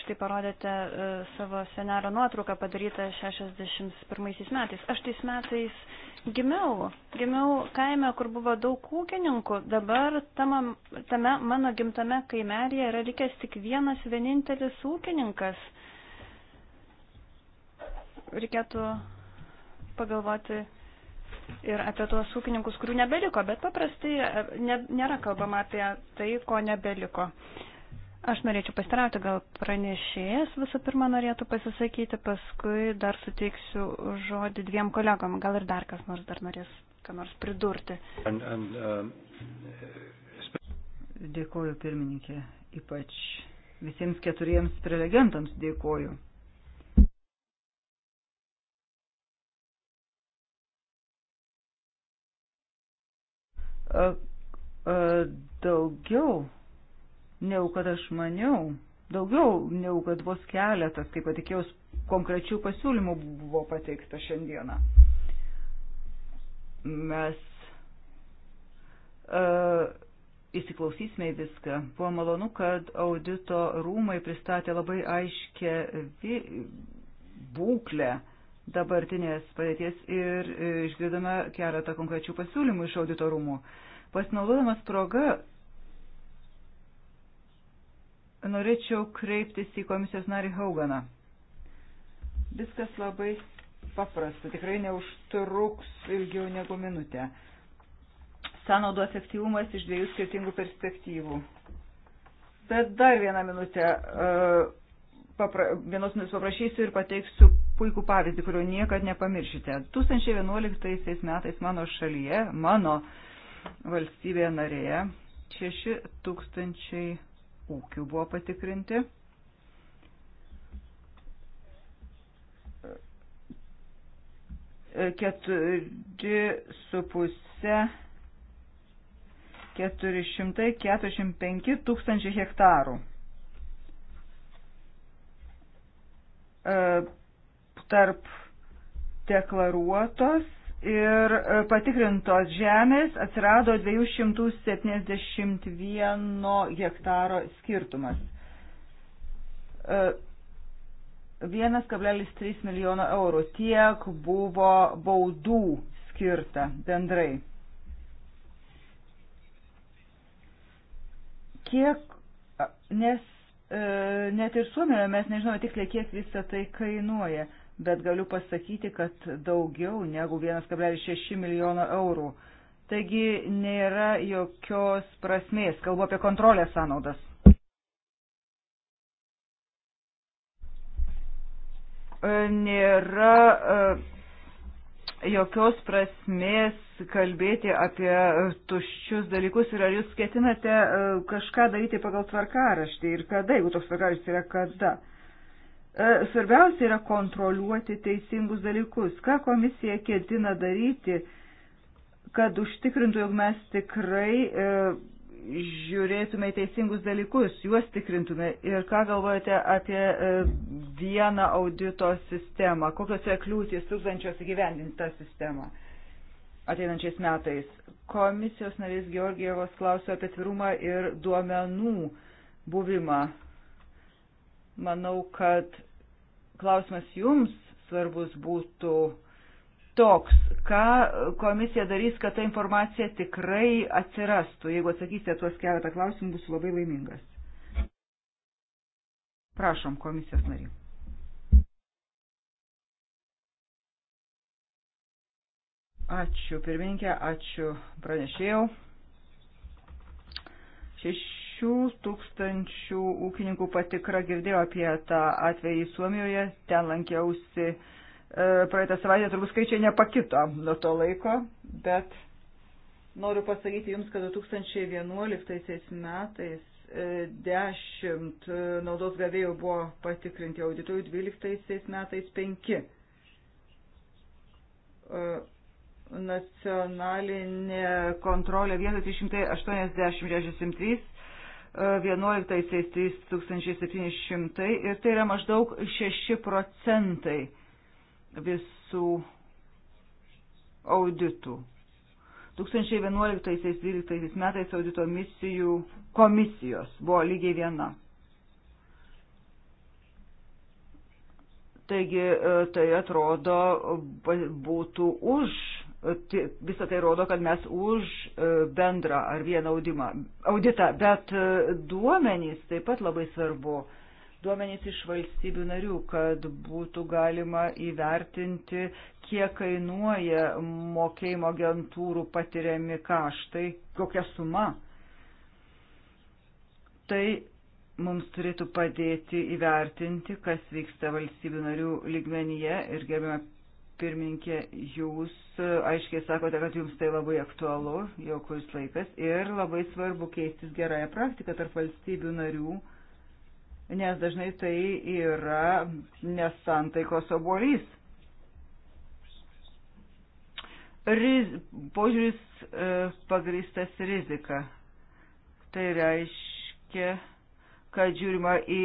štai parodėte e, savo senelio nuotrauką padarytą 61 metais. Aš tais metais gimiau. Gimiau kaime, kur buvo daug ūkininkų. Dabar tama, tame mano gimtame kaimelėje yra likęs tik vienas vienintelis ūkininkas. Reikėtų pagalvoti ir apie tuos ūkininkus, kurių nebeliko, bet paprastai e, ne, nėra kalbama apie tai, ko nebeliko. Uh, Aš norėčiau pastarauti, gal pranešėjas visų pirma norėtų pasisakyti, paskui dar suteiksiu žodį dviem kolegom, gal ir dar kas nors dar norės ką nors pridurti. And, and, um... Dėkoju pirmininkė, ypač visiems keturiems prelegentams dėkoju. Daugiau negu kad aš maniau, daugiau negu kad vos keletas, kaip patikėjau, konkrečių pasiūlymų buvo pateikta šiandieną. Mes uh, įsiklausysime į viską. Buvo malonu, kad audito rūmai pristatė labai aiškę būklę dabartinės padėties ir e, išgirdome keletą konkrečių pasiūlymų iš audito rūmų. Pasinaudodamas proga Norėčiau kreiptis į komisijos narį Hauganą. Viskas labai paprasta, tikrai neužtruks ilgiau negu minutę. Sąnaudų efektyvumas iš dviejų skirtingų perspektyvų. Bet dar vieną minutę, e, papra, vienos minutės paprašysiu ir pateiksiu puikų pavyzdį, kurio niekad nepamiršite. 2011 metais mano šalyje, mano valstybėje narėje, 6 tūkstančiai ūkių buvo patikrinti. Keturi su pusė 445 tūkstančiai hektarų. E, tarp deklaruotos ir e, patikrintos žemės atsirado 271 hektaro skirtumas. 1,3 e, milijono eurų tiek buvo baudų skirta bendrai. Kiek, nes e, net ir Suomijoje mes nežinome tiksliai, kiek visą tai kainuoja bet galiu pasakyti, kad daugiau negu 1,6 milijono eurų. Taigi nėra jokios prasmės, kalbu apie kontrolės sąnaudas. E, nėra e, jokios prasmės kalbėti apie tuščius dalykus ir ar jūs ketinate e, kažką daryti pagal tvarkaraštį ir kada, jeigu toks tvarkaraštis yra kada. E, svarbiausia yra kontroliuoti teisingus dalykus. Ką komisija ketina daryti, kad užtikrintų, jog mes tikrai e, žiūrėtume į teisingus dalykus, juos tikrintume. Ir ką galvojate apie e, vieną audito sistemą? Kokios yra kliūtis trukdančios įgyvendinti tą sistemą ateinančiais metais? Komisijos narys Georgijevos klausė apie tvirumą ir duomenų buvimą manau, kad klausimas jums svarbus būtų toks, ką komisija darys, kad ta informacija tikrai atsirastų. Jeigu atsakysite tuos keletą klausimų, būsiu labai laimingas. Prašom, komisijos nariai. Ačiū pirmininkė, ačiū pranešėjau. Šeš, tūkstančių ūkininkų patikra girdėjo apie tą atvejį Suomijoje, ten lankiausi e, praeitą savaitę, turbūt skaičiai nepakito nuo to laiko, bet noriu pasakyti Jums, kad 2011 metais 10 e, e, naudos gavėjų buvo patikrinti auditorių, 12 metais 5 nacionalinė kontrolė 1380-63 11-aisiais 3700 ir tai yra maždaug 6 procentai visų auditų. 2011-2012 metais audito misijų komisijos buvo lygiai viena. Taigi e, tai atrodo būtų už visą tai rodo, kad mes už e, bendrą ar vieną audimą, auditą, bet e, duomenys taip pat labai svarbu. Duomenys iš valstybių narių, kad būtų galima įvertinti, kiek kainuoja mokėjimo agentūrų patiriami kaštai, kokia suma. Tai mums turėtų padėti įvertinti, kas vyksta valstybių narių lygmenyje ir gerbėme pirminkė, jūs e, aiškiai sakote, kad jums tai labai aktualu jau kuris laikas ir labai svarbu keistis gerąją praktiką tarp valstybių narių, nes dažnai tai yra nesantaikos obolys. Riz, požiūris e, pagristas rizika. Tai reiškia, kad žiūrima į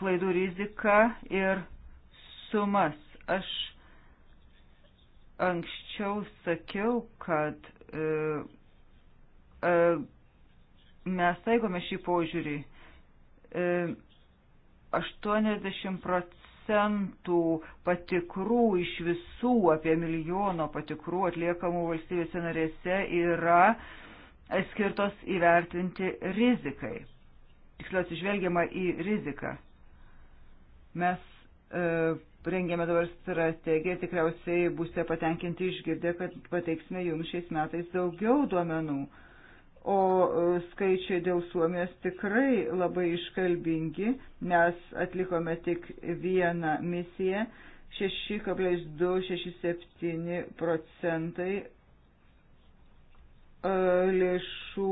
klaidų riziką ir sumas. Aš anksčiau sakiau, kad e, e, mes taigome šį požiūrį. E, 80 procentų patikrų iš visų apie milijono patikrų atliekamų valstybėse narėse yra skirtos įvertinti rizikai. Tiksliau atsižvelgiama į riziką. Mes e, Rengėme dabar strategiją, tikriausiai būsite patenkinti išgirdę, kad pateiksime jums šiais metais daugiau duomenų. O e, skaičiai dėl Suomijos tikrai labai iškalbingi, nes atlikome tik vieną misiją. 6,267 procentai e, lėšų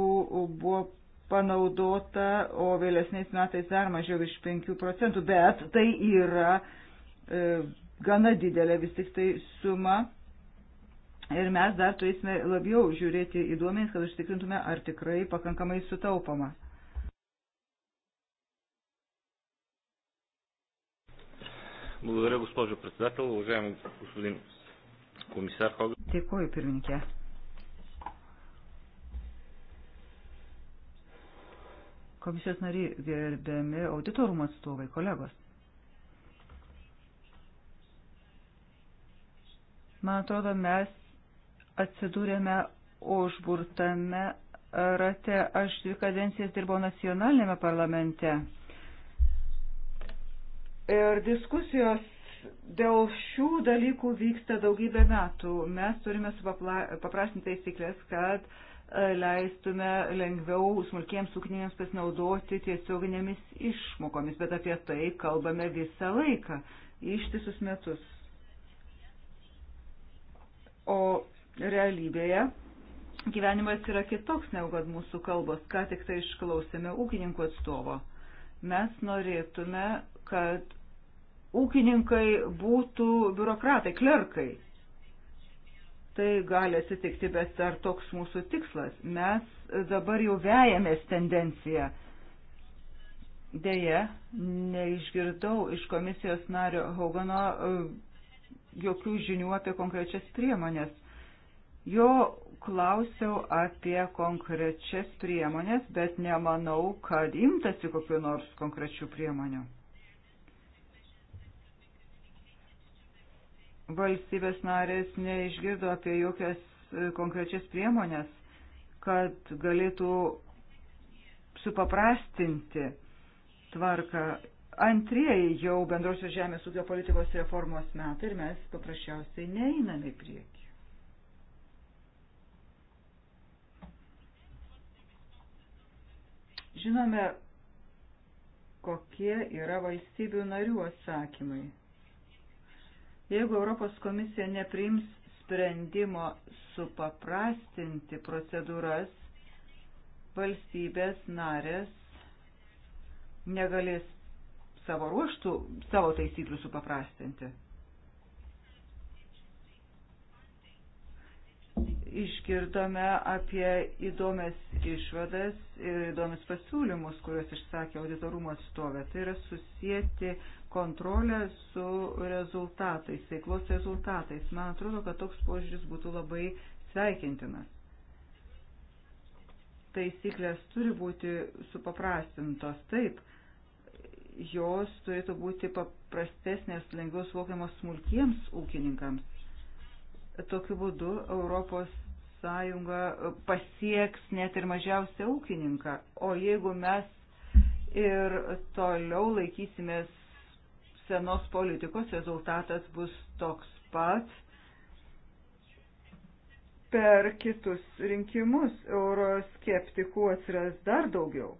buvo panaudota, o vėlesniais metais dar mažiau iš 5 procentų, bet tai yra E, gana didelė vis tik tai suma. Ir mes dar turėsime labiau žiūrėti į duomenys, kad užtikrintume, ar tikrai pakankamai sutaupama. Благодаря, госпожо председател. Уважаеми господин комисар Хоган. Дякую, пирмininkė. Komisijos nariai, gerbiami auditorumo atstovai, kolegos. Man atrodo, mes atsidūrėme užburtame rate. Aš dvi kadencijas dirbau nacionalinėme parlamente. Ir diskusijos dėl šių dalykų vyksta daugybę metų. Mes turime paprastinti taisyklės, kad e, leistume lengviau smulkiems ūkininkams pasinaudoti tiesioginėmis išmokomis, bet apie tai kalbame visą laiką, ištisus metus o realybėje gyvenimas yra kitoks negu kad mūsų kalbos, ką tik tai išklausėme ūkininkų atstovo. Mes norėtume, kad ūkininkai būtų biurokratai, klerkai. Tai gali atsitikti, bet ar toks mūsų tikslas? Mes dabar jau vejamės tendenciją. Deja, neišgirdau iš komisijos nario Haugano jokių žinių apie konkrečias priemonės. Jo klausiau apie konkrečias priemonės, bet nemanau, kad imtasi kokiu nors konkrečių priemonių. Valstybės narės neišgirdo apie jokias e, konkrečias priemonės, kad galėtų supaprastinti tvarką antrieji jau bendrosios žemės ūkio politikos reformos metai ir mes paprasčiausiai neiname į priekį. Žinome, kokie yra valstybių narių atsakymai. Jeigu Europos komisija nepriims sprendimo supaprastinti procedūras, valstybės narės negalės savo ruoštų savo taisyklių supaprastinti. Išgirdome apie įdomias išvadas ir įdomius pasiūlymus, kuriuos išsakė auditorumo atstovė. Tai yra susijęti kontrolę su rezultatais, veiklos rezultatais. Man atrodo, kad toks požiūris būtų labai sveikintinas taisyklės turi būti supaprastintos taip, jos turėtų būti paprastesnės, lengviau suvokiamos smulkiems ūkininkams. Tokiu būdu Europos Sąjunga pasieks net ir mažiausią ūkininką. O jeigu mes ir toliau laikysimės senos politikos, rezultatas bus toks pat. Per kitus rinkimus euroskeptikų atsiras dar daugiau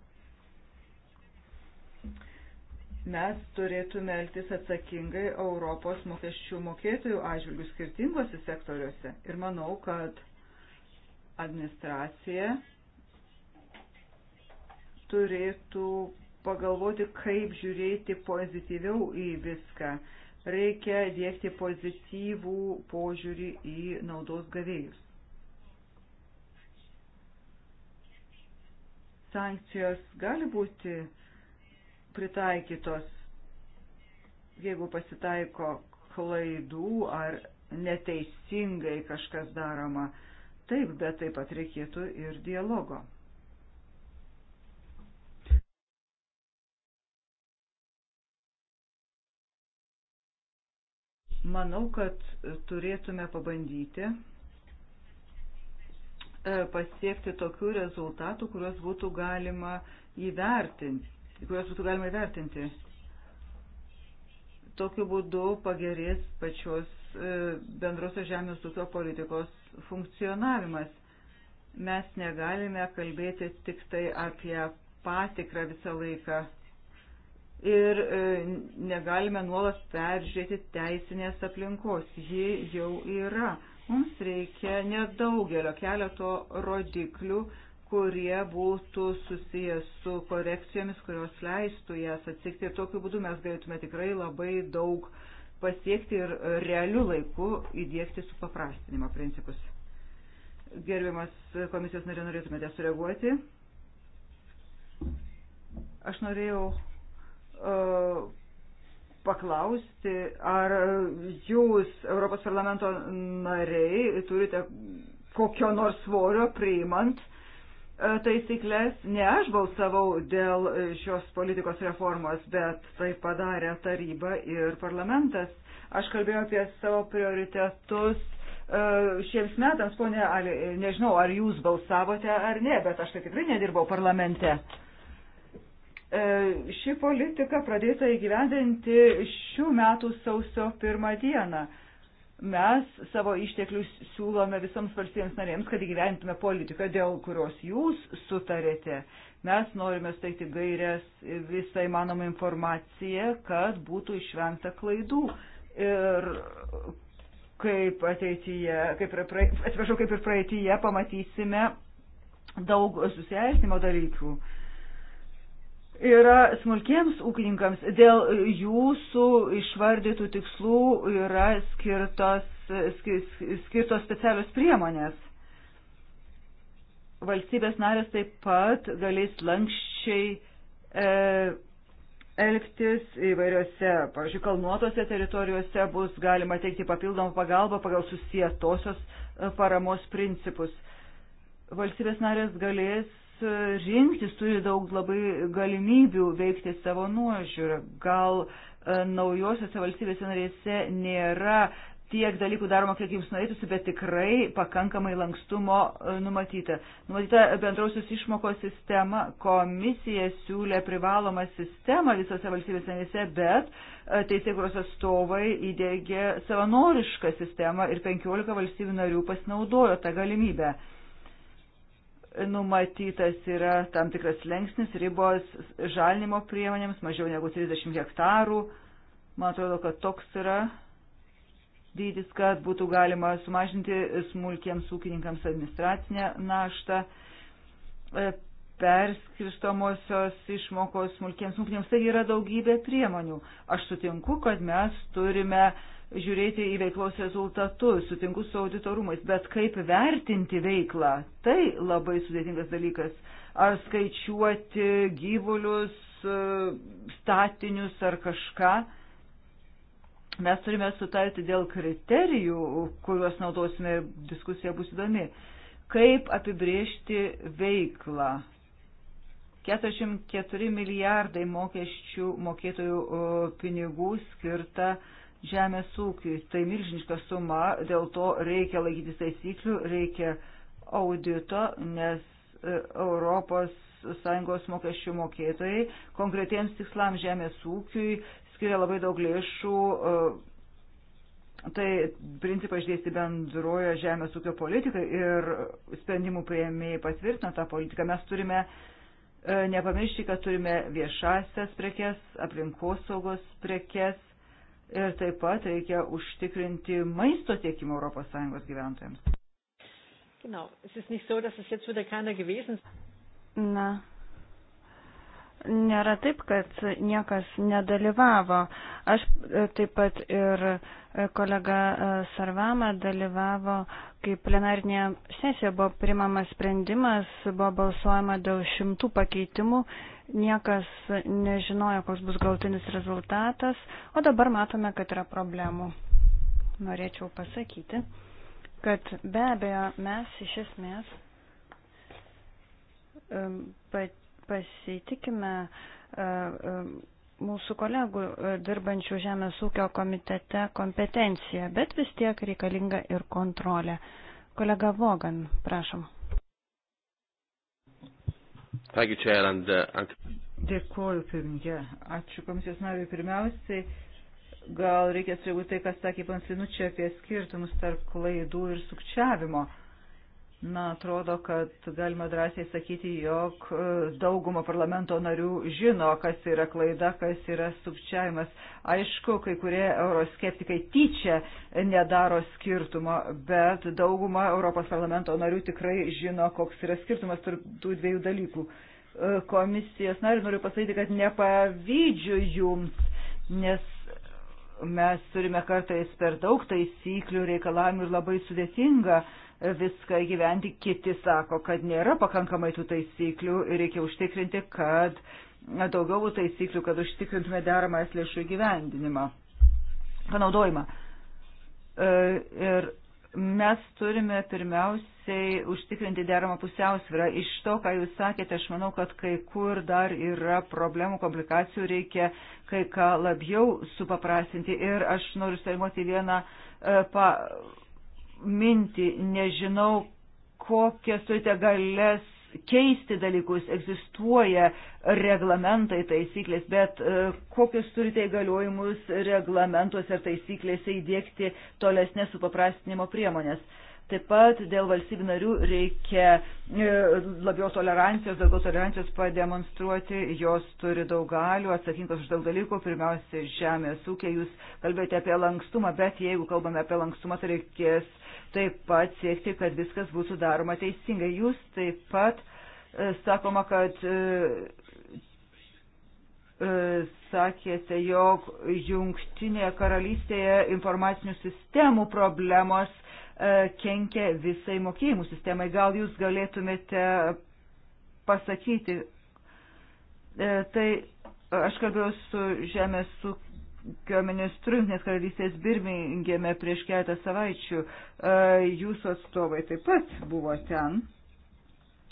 mes turėtume elgtis atsakingai Europos mokesčių mokėtojų atžvilgių skirtingose sektoriuose. Ir manau, kad administracija turėtų pagalvoti, kaip žiūrėti pozityviau į viską. Reikia dėkti pozityvų požiūrį į naudos gavėjus. Sankcijos gali būti pritaikytos. Jeigu pasitaiko klaidų ar neteisingai kažkas daroma, taip, bet taip pat reikėtų ir dialogo. Manau, kad turėtume pabandyti e, pasiekti tokių rezultatų, kuriuos būtų galima įvertinti kuriuos būtų galima įvertinti. Tokiu būdu pagerės pačios e, bendrosios žemės ūkio politikos funkcionavimas. Mes negalime kalbėti tik tai apie patikrą visą laiką ir e, negalime nuolat peržiūrėti teisinės aplinkos. Ji jau yra. Mums reikia nedaugelio keleto rodiklių, kurie būtų susijęs su korekcijomis, kurios leistų jas atsikti. Ir tokiu būdu mes galėtume tikrai labai daug pasiekti ir realių laikų įdėkti su paprastinimo principus. Gerbiamas komisijos narė, norėtumėte sureaguoti? Aš norėjau uh, paklausti, ar jūs, Europos parlamento nariai, turite kokio nors svorio priimant E, taisyklės. Ne aš balsavau dėl e, šios politikos reformos, bet tai padarė taryba ir parlamentas. Aš kalbėjau apie savo prioritetus e, šiems metams, ponė, nežinau, ar jūs balsavote ar ne, bet aš tai tikrai nedirbau parlamente. Ši politika pradėta įgyvendinti šių metų sausio pirmą dieną. Mes savo išteklius siūlome visoms valstybėms narėms, kad įgyventume politiką, dėl kurios jūs sutarėte. Mes norime steigti gairias visą įmanomą informaciją, kad būtų išvengta klaidų. Ir kaip ateityje, kaip ir, praeityje, atsiprašau, kaip ir praeityje pamatysime daug susiaiškinimo dalykų. Uh, yra smulkiems ūkininkams dėl jūsų išvardytų tikslų yra skirtos, skirtos specialios priemonės. Valstybės narės taip pat galės lankščiai e, elgtis įvairiose, pavyzdžiui, kalnuotose teritorijose bus galima teikti papildomą pagalbą pagal susietosios e, paramos principus. Valstybės narės galės rinktis, turi daug labai galimybių veikti savo nuožiūrą. Gal e, naujosiuose valstybėse narėse nėra tiek dalykų daroma, kiek jums norėtųsi, bet tikrai pakankamai lankstumo e, numatyta. Numatyta bendrausios išmokos sistema, komisija siūlė privalomą sistemą visose valstybėse narėse, bet e, teisėkuros atstovai įdėgė savanorišką sistemą ir 15 valstybių narių pasinaudojo tą galimybę numatytas yra tam tikras lengsnis ribos žalinimo priemonėms mažiau negu 30 hektarų. Man atrodo, kad toks yra dydis, kad būtų galima sumažinti smulkiems ūkininkams administracinę naštą, e, perskirstomosios išmokos smulkiems ūkininkams. Tai yra daugybė priemonių. Aš sutinku, kad mes turime uh, žiūrėti į veiklos rezultatus, sutinku su auditorumais, bet kaip vertinti veiklą, tai labai sudėtingas dalykas. Ar skaičiuoti gyvulius, statinius ar kažką. Mes turime sutarti dėl kriterijų, kuriuos naudosime ir diskusija bus įdomi. Kaip apibriežti veiklą, 44 milijardai mokesčių mokėtojų pinigų skirta žemės ūkiui. Tai milžiniška suma, dėl to reikia laikytis taisyklių, reikia audito, nes e, Europos Sąjungos mokesčių mokėtojai konkretiems tikslams žemės ūkiui skiria labai daug lėšų. E, tai principai išdėsti bendrojo žemės ūkio politikai ir sprendimų prieimėjai patvirtino tą politiką. Mes turime e, nepamiršti, kad turime viešasias prekes, aplinkosaugos prekes, ir taip pat reikia užtikrinti maisto tiekimą ES gyventojams. Genau. Es ist nicht so, dass es jetzt wieder keiner gewesen ist. Na, nėra taip, kad niekas nedalyvavo. Aš e, taip pat ir e, kolega e, Sarvama dalyvavo, kai plenarinėje sesijoje buvo primamas sprendimas, buvo balsuojama dėl šimtų pakeitimų Niekas nežinojo, koks bus gautinis rezultatas, o dabar matome, kad yra problemų. Norėčiau pasakyti, kad be abejo mes iš esmės pasitikime e, e, mūsų kolegų e, dirbančių Žemės ūkio komitete kompetencija, bet vis tiek reikalinga ir kontrolė. Kolega Vogan, prašom. Thank you, Chair, and, uh, and... Dėkoju, pirmininkė. Ačiū komisijos nariui. Pirmiausiai, gal reikia sureaguoti tai, kas sakė Panslinučia apie skirtumus tarp klaidų ir sukčiavimo. Uh, Na, atrodo, kad galima drąsiai sakyti, jog e, daugumo parlamento narių žino, kas yra klaida, kas yra sukčiavimas. Aišku, kai kurie euroskeptikai tyčia nedaro skirtumo, bet dauguma Europos parlamento narių tikrai žino, koks yra skirtumas tarp tų dviejų dalykų. E, komisijos narių noriu pasakyti, kad nepavydžiu jums, nes mes turime kartais per daug taisyklių, reikalavimų ir labai sudėtinga viską gyventi, kiti sako, kad nėra pakankamai tų taisyklių ir reikia užtikrinti, kad daugiau būtų taisyklių, kad užtikrintume deramais lėšų gyvendinimą, panaudojimą. E, ir mes turime pirmiausiai užtikrinti deramą pusiausvyrą. Iš to, ką jūs sakėte, aš manau, kad kai kur dar yra problemų, komplikacijų, reikia kai ką labiau supaprastinti. Ir aš noriu surimuoti vieną e, pa, mintį, nežinau, kokias turite galės keisti dalykus, egzistuoja reglamentai, taisyklės, bet e, kokius turite įgaliojimus reglamentuose ir taisyklėse įdėkti tolesnės supaprastinimo priemonės. Taip pat dėl valstybių narių reikia e, labiau tolerancijos, daugiau tolerancijos pademonstruoti, jos turi daug galių, atsakingos už daug dalykų, pirmiausia, žemės ūkė, jūs kalbėjote apie lankstumą, bet jeigu kalbame apie lankstumą, tai reikės taip pat siekti, kad viskas būtų daroma teisingai. Jūs taip pat e, sakoma, kad e, e, sakėte, jog jungtinėje karalystėje informacinių sistemų problemos kenkia visai mokėjimų sistemai. Gal jūs galėtumėte pasakyti, tai aš kalbėjau su žemės ūkio ūkio ministru Junktinės karalystės Birmingėme prieš keletą savaičių. E, jūsų atstovai taip pat buvo ten.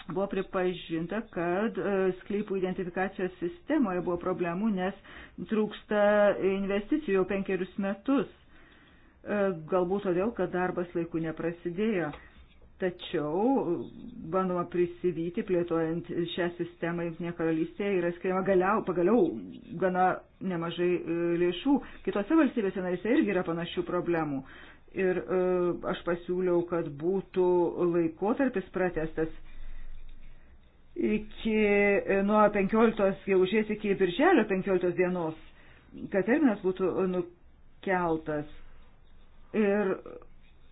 Buvo pripažinta, kad e, sklypų identifikacijos sistemoje buvo problemų, nes trūksta investicijų jau penkerius metus. E, galbūt todėl, kad darbas laiku neprasidėjo. Tačiau bandoma prisivyti, plėtojant šią sistemą Junktinėje karalystėje, yra skiriama galiau, pagaliau gana nemažai e, lėšų. Kitose valstybėse narėse irgi yra panašių problemų. Ir e, aš pasiūliau, kad būtų laikotarpis pratestas iki e, nuo 15 gegužės iki birželio 15 dienos, kad terminas būtų nukeltas. Ir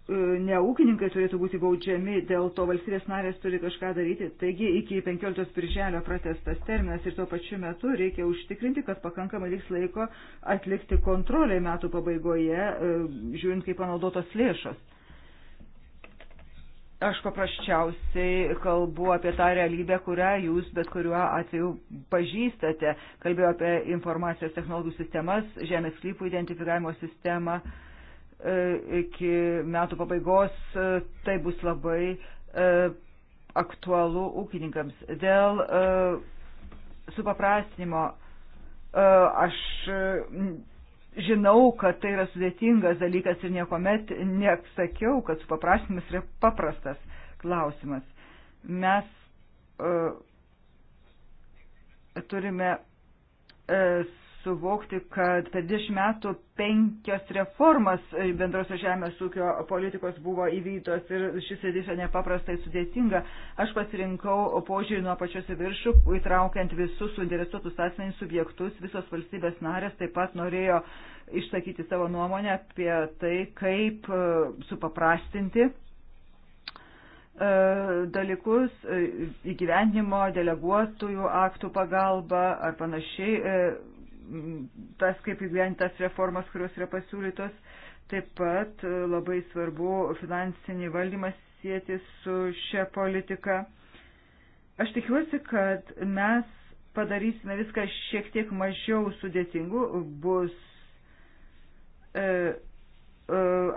E, ne ūkininkai turėtų būti baudžiami, dėl to valstybės narės turi kažką daryti. Taigi iki 15 birželio pratestas terminas ir tuo pačiu metu reikia užtikrinti, kad pakankamai liks laiko atlikti kontrolę metų pabaigoje, e, žiūrint, kaip panaudotos lėšos. Aš paprasčiausiai kalbu apie tą realybę, kurią jūs bet kuriuo atveju pažįstate. Kalbėjau apie informacijos technologijų sistemas, žemės klypų identifikavimo sistemą. Uh, E, iki metų pabaigos e, tai bus labai e, aktualu ūkininkams. Dėl supaprastinimo aš žinau, kad tai yra sudėtingas dalykas ir niekuomet nesakiau, kad supaprastinimas yra paprastas klausimas. Mes turime suvokti, kad per 10 metų penkios reformas bendros žemės ūkio politikos buvo įvykdytos ir šis sėdys yra nepaprastai sudėtinga. Aš pasirinkau požiūrį nuo pačios į viršų, įtraukiant visus suinteresuotus asmenys subjektus, visos valstybės narės taip pat norėjo išsakyti savo nuomonę apie tai, kaip e, supaprastinti e, dalykus e, įgyvendinimo deleguotųjų aktų pagalba ar panašiai tas, kaip įgyventas reformas, kurios yra pasiūlytos. Taip pat e, labai svarbu finansinį valdymą sieti su šia politika. Aš tikiuosi, kad mes padarysime viską šiek tiek mažiau sudėtingų, bus e, e,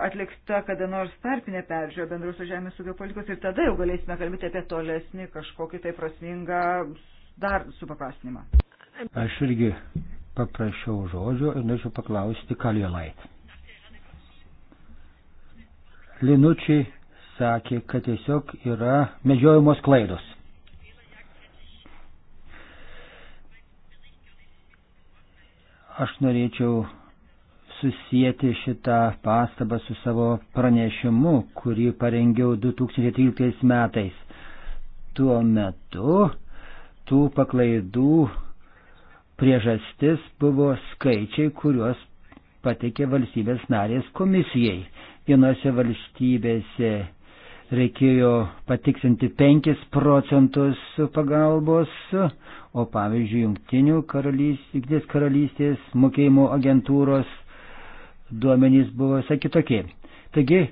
atlikta kada nors tarpinė peržiūra bendrosios žemės ūkio politikos ir tada jau galėsime kalbėti apie tolesnį kažkokį tai prasmingą dar supaprastinimą. Aš irgi paprašiau žodžio ir norėčiau paklausti Kaliolai. Linučiai sakė, kad tiesiog yra medžiojamos klaidos. Aš norėčiau susijęti šitą pastabą su savo pranešimu, kurį parengiau 2013 metais. Tuo metu tų paklaidų priežastis buvo skaičiai, kuriuos pateikė valstybės narės komisijai. Vienose valstybėse reikėjo patiksinti 5 procentus pagalbos, o pavyzdžiui, jungtinių karalystės, karalystės mokėjimo agentūros duomenys buvo visai kitokie. Taigi,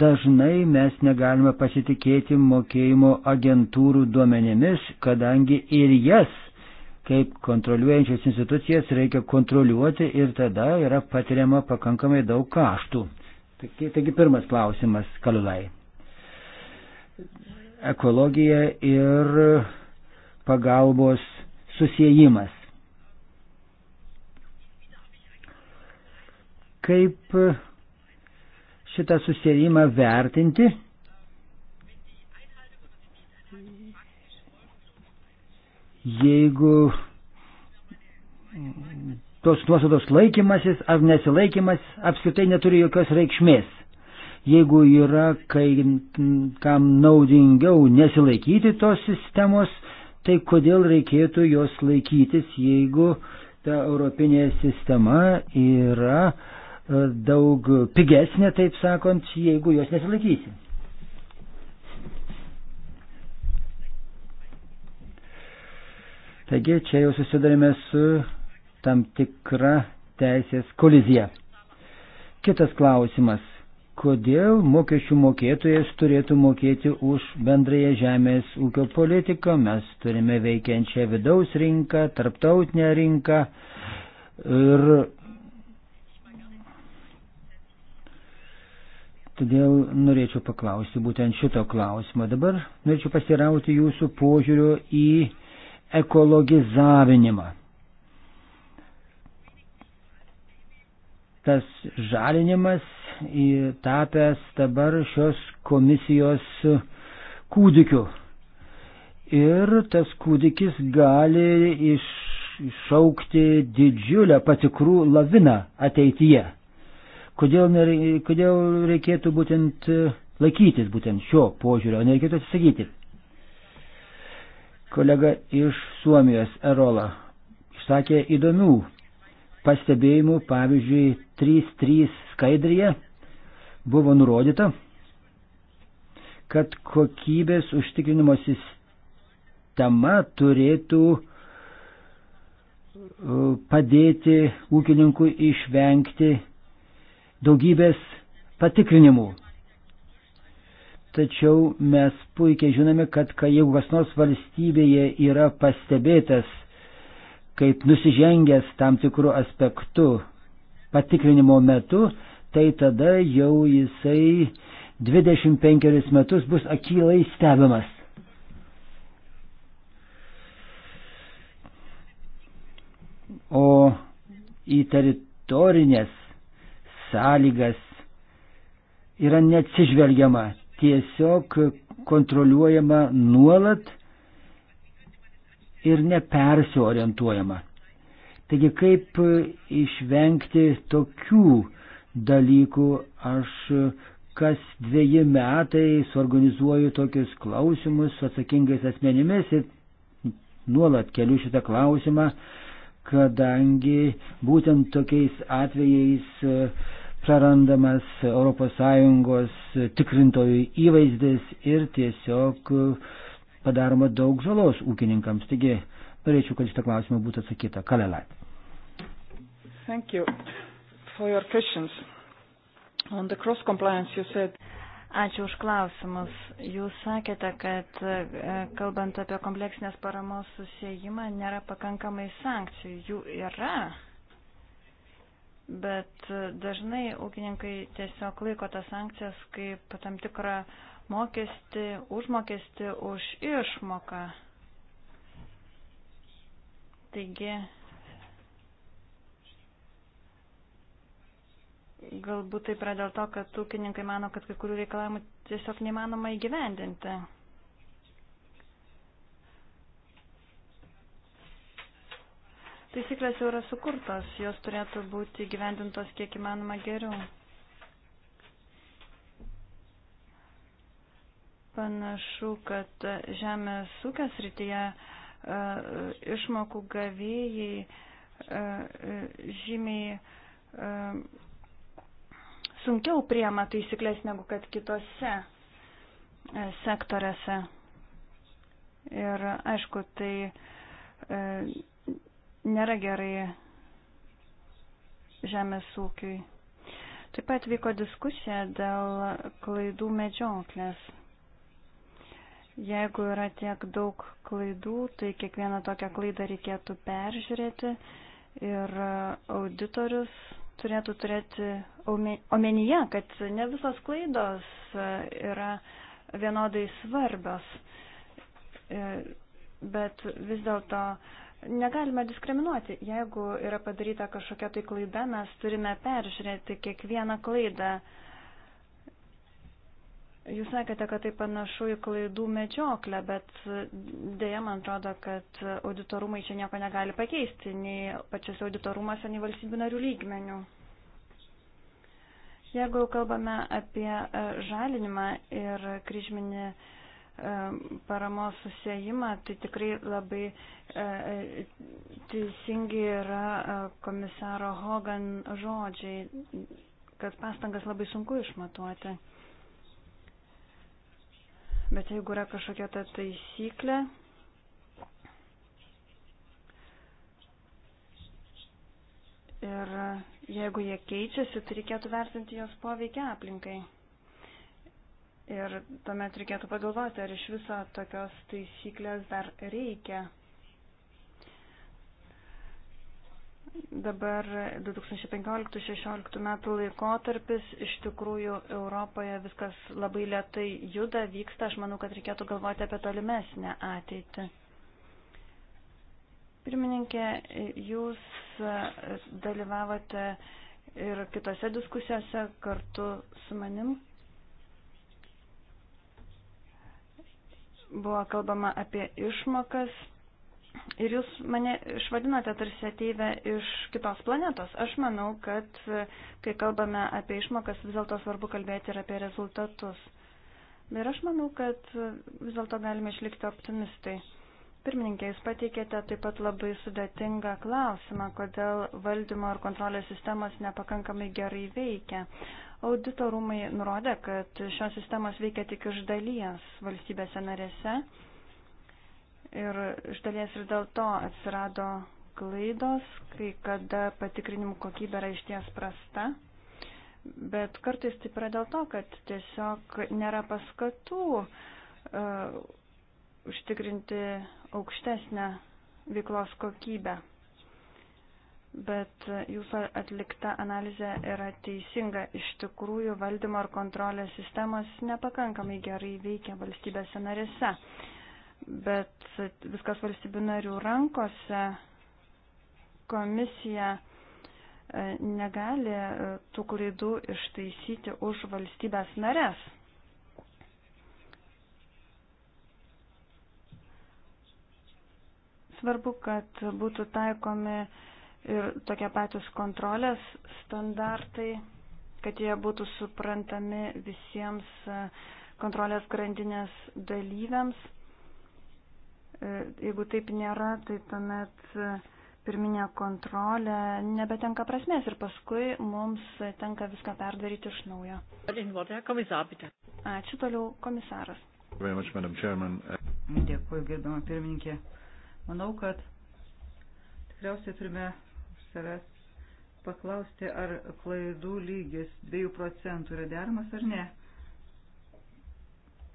dažnai mes negalime pasitikėti mokėjimo agentūrų duomenimis, kadangi ir jas kaip kontroliuojančias institucijas reikia kontroliuoti ir tada yra patiriama pakankamai daug kaštų. Taigi, taigi pirmas klausimas, Kalulai. Ekologija ir pagalbos susijimas. Kaip šitą susijimą vertinti jeigu tos nuostatos laikymasis ar nesilaikymas apskritai neturi jokios reikšmės. Jeigu yra kai, kam naudingiau nesilaikyti tos sistemos, tai kodėl reikėtų jos laikytis, jeigu ta europinė sistema yra e, daug pigesnė, taip sakant, jeigu jos nesilaikysi. Taigi čia jau susidarėme su tam tikra teisės kolizija. Kitas klausimas. Kodėl mokesčių mokėtojas turėtų mokėti už bendrąją žemės ūkio politiką? Mes turime veikiančią vidaus rinką, tarptautinę rinką ir todėl norėčiau paklausti būtent šito klausimo. Dabar norėčiau pasirauti jūsų požiūrio į ekologizavinimą. Tas žalinimas tapęs dabar šios komisijos kūdikiu. Ir tas kūdikis gali iš, iššaukti didžiulę patikrų laviną ateityje. Kodėl, nere, kodėl reikėtų būtent laikytis būtent šio požiūrio, nereikėtų atsisakyti Kolega iš Suomijos, Erola, išsakė įdomių pastebėjimų, pavyzdžiui, 3.3 skaidrėje buvo nurodyta, kad kokybės užtikrinimo sistema turėtų e, padėti ūkininkui išvengti daugybės patikrinimų. Tačiau mes puikiai žinome, kad kai jeigu kas nors valstybėje yra pastebėtas kaip nusižengęs tam tikrų aspektų patikrinimo metu, tai tada jau jisai 25 metus bus akylai stebimas. O į teritorinės sąlygas yra neatsižvelgiama tiesiog kontroliuojama nuolat ir nepersiorientuojama. Taigi kaip išvengti tokių dalykų, aš kas dviejį metai suorganizuoju tokius klausimus su atsakingais asmenimis ir nuolat keliu šitą klausimą, kadangi būtent tokiais atvejais uh, prarandamas ES tikrintojų įvaizdis ir tiesiog padaroma daug žalos ūkininkams. Taigi, norėčiau, kad šitą klausimą būtų atsakyta. Kalelat. Thank you for your questions. On the cross compliance you said. Ačiū už klausimus. Jūs sakėte, kad e, kalbant apie kompleksinės paramos susijimą, nėra pakankamai sankcijų. Jų yra, bet e, dažnai ūkininkai tiesiog laiko tas sankcijas kaip tam tikrą mokestį, užmokestį už išmoką. Taigi, galbūt taip yra dėl to, kad ūkininkai mano, kad kai kurių reikalavimų tiesiog neįmanoma įgyvendinti. Taisyklės jau yra sukurtos, jos turėtų būti gyvendintos kiek įmanoma geriau. Panašu, kad žemės ūkės rytyje e, išmokų gavėjai e, e, žymiai sunkiau priema taisyklės negu kad kitose sektoriuose. Ir aišku, tai nėra gerai žemės ūkiui. Taip pat vyko diskusija dėl klaidų medžioklės. Jeigu yra tiek daug klaidų, tai kiekvieną tokią klaidą reikėtų peržiūrėti ir auditorius turėtų turėti omenyje, kad ne visos klaidos yra vienodai svarbios, e, bet vis dėlto uh, Negalime diskriminuoti. Jeigu yra padaryta kažkokia tai klaida, mes turime peržiūrėti kiekvieną klaidą. Jūs sakėte, kad tai panašu į klaidų medžioklę, bet dėja man atrodo, kad auditorumai čia nieko negali pakeisti, nei pačiose auditorumuose, nei valstybių narių lygmenių. Jeigu kalbame apie žalinimą ir kryžminį E, paramos susijimą, tai tikrai labai e, teisingi yra e, komisaro Hogan žodžiai, kad pastangas labai sunku išmatuoti. Bet jeigu yra kažkokia ta taisyklė, ir jeigu jie keičiasi, tai reikėtų vertinti jos poveikia aplinkai. Ir tuomet reikėtų pagalvoti, ar iš viso tokios taisyklės dar reikia. Dabar 2015-2016 metų laikotarpis, iš tikrųjų Europoje viskas labai lietai juda, vyksta, aš manau, kad reikėtų galvoti apie tolimesnę ateitį. Pirmininkė, jūs dalyvavote ir kitose diskusijose kartu su manim. buvo kalbama apie išmokas. Ir jūs mane išvadinote tarsi ateivę iš kitos planetos. Aš manau, kad e, kai kalbame apie išmokas, vis dėlto svarbu kalbėti ir apie rezultatus. Ir aš manau, kad e, vis dėlto galime išlikti optimistai. Pirmininkė, jūs pateikėte taip pat labai sudėtingą klausimą, kodėl valdymo ir kontrolės sistemos nepakankamai gerai veikia. Auditorumai nurodė, kad šios sistemos veikia tik iš dalies valstybėse narėse ir iš dalies ir dėl to atsirado klaidos, kai kada patikrinimų kokybė yra išties prasta, bet kartais taip yra dėl to, kad tiesiog nėra paskatų uh, užtikrinti aukštesnę veiklos kokybę bet jūsų atlikta analizė yra teisinga. Iš tikrųjų, valdymo ir kontrolės sistemos nepakankamai gerai veikia valstybėse narėse, bet viskas valstybių narių rankose komisija e, negali e, tų klaidų ištaisyti už valstybės narės. Svarbu, kad būtų taikomi uh, ir tokie patys kontrolės standartai, kad jie būtų suprantami visiems e, kontrolės grandinės dalyviams. E, jeigu taip nėra, tai tuomet e, pirminė kontrolė nebetenka prasmės ir paskui mums tenka viską perdaryti iš naujo. Ačiū toliau komisaras. Dėkui, gerbama pirmininkė. Manau, kad tikriausiai turime savęs paklausti, ar klaidų lygis 2 procentų yra dermas ar ne.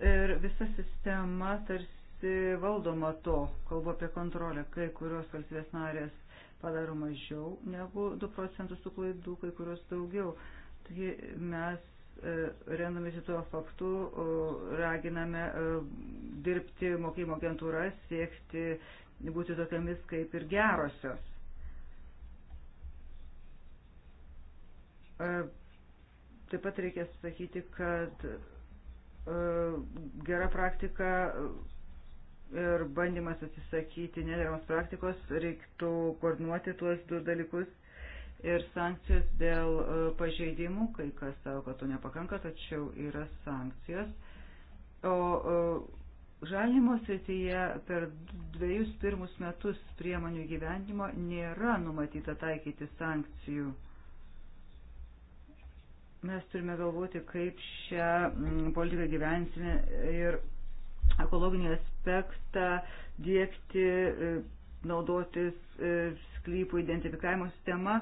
Ir visa sistema tarsi valdoma to, kalbu apie kontrolę, kai kurios valstybės narės padaro mažiau negu 2 procentus tų klaidų, kai kurios daugiau. Taigi mes e, remdamėsi tuo faktu, raginame e, dirbti mokymo agentūras, siekti būti tokiamis kaip ir gerosios. Taip pat reikia sakyti, kad gera praktika ir bandymas atsisakyti nederamos praktikos reiktų koordinuoti tuos du dalykus ir sankcijos dėl pažeidimų, kai kas savo, kad to nepakanka, tačiau yra sankcijos. O žalimo srityje per dviejus pirmus metus priemonių gyvendimo nėra numatyta taikyti sankcijų Mes turime galvoti, kaip šią mm, politiką gyvensime ir ekologinį aspektą dėkti, e, naudotis e, sklypų identifikavimo sistema.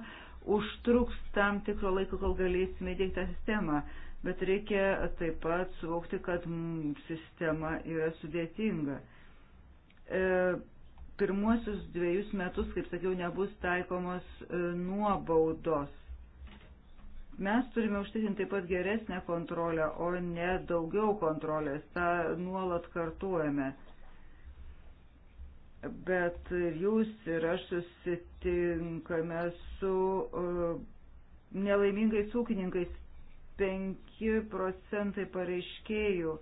Užtruks tam tikro laiko, kol galėsime dėkti tą sistemą bet reikia taip pat suvokti, kad mm, sistema yra sudėtinga. E, pirmuosius dviejus metus, kaip sakiau, nebus taikomos e, nuobaudos. Mes turime užtikrinti taip pat geresnę kontrolę, o ne daugiau kontrolės. Ta nuolat kartuojame. Bet jūs ir aš susitinkame su uh, nelaimingais ūkininkais. 5 procentai pareiškėjų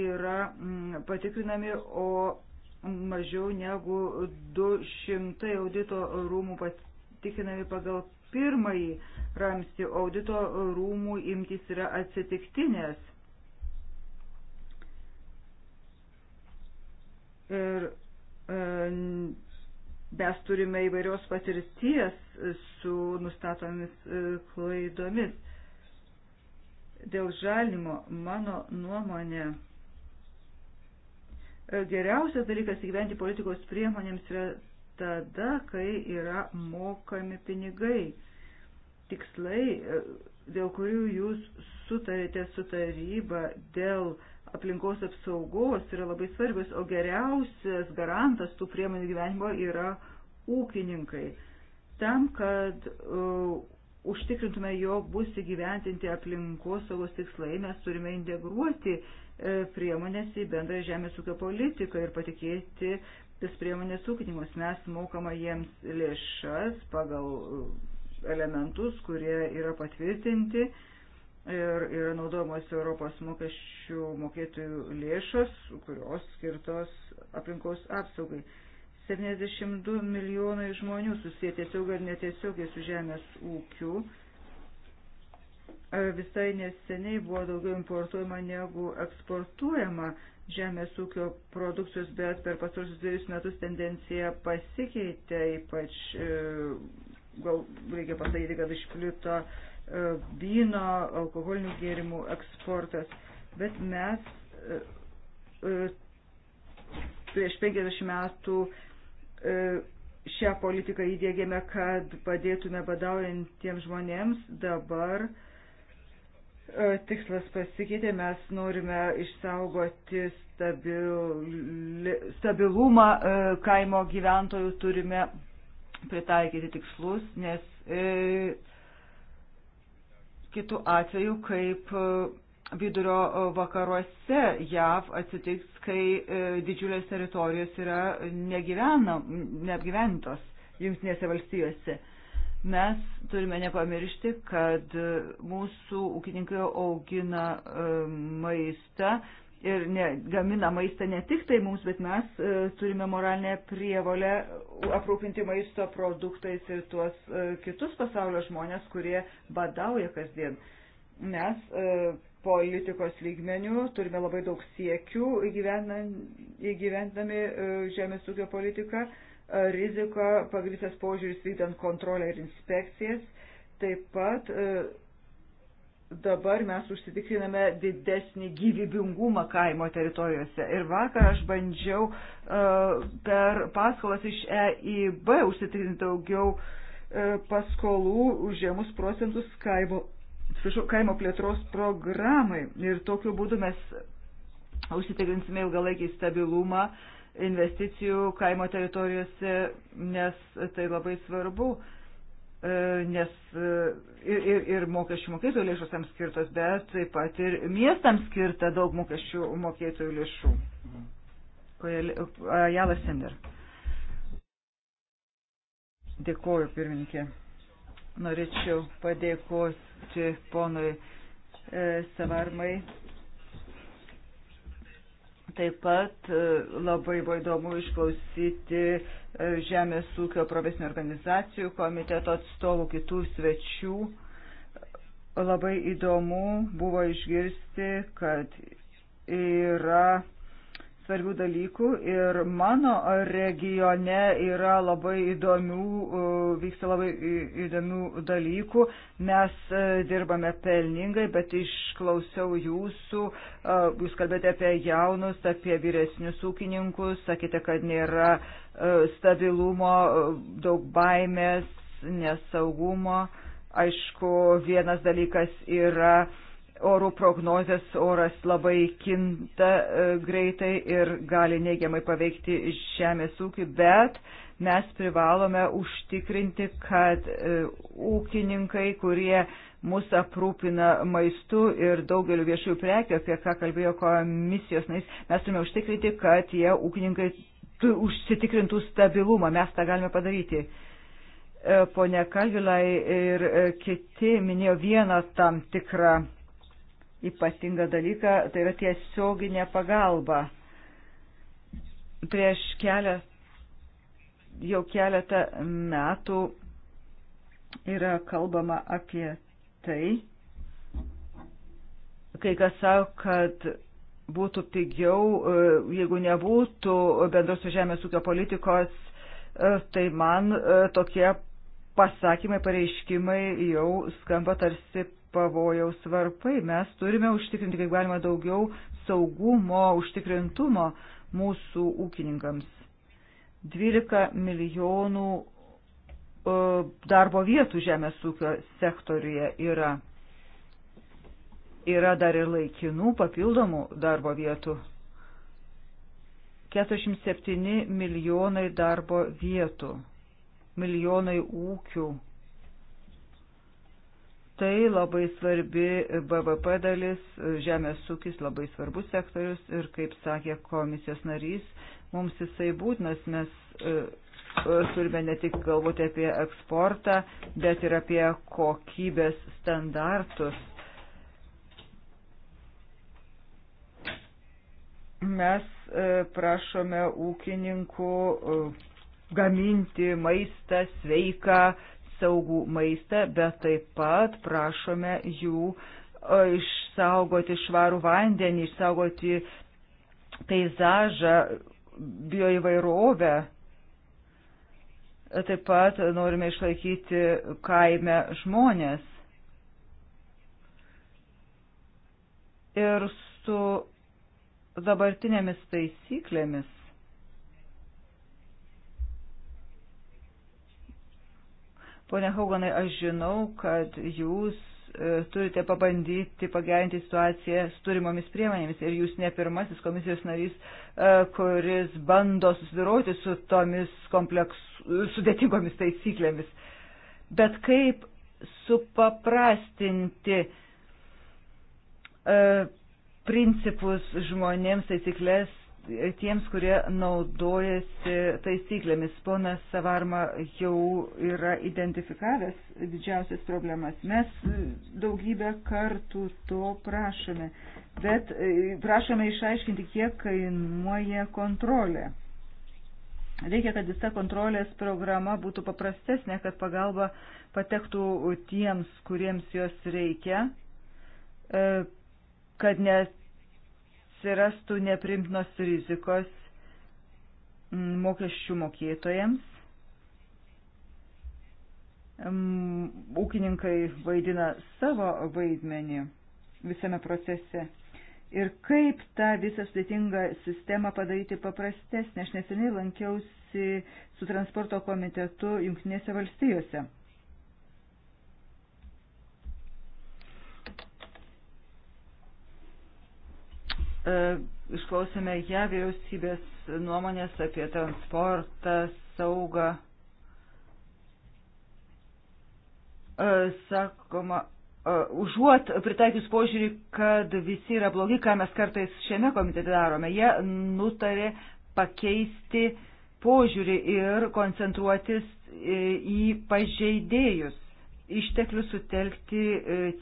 yra mm, patikrinami, o mažiau negu 200 audito rūmų patikinami pagal pirmąjį ramstį audito rūmų imtis yra atsitiktinės. Ir e, mes turime įvairios patirties su nustatomis e, klaidomis. Dėl žalimo mano nuomonė e, geriausias dalykas įgyventi politikos priemonėms yra tada, kai yra mokami pinigai. Tikslai, e, dėl kurių jūs sutarėte su taryba dėl aplinkos apsaugos, yra labai svarbios, o geriausias garantas tų priemonių gyvenimo yra ūkininkai. Tam, kad uh, užtikrintume, jog bus įgyventinti aplinkos saugos tikslai, mes turime integruoti uh, priemonės į bendrą žemės ūkio politiką ir patikėti tas priemonės ūkinimus. Mes mokama jiems lėšas pagal uh, elementus, kurie yra patvirtinti ir yra naudojamos Europos mokesčių mokėtojų lėšos, kurios skirtos aplinkos apsaugai. 72 milijonai žmonių susiję tiesiog ar netiesiogiai su žemės ūkiu visai neseniai buvo daugiau importuojama negu eksportuojama žemės ūkio produkcijos, bet per pasarusius dviejus metus tendencija pasikeitė, ypač e, gal reikia pasakyti, kad išplito e, vyno, alkoholinių gėrimų eksportas, bet mes e, prieš 50 metų šią politiką įdėgėme, kad padėtume badaujantiems žmonėms, dabar uh, E, tikslas pasikeitė, mes norime išsaugoti stabili, stabilumą e, kaimo gyventojų, turime pritaikyti tikslus, nes e, kitų atvejų, kaip e, vidurio vakaruose JAV atsitiks, kai e, didžiulės teritorijos yra neapgyventos jungtinėse valstijose. E, Mes turime nepamiršti, kad mūsų ūkininkai augina um, maistą ir ne, gamina maistą ne tik tai mums, bet mes e, turime moralinę prievolę aprūpinti maisto produktais ir tuos e, kitus pasaulio žmonės, kurie badauja kasdien. Mes e, politikos lygmenių, turime labai daug siekių įgyvendami žemės ūkio politiką. E, rizika pagrįstas požiūris vykdant kontrolę ir inspekcijas. Taip pat e, dabar mes užsitikriname didesnį gyvybingumą kaimo teritorijose. Ir vakar aš bandžiau e, per paskolas iš EIB užsitikrinti daugiau paskolų už žemus procentus kaimo, kaimo plėtros programai. Ir tokiu būdu mes užsitikrinsime ilgalaikį stabilumą investicijų kaimo teritorijose, nes tai labai svarbu, e, nes e, ir, ir, ir mokesčių mokėtojų lėšos tam skirtos, bet taip pat ir miestams skirta daug mokesčių mokėtojų lėšų. Jalas Sender. Dėkuoju, pirmininkė. Norėčiau padėkoti ponui e, Savarmai Taip pat e, labai buvo įdomu išklausyti e, Žemės ūkio profesinių organizacijų komiteto atstovų kitų svečių. Labai įdomu buvo išgirsti, kad yra svarbių dalykų ir mano regione yra labai įdomių, vyksta labai įdomių dalykų. Mes e, dirbame pelningai, bet išklausiau jūsų, e, jūs kalbėte apie jaunus, apie vyresnius ūkininkus, sakėte, kad nėra e, stabilumo, daug baimės, nesaugumo. Aišku, vienas dalykas yra orų prognozės, oras labai kinta e, greitai ir gali neigiamai paveikti žemės ūkį, bet mes privalome užtikrinti, kad e, ūkininkai, kurie mus aprūpina maistu ir daugeliu viešųjų prekių, apie ką kalbėjo komisijos nais, mes turime užtikrinti, kad jie ūkininkai užsitikrintų stabilumą. Mes tą galime padaryti e, ponia Kalvilai ir kiti minėjo vieną tam tikrą ypatingą dalyką, tai yra tiesioginė pagalba. Prieš kelią, jau keletą metų yra kalbama apie tai, kai kas sako, kad būtų pigiau, e, jeigu nebūtų bendros žemės ūkio politikos, e, tai man e, tokie pasakymai, pareiškimai jau skamba tarsi pavojaus varpai. Mes turime užtikrinti, kaip galima, daugiau saugumo, užtikrintumo mūsų ūkininkams. 12 milijonų e, darbo vietų žemės ūkio sektoriuje yra. Yra dar ir laikinų papildomų darbo vietų. 47 milijonai darbo vietų, milijonai ūkių Tai labai svarbi BVP dalis, žemės ūkis labai svarbus sektorius ir, kaip sakė komisijos narys, mums jisai būtinas, mes e, e, turime ne tik galvoti apie eksportą, bet ir apie kokybės standartus. Mes e, prašome ūkininkų gaminti maistą sveiką, saugų maistą, bet taip pat prašome jų e, išsaugoti švarų vandenį, išsaugoti peizažą, bioįvairovę. Taip pat norime išlaikyti kaime žmonės. Ir su dabartinėmis taisyklėmis Pone Hauganai, aš žinau, kad jūs e, turite pabandyti pagerinti situaciją su turimomis priemonėmis ir jūs ne pirmasis komisijos narys, e, kuris bando susidoroti su tomis kompleks, sudėtingomis taisyklėmis. Bet kaip supaprastinti e, principus žmonėms taisyklės tiems, kurie naudojasi taisyklėmis. Ponas Savarma jau yra identifikavęs didžiausias problemas. Mes daugybę kartų to prašome, bet e, prašome išaiškinti, kiek kainuoja kontrolė. Reikia, kad visa kontrolės programa būtų paprastesnė, kad pagalba patektų tiems, kuriems jos reikia, e, kad net atsirastų neprimtinos rizikos mm, mokesčių mokėtojams. Mm, ūkininkai vaidina savo vaidmenį visame procese. Ir kaip tą visą sudėtingą sistemą padaryti paprastesnė. Aš neseniai lankiausi su transporto komitetu Junktinėse valstijose. E, išklausėme ją vyriausybės nuomonės apie transportą, saugą. E, sakoma, e, užuot pritaikius požiūrį, kad visi yra blogi, ką mes kartais šiame komitete darome, jie nutarė pakeisti požiūrį ir koncentruotis į pažeidėjus, išteklius sutelkti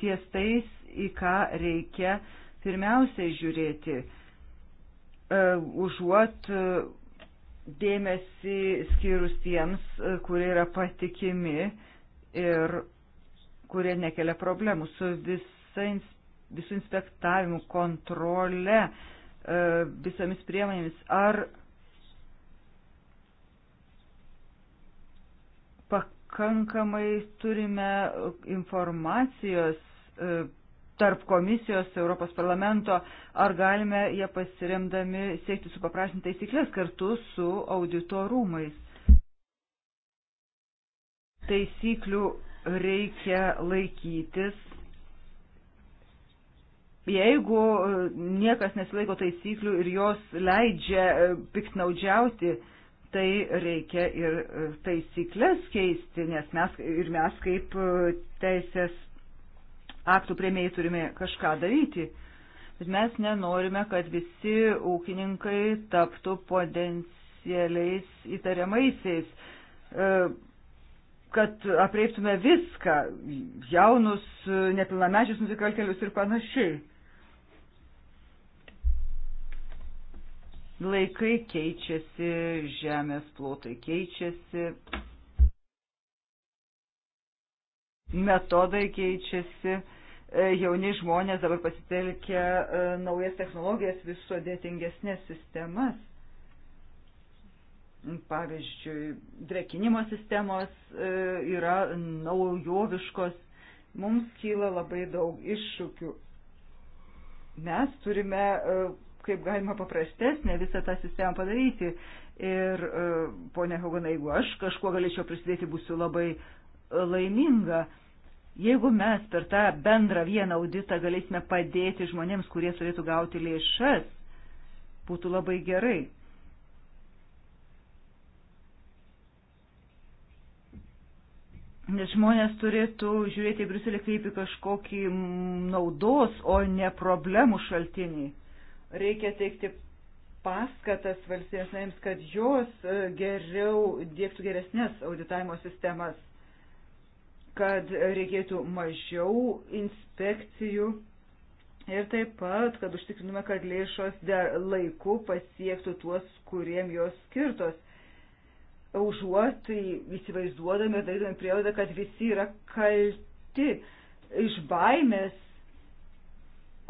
ties tais, į ką reikia uh, pirmiausiai žiūrėti, e, užuot e, dėmesį skirus tiems, e, kurie yra patikimi ir kurie nekelia problemų su visa, visų inspektavimu, kontrole, visomis priemonėmis. Ar pakankamai turime informacijos tarp komisijos, Europos parlamento, ar galime ją pasiremdami siekti su paprašinti taisyklės kartu su auditorumais. Taisyklių reikia laikytis. Jeigu niekas nesilaiko taisyklių ir jos leidžia piktnaudžiauti, tai reikia ir taisyklės keisti, nes mes ir mes kaip teisės aktų prieimėjai turime kažką daryti. Bet mes nenorime, kad visi ūkininkai taptų potencialiais įtariamaisiais, e, kad apreiptume viską, jaunus, nepilnamečius nusikaltelius ir panašiai. Laikai keičiasi, žemės plotai keičiasi metodai keičiasi, e, jauni žmonės dabar pasitelkia e, naujas technologijas, vis sudėtingesnės sistemas. Pavyzdžiui, drekinimo sistemos e, yra naujoviškos, mums kyla labai daug iššūkių. Mes turime, kaip galima paprastesnė, visą tą sistemą padaryti. Ir, ponia Hoganai, jeigu aš kažkuo galėčiau prisidėti, būsiu labai laiminga. Jeigu mes per tą bendrą vieną auditą galėsime padėti žmonėms, kurie turėtų gauti lėšas, būtų labai gerai. Nes žmonės turėtų žiūrėti į Briuselį kaip į kažkokį naudos, o ne problemų šaltinį. Reikia teikti paskatas valstybės naims, kad jos e, geriau dėktų geresnės auditavimo sistemas kad reikėtų mažiau inspekcijų ir taip pat, kad užtikrinume, kad lėšos dar laiku pasiektų tuos, kuriem jos skirtos. Užuot įsivaizduodami ir darydami prielaidą, kad visi yra kalti iš baimės,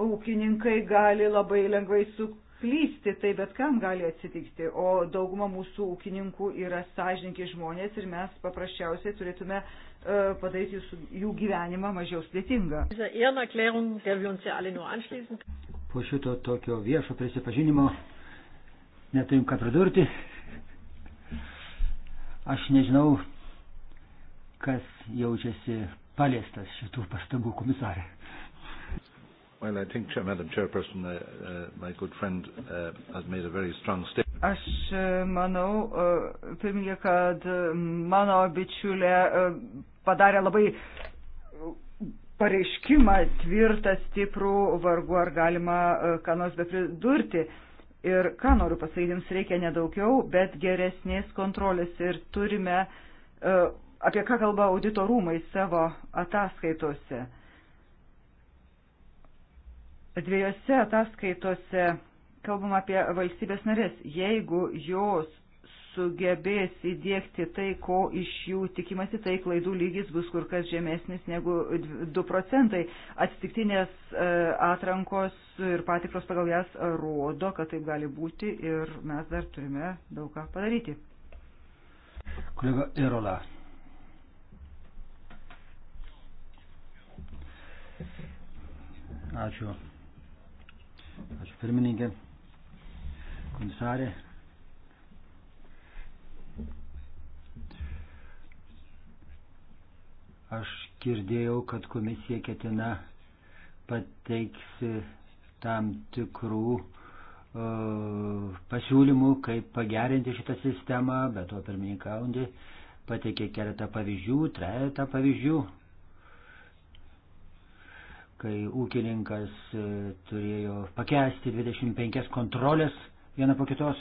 ūkininkai gali labai lengvai suklysti, tai bet kam gali atsitikti, o dauguma mūsų ūkininkų yra sąžininkai žmonės ir mes paprasčiausiai turėtume uh, E, padaryti jūsų, jų gyvenimą mažiau sudėtingą. Po šito tokio viešo prisipažinimo neturim ką pridurti. Aš nežinau, kas jaučiasi paliestas šitų pastabų komisarė. Well, I think, Madam Chairperson, uh, uh, my good friend uh, has made a very strong statement. Aš uh, manau, uh, pirmininkė, kad uh, mano bičiulė padarė labai pareiškimą tvirtą, stiprų, vargu ar galima e, ką nors be pridurti. Ir ką noriu pasakyti, jums reikia nedaugiau, bet geresnės kontrolės ir turime, e, apie ką kalba audito rūmai savo ataskaitose. Dviejose ataskaitose kalbam apie valstybės narės. Jeigu jos sugebės įdėkti tai, ko iš jų tikimasi, tai klaidų lygis bus kur kas žemesnis negu 2 procentai. Atsitiktinės e, atrankos ir patikros pagal jas rodo, kad taip gali būti ir mes dar turime daug ką padaryti. Kolega Erola. Ačiū. Ačiū pirmininkė. Komisarė. Aš girdėjau, kad komisija ketina pateiksi tam tikrų uh, pasiūlymų, kaip pagerinti šitą sistemą, bet to pirmininkaujantį pateikė keletą pavyzdžių, trejetą pavyzdžių, kai ūkininkas e, turėjo pakęsti 25 kontrolės vieną po kitos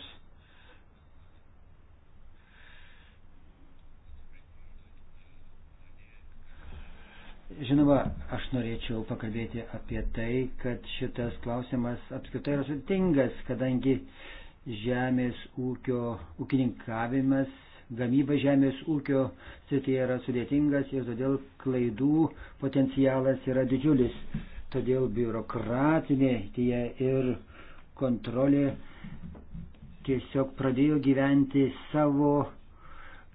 Žinoma, aš norėčiau pakalbėti apie tai, kad šitas klausimas apskritai yra sudėtingas, kadangi žemės ūkio ūkininkavimas, gamyba žemės ūkio srityje yra sudėtingas ir todėl klaidų potencialas yra didžiulis. Todėl biurokratinė tie ir kontrolė tiesiog pradėjo gyventi savo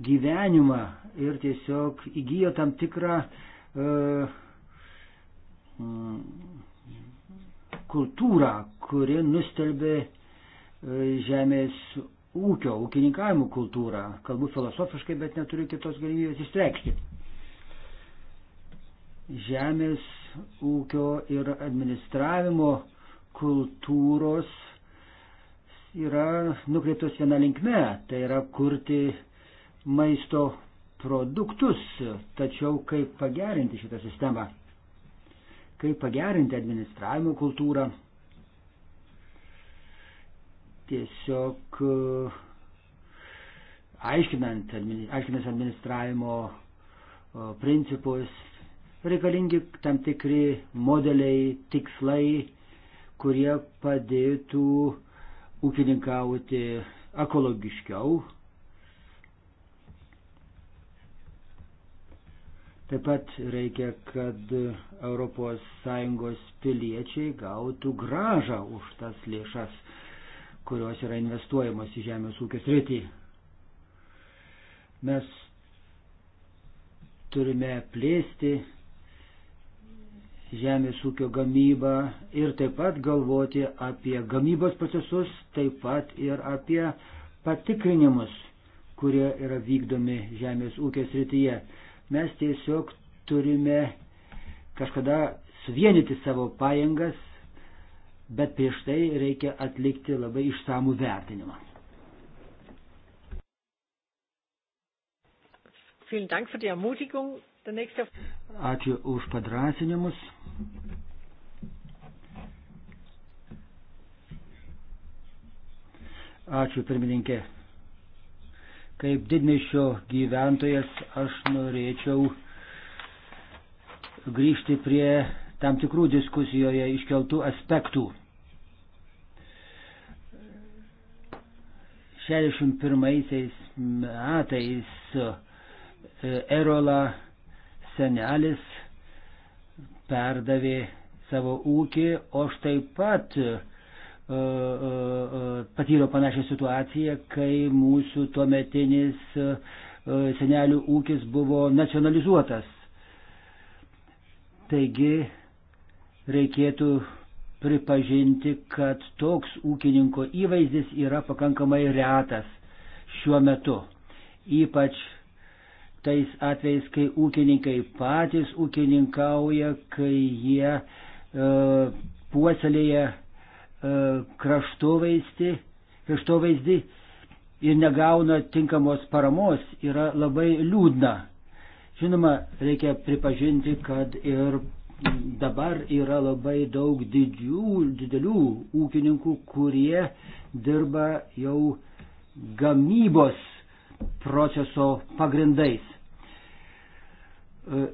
gyvenimą ir tiesiog įgyjo tam tikrą E, mm, kultūrą, kuri nustelbė e, žemės ūkio, ūkininkavimo kultūrą. Kalbu filosofiškai, bet neturiu kitos galimybės išreikšti. Žemės ūkio ir administravimo kultūros yra nukreiptos viena linkme, tai yra kurti maisto produktus, tačiau kaip pagerinti šitą sistemą, kaip pagerinti administravimo kultūrą. Tiesiog e, aiškinant, aiškinant administravimo e, principus, reikalingi tam tikri modeliai, tikslai, kurie padėtų ūkininkauti ekologiškiau, Taip pat reikia, kad ES piliečiai gautų gražą už tas lėšas, kurios yra investuojamos į žemės ūkio sritį. Mes turime plėsti žemės ūkio gamybą ir taip pat galvoti apie gamybos procesus, taip pat ir apie patikrinimus, kurie yra vykdomi žemės ūkio srityje Mes tiesiog turime kažkada suvienyti savo pajėgas, bet prieš tai reikia atlikti labai išsamų vertinimą. Ačiū už padrasinimus. Ačiū pirmininkė. Kaip didmišio gyventojas aš norėčiau grįžti prie tam tikrų diskusijoje iškeltų aspektų. 61 metais e, Erola senelis perdavė savo ūkį, o aš taip pat E, e, e, patyrė panašią situaciją, kai mūsų tuometinis senelių ūkis buvo nacionalizuotas. Taigi reikėtų pripažinti, kad toks ūkininko įvaizdis yra pakankamai retas šiuo metu. Ypač tais atvejais, kai ūkininkai patys ūkininkauja, kai jie e, puoselėja E, kraštovaizdį, kraštovaizdį ir negauna tinkamos paramos, yra labai liūdna. Žinoma, reikia pripažinti, kad ir dabar yra labai daug didžių, didelių ūkininkų, kurie dirba jau gamybos proceso pagrindais. E,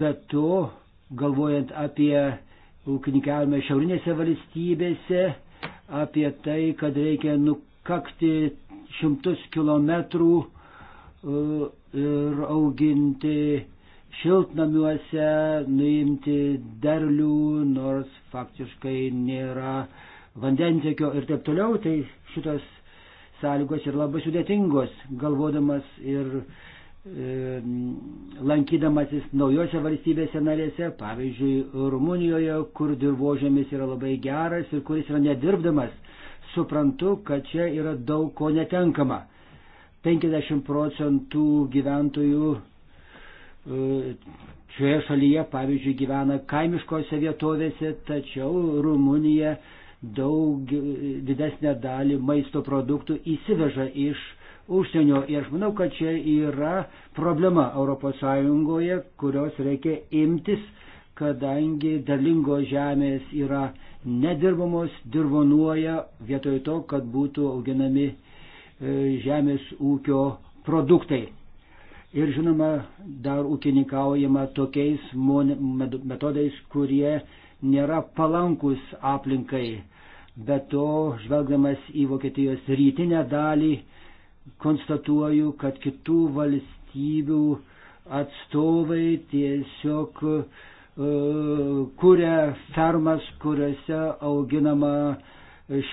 Bet to, galvojant apie ūkininkavime šiaurinėse valstybėse, apie tai, kad reikia nukakti šimtus kilometrų e, ir auginti šiltnamiuose, nuimti derlių, nors faktiškai nėra vandentiekio ir taip toliau, tai šitos sąlygos yra labai sudėtingos, galvodamas ir lankydamasis naujose valstybėse narėse, pavyzdžiui, Rumunijoje, kur dirbožėmis yra labai geras ir kuris yra nedirbdamas, suprantu, kad čia yra daug ko netenkama. 50 procentų gyventojų e, šioje šalyje, pavyzdžiui, gyvena kaimiškose vietovėse, tačiau Rumunija daug didesnę dalį maisto produktų įsiveža iš uh, užsienio. Ir aš manau, kad čia yra problema ES, kurios reikia imtis, kadangi dalingos žemės yra nedirbamos, dirbonuoja vietoj to, kad būtų auginami e, žemės ūkio produktai. Ir žinoma, dar ūkininkaujama tokiais metodais, kurie nėra palankus aplinkai. Be to, žvelgdamas į Vokietijos rytinę dalį, konstatuoju, kad kitų valstybių atstovai tiesiog e, kuria fermas, kuriuose auginama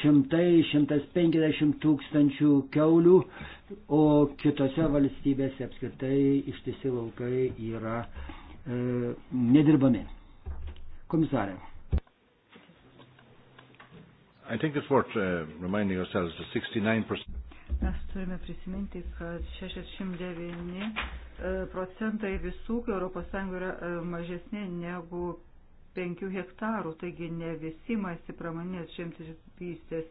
šimtai, šimtas penkiasdešimt tūkstančių keulių, o kitose valstybėse apskritai ištisi laukai yra e, nedirbami. Komisarė. I think it's worth uh, reminding ourselves that 69%. Mes turime prisiminti, kad 69 e, procentai visų ES yra e, mažesnė negu 5 hektarų, taigi ne visi maisi pramonės žemdirbystės,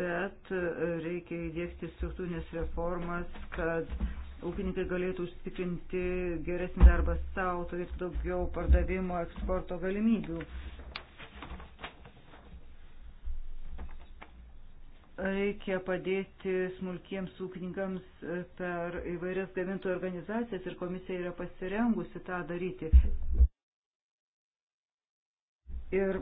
bet e, reikia įdėkti struktūrinės reformas, kad ūkininkai galėtų užtikrinti geresnį darbą savo, turėtų daugiau pardavimo eksporto galimybių. Reikia padėti smulkiems ūkininkams e, per įvairias gamintojų organizacijas ir komisija yra pasirengusi tą daryti. Ir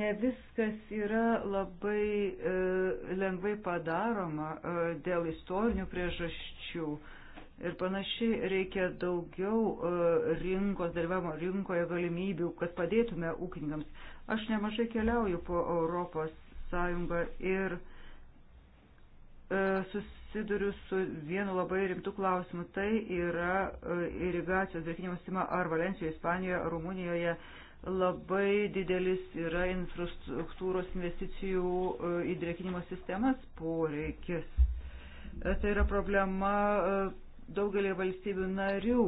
ne viskas yra labai e, lengvai padaroma e, dėl istorinių priežasčių ir panašiai reikia daugiau e, rinkos, dalyvavimo rinkoje galimybių, kad padėtume ūkininkams. Aš nemažai keliauju po Europos Sąjungą ir e, susiduriu su vienu labai rimtu klausimu. Tai yra e, irigacijos drėkinimo sistema ar Valencijoje, Ispanijoje, Rumunijoje. Labai didelis yra infrastruktūros investicijų e, į drėkinimo sistemas poreikis. E, tai yra problema e, daugelį valstybių narių.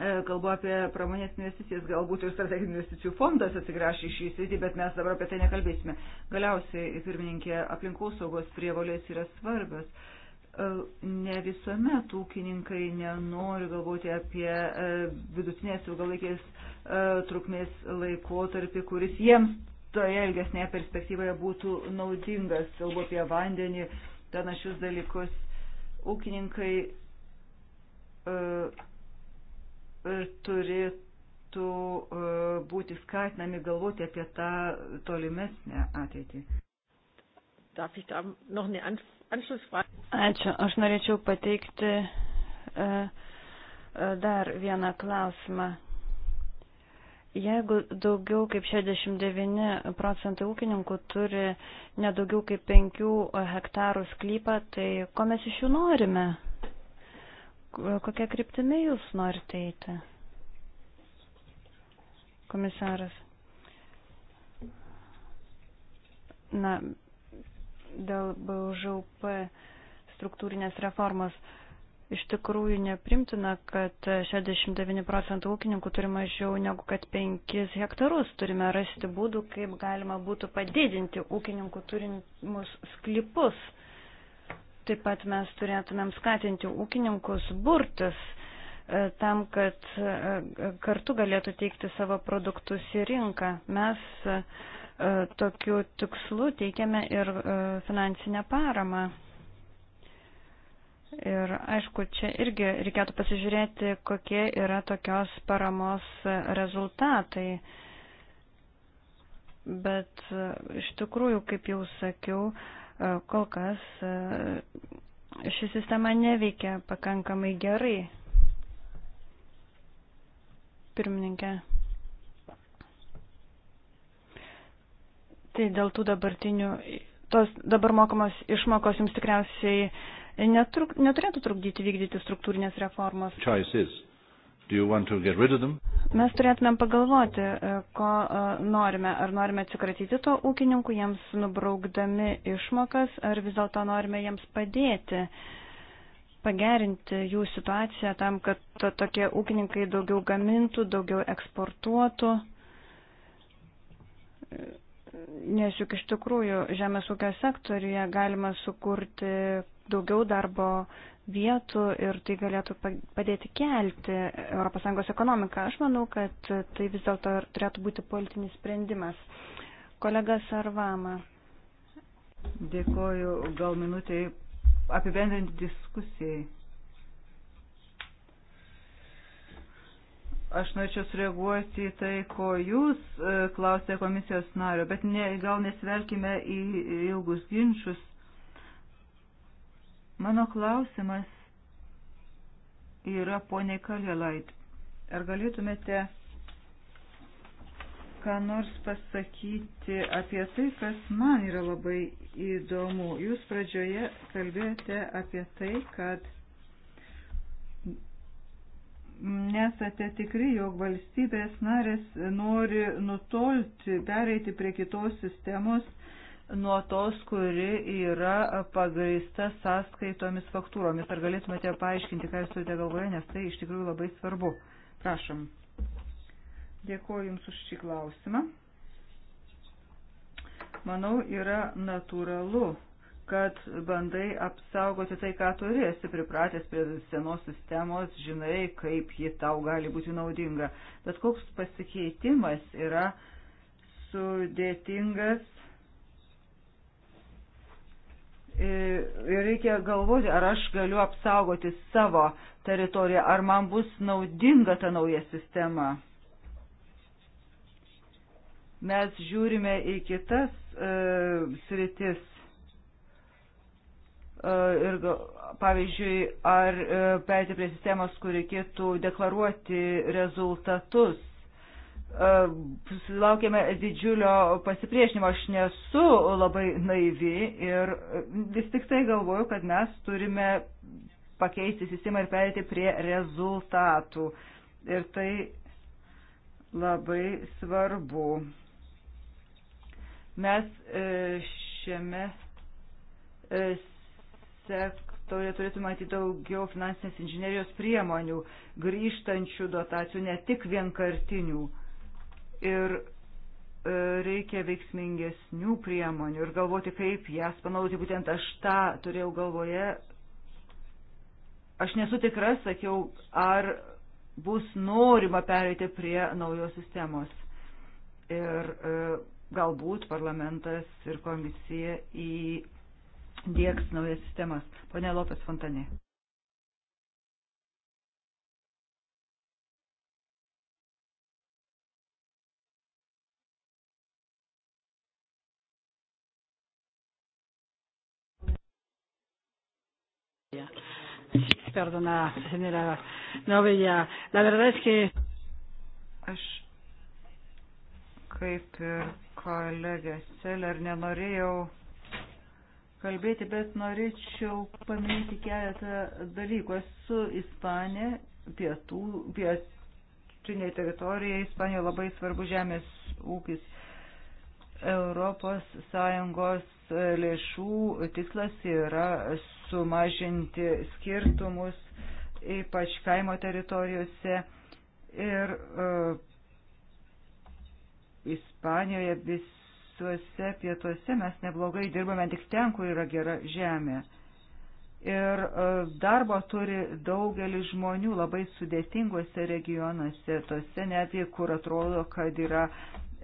E, kalbu apie pramonės investicijas, galbūt ir strateginių investicijų fondas atsigrašė iš įsitį, bet mes dabar apie tai nekalbėsime. Galiausiai, pirmininkė, aplinkosaugos prievalės yra svarbios. E, ne visuomet ūkininkai nenori galvoti apie e, vidutinės ilgalaikės trukmės laikotarpį, kuris jiems toje ilgesnėje perspektyvoje būtų naudingas, kalbu apie vandenį, panašius dalykus. Ūkininkai uh, E, turėtų e, būti skatinami galvoti apie tą tolimesnę ateitį. Ačiū. Aš norėčiau pateikti e, dar vieną klausimą. Jeigu daugiau kaip 69 procentai ūkininkų turi nedaugiau kaip 5 hektarų sklypą, tai ko mes iš jų norime? kokia kryptimi jūs norite eiti, komisaras? Na, dėl BŽUP struktūrinės reformos iš tikrųjų neprimtina, kad 69 procentų ūkininkų turi mažiau negu kad 5 hektarus. Turime rasti būdų, kaip galima būtų padidinti ūkininkų turimus sklipus. Taip pat mes turėtumėm skatinti ūkininkus burtis e, tam, kad e, kartu galėtų teikti savo produktus į rinką. Mes e, tokiu tikslu teikiame ir finansinę paramą. Ir aišku, čia irgi reikėtų pasižiūrėti, kokie yra tokios paramos rezultatai. Bet iš tikrųjų, kaip jau sakiau, E, kol kas e, ši sistema neveikia pakankamai gerai. Pirmininkė. Tai dėl tų dabartinių, tos dabar mokamos išmokos jums tikriausiai netruk, neturėtų trukdyti vykdyti struktūrinės reformos. Choices. Do you want to get rid of them? Mes turėtumėm pagalvoti, e, ko e, norime. Ar norime atsikratyti to ūkininkų, jiems nubraukdami išmokas, ar vis dėlto norime jiems padėti, pagerinti jų situaciją tam, kad to, tokie ūkininkai daugiau gamintų, daugiau eksportuotų. Nes juk iš tikrųjų žemės ūkio sektoriuje galima sukurti daugiau darbo vietų ir tai galėtų padėti kelti ES ekonomiką. Aš manau, kad tai vis dėlto turėtų būti politinis sprendimas. Kolega Sarvama. Dėkoju, gal minutė apibendrinti diskusijai. Aš norėčiau sureaguoti į tai, ko jūs e, klausėte komisijos nario, bet ne, gal nesvelkime į ilgus ginčius Mano klausimas yra poniai Kalėlait. Ar galėtumėte ką nors pasakyti apie tai, kas man yra labai įdomu. Jūs pradžioje kalbėjote apie tai, kad nesate tikri, jog valstybės narės nori nutolti, pereiti prie kitos sistemos nuo tos, kuri yra pagrįsta sąskaitomis faktūromis. Ar galėtumėte paaiškinti, ką jūs turite galvoje, nes tai iš tikrųjų labai svarbu. Prašom. Dėkuoju Jums už šį klausimą. Manau, yra natūralu, kad bandai apsaugoti tai, ką turi, esi pripratęs prie senos sistemos, žinai, kaip ji tau gali būti naudinga. Bet koks pasikeitimas yra sudėtingas E, ir reikia galvoti, ar aš galiu apsaugoti savo teritoriją, ar man bus naudinga ta nauja sistema. Mes žiūrime į kitas e, sritis. E, ir, pavyzdžiui, ar e, perėti prie sistemos, kur reikėtų deklaruoti rezultatus E, sulaukėme didžiulio pasipriešinimo. Aš nesu labai naivi ir e, vis tik tai galvoju, kad mes turime pakeisti sistemą ir perėti prie rezultatų. Ir tai labai svarbu. Mes e, šiame sektorė turėtų matyti daugiau finansinės inžinerijos priemonių, grįžtančių dotacijų, ne tik vienkartinių ir e, reikia veiksmingesnių priemonių ir galvoti, kaip jas panaudoti. Būtent aš tą turėjau galvoje. Aš nesu tikras, sakiau, ar bus norima pereiti prie naujos sistemos. Ir e, galbūt parlamentas ir komisija įdėks naujas sistemas. Pone Lopes Fontanė. Perdona, señora Novella. La verdad es que. Aš kaip ir kolegė Seller nenorėjau kalbėti, bet norėčiau paminėti keletą dalykų. Esu Ispanė, pietų, pietinė teritorija, Ispanijoje labai svarbu žemės ūkis ES lėšų tikslas yra sumažinti skirtumus, ypač kaimo teritorijose. Ir uh, Ispanijoje visuose pietuose mes neblogai dirbame tik ten, kur yra gera žemė. Ir uh, darbo turi daugelis žmonių labai sudėtinguose regionuose, tose netgi, kur atrodo, kad yra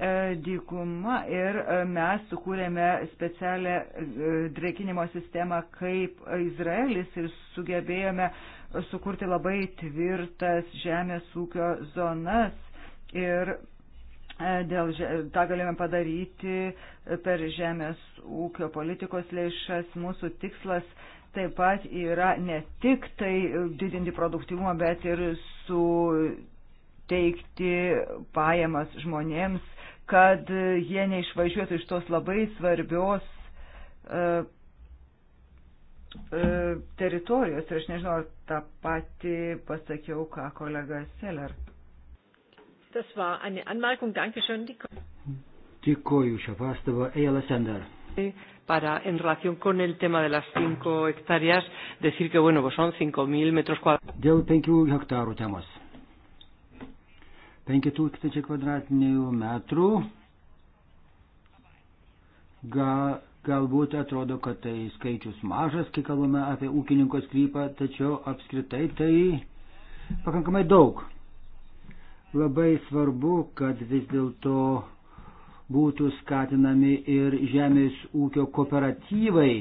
E, dykuma ir e, mes sukūrėme specialią e, drėkinimo sistemą kaip Izraelis ir sugebėjome sukurti labai tvirtas žemės ūkio zonas ir dėl, tą galime padaryti per žemės ūkio politikos lėšas. Mūsų tikslas taip pat yra ne tik tai didinti produktyvumą, bet ir su teikti pajamas žmonėms, kad jie neišvažiuotų iš tos labai svarbios uh, uh, teritorijos. Ir aš nežinau, ar tą patį pasakiau, ką kolega Seller. Das war eine Anmerkung. Dankeschön. Dėkoju šią pastabą. Ejala Sender. Para, en relación con el tema de las 5 hectáreas, decir que, bueno, pues son 5.000 metros cuadrados. Dėl 5 hektarų temos. 5000 kvadratinių metrų. Ga, galbūt atrodo, kad tai skaičius mažas, kai kalbame apie ūkininko sklypą, tačiau apskritai tai pakankamai daug. Labai svarbu, kad vis dėlto būtų skatinami ir žemės ūkio kooperatyvai.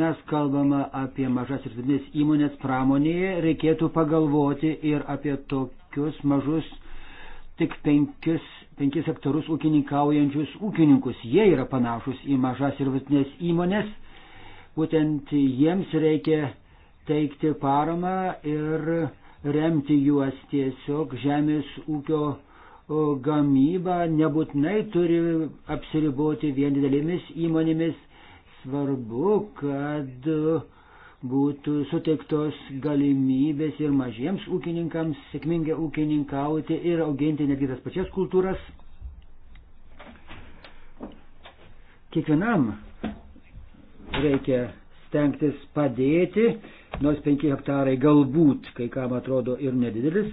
Mes kalbame apie mažas ir vidinės įmonės pramonėje, reikėtų pagalvoti ir apie tokius mažus tik penkis, penkis sektorus ūkininkaujančius ūkininkus. Jie yra panašus į mažas ir vatinės įmonės. Būtent jiems reikia teikti paramą ir remti juos tiesiog žemės ūkio gamyba nebūtinai turi apsiriboti vien didelėmis įmonėmis. Svarbu, kad uh, būtų suteiktos galimybės ir mažiems ūkininkams sėkmingai ūkininkauti ir auginti netgi tas pačias kultūras. Kiekvienam reikia stengtis padėti, nors 5 hektarai galbūt kai kam atrodo ir nedidelis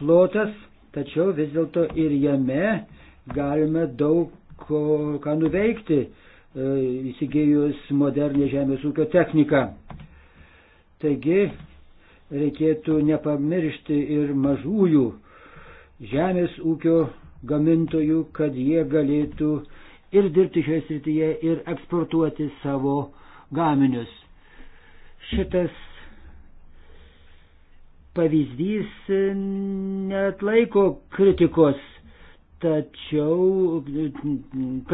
plotas, tačiau vis dėlto ir jame galime daug ko, ką nuveikti, e, įsigijus modernę žemės ūkio techniką. Taigi reikėtų nepamiršti ir mažųjų žemės ūkio gamintojų, kad jie galėtų ir dirbti šioje srityje, ir eksportuoti savo gaminius. Šitas pavyzdys net laiko kritikos, tačiau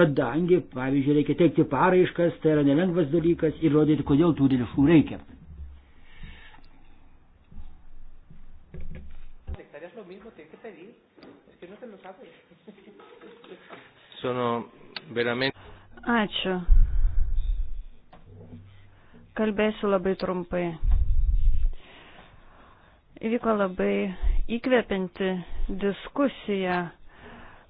kadangi, pavyzdžiui, reikia teikti paraiškas, tai yra nelengvas dalykas, įrodyti, kodėl tų lėšų reikia. Sono veramente. Ačiū. Kalbėsiu labai trumpai. Įvyko labai įkvepianti diskusija.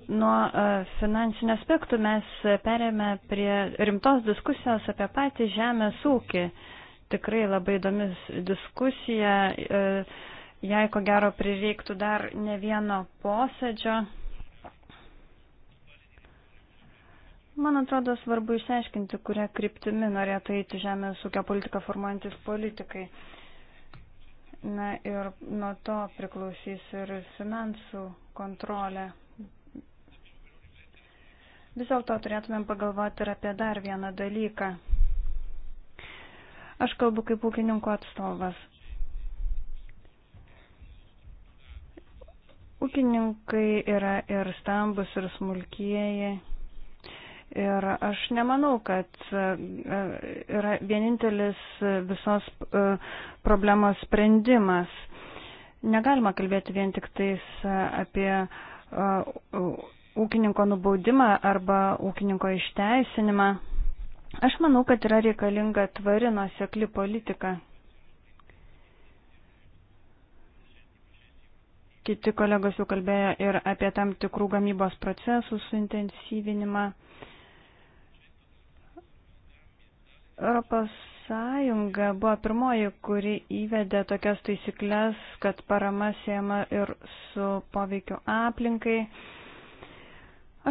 Nuo e, finansinio aspektų mes perėmė prie rimtos diskusijos apie patį žemės ūkį. Tikrai labai įdomi diskusija. E, Jei ko gero prireiktų dar ne vieno posėdžio. Man atrodo svarbu išsiaiškinti, kurią kryptimi norėtų eiti žemės ūkio politiką formuojantis politikai. Na ir nuo to priklausys ir finansų kontrolė. Vis dėlto turėtumėm pagalvoti ir apie dar vieną dalyką. Aš kalbu kaip ūkininko atstovas. Ūkininkai yra ir stambus, ir smulkieji, Ir aš nemanau, kad e, yra vienintelis visos e, problemos sprendimas. Negalima kalbėti vien tik tais e, apie ūkininko nubaudimą arba ūkininko išteisinimą. Aš manau, kad yra reikalinga tvari nuosekli politika. Kiti kolegos jau kalbėjo ir apie tam tikrų gamybos procesų suintensyvinimą. Europos Sąjunga buvo pirmoji, kuri įvedė tokias taisyklės, kad parama siejama ir su poveikiu aplinkai.